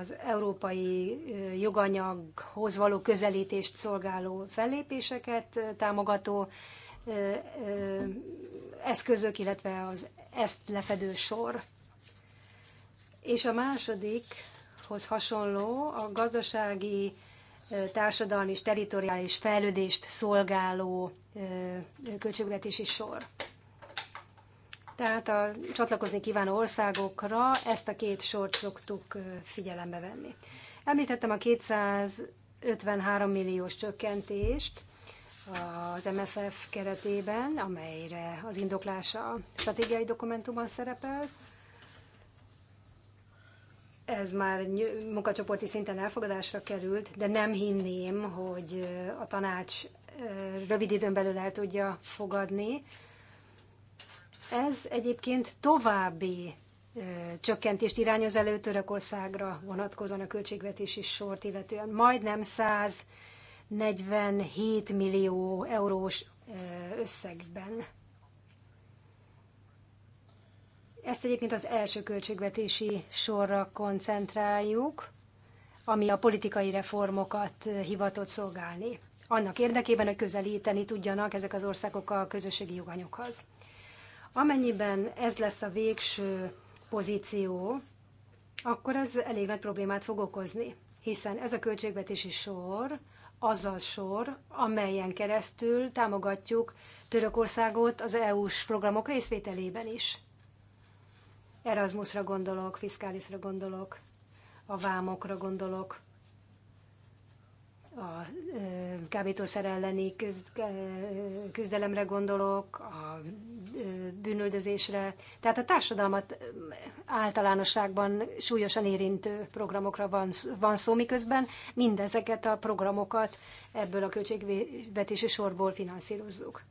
az európai joganyaghoz való közelítést szolgáló fellépéseket támogató eszközök, illetve az ezt lefedő sor. És a másodikhoz hasonló a gazdasági, társadalmi és teritoriális fejlődést szolgáló költségvetési sor. Tehát a csatlakozni kívánó országokra ezt a két sort szoktuk figyelembe venni. Említettem a 253 milliós csökkentést az MFF keretében, amelyre az indoklása a stratégiai dokumentumban szerepel. Ez már munkacsoporti szinten elfogadásra került, de nem hinném, hogy a tanács rövid időn belül el tudja fogadni ez egyébként további csökkentést irányoz elő Törökországra vonatkozóan a költségvetési sort, illetően majdnem 147 millió eurós összegben. Ezt egyébként az első költségvetési sorra koncentráljuk, ami a politikai reformokat hivatott szolgálni. Annak érdekében, hogy közelíteni tudjanak ezek az országok a közösségi joganyokhoz. Amennyiben ez lesz a végső pozíció, akkor ez elég nagy problémát fog okozni, hiszen ez a költségvetési sor az a sor, amelyen keresztül támogatjuk Törökországot az EU-s programok részvételében is. Erasmusra gondolok, fiskálisra gondolok, a vámokra gondolok a kábítószer elleni küzdelemre gondolok, a bűnöldözésre, tehát a társadalmat általánosságban súlyosan érintő programokra van, van szó, miközben mindezeket a programokat ebből a költségvetési sorból finanszírozzuk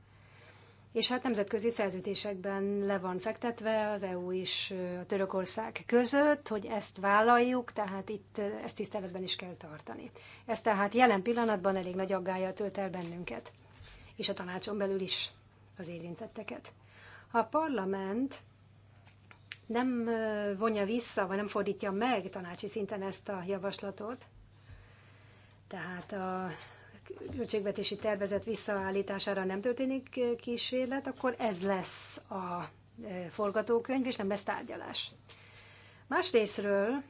és hát nemzetközi szerződésekben le van fektetve az EU és a Törökország között, hogy ezt vállaljuk, tehát itt ezt tiszteletben is kell tartani. Ez tehát jelen pillanatban elég nagy aggája tölt el bennünket, és a tanácson belül is az érintetteket. Ha a parlament nem vonja vissza, vagy nem fordítja meg tanácsi szinten ezt a javaslatot, tehát a költségvetési tervezet visszaállítására nem történik eh, kísérlet, akkor ez lesz a eh, forgatókönyv, és nem lesz tárgyalás. Másrésztről,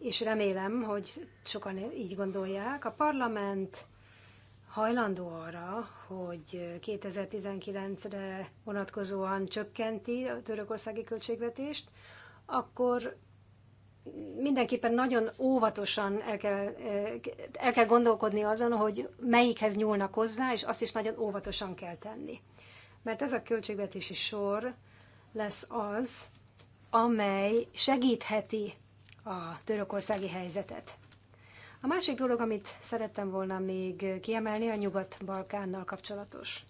és remélem, hogy sokan így gondolják, a parlament hajlandó arra, hogy 2019-re eh, vonatkozóan csökkenti a törökországi költségvetést, akkor mindenképpen nagyon óvatosan el kell, el kell gondolkodni azon, hogy melyikhez nyúlnak hozzá, és azt is nagyon óvatosan kell tenni. Mert ez a költségvetési sor lesz az, amely segítheti a törökországi helyzetet. A másik dolog, amit szerettem volna még kiemelni, a Nyugat-Balkánnal kapcsolatos.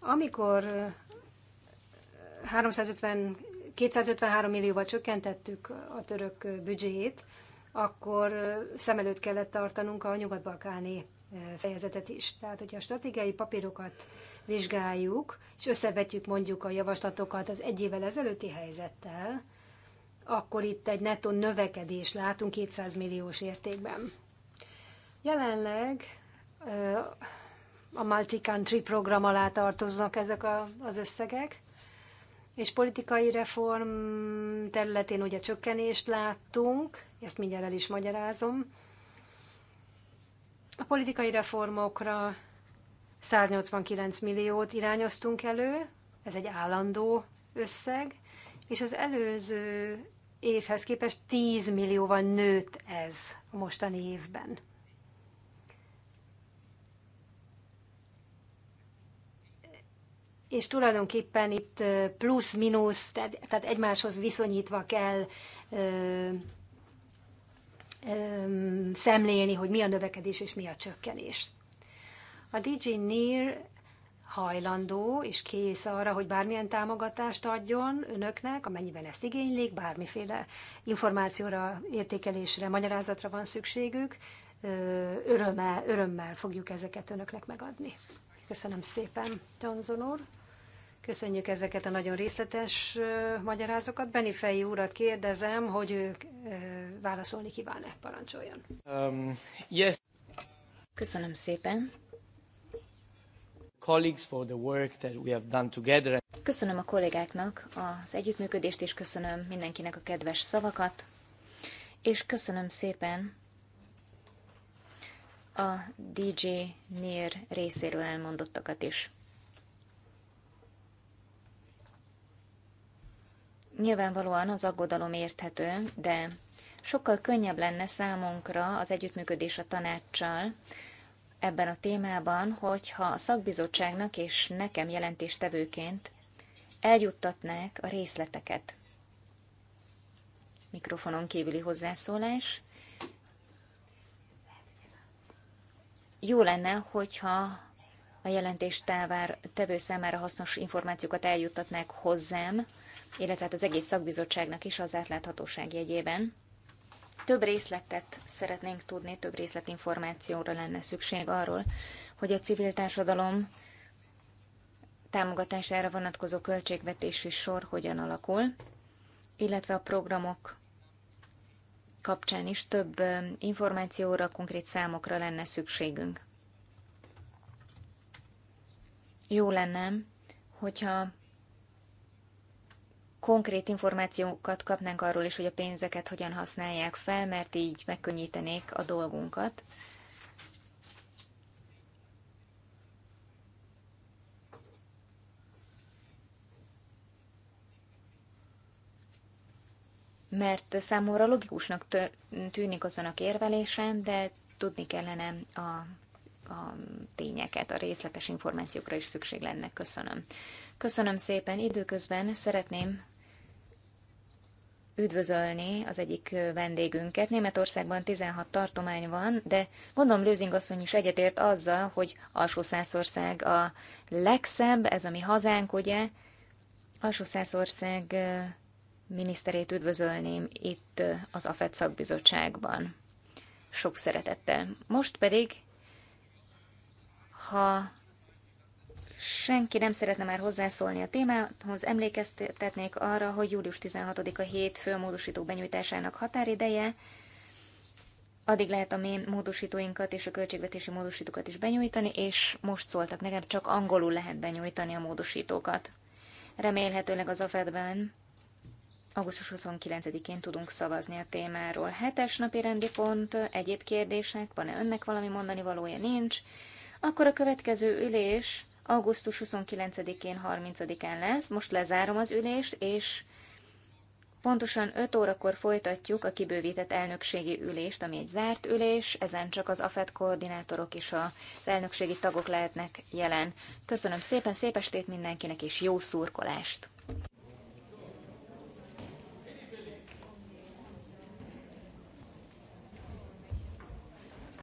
Amikor 350 253 millióval csökkentettük a török büdzséjét, akkor szem előtt kellett tartanunk a nyugat-balkáni fejezetet is. Tehát, hogyha a stratégiai papírokat vizsgáljuk, és összevetjük mondjuk a javaslatokat az egy évvel ezelőtti helyzettel, akkor itt egy netto növekedés látunk 200 milliós értékben. Jelenleg a multi-country program alá tartoznak ezek a, az összegek, és politikai reform területén ugye csökkenést láttunk, ezt mindjárt el is magyarázom. A politikai reformokra 189 milliót irányoztunk elő, ez egy állandó összeg, és az előző évhez képest 10 millióval nőtt ez a mostani évben. és tulajdonképpen itt plusz-minusz, tehát, tehát egymáshoz viszonyítva kell ö, ö, szemlélni, hogy mi a növekedés és mi a csökkenés. A DG NIR hajlandó és kész arra, hogy bármilyen támogatást adjon önöknek, amennyiben ezt igénylik, bármiféle információra, értékelésre, magyarázatra van szükségük, örömmel, örömmel fogjuk ezeket önöknek megadni. Köszönöm szépen, Johnson úr. Köszönjük ezeket a nagyon részletes magyarázokat. Beni Fejű kérdezem, hogy ő válaszolni kíván-e, parancsoljon. Um, yes. Köszönöm szépen. Colleagues for the work that we have done together. Köszönöm a kollégáknak az együttműködést, és köszönöm mindenkinek a kedves szavakat, és köszönöm szépen a DJ Nér részéről elmondottakat is. Nyilvánvalóan az aggodalom érthető, de sokkal könnyebb lenne számunkra az együttműködés a tanácssal ebben a témában, hogyha a szakbizottságnak és nekem jelentéstevőként eljuttatnák a részleteket. Mikrofonon kívüli hozzászólás. Jó lenne, hogyha a jelentés tevő számára hasznos információkat eljuttatnák hozzám, illetve hát az egész szakbizottságnak is az átláthatóság jegyében. Több részletet szeretnénk tudni, több részletinformációra lenne szükség arról, hogy a civil társadalom támogatására vonatkozó költségvetési sor hogyan alakul, illetve a programok kapcsán is több információra, konkrét számokra lenne szükségünk. Jó lenne, hogyha konkrét információkat kapnánk arról is, hogy a pénzeket hogyan használják fel, mert így megkönnyítenék a dolgunkat. Mert számomra logikusnak tűnik azon a érvelése, de tudni kellene a a tényeket, a részletes információkra is szükség lenne. Köszönöm. Köszönöm szépen. Időközben szeretném üdvözölni az egyik vendégünket. Németországban 16 tartomány van, de gondolom Lőzing asszony is egyetért azzal, hogy alsó szászország a legszebb, ez a mi hazánk, ugye? Alsó szászország miniszterét üdvözölném itt az AFET szakbizottságban. Sok szeretettel. Most pedig, ha senki nem szeretne már hozzászólni a témához, emlékeztetnék arra, hogy július 16-a hétfő a benyújtásának határideje, addig lehet a mi módosítóinkat és a költségvetési módosítókat is benyújtani, és most szóltak nekem, csak angolul lehet benyújtani a módosítókat. Remélhetőleg az AFED-ben augusztus 29-én tudunk szavazni a témáról. Hetes napi rendi pont, egyéb kérdések, van-e önnek valami mondani valója nincs? Akkor a következő ülés augusztus 29-én, 30-án lesz. Most lezárom az ülést, és pontosan 5 órakor folytatjuk a kibővített elnökségi ülést, ami egy zárt ülés, ezen csak az AFET koordinátorok és az elnökségi tagok lehetnek jelen. Köszönöm szépen, szép estét mindenkinek, és jó szurkolást!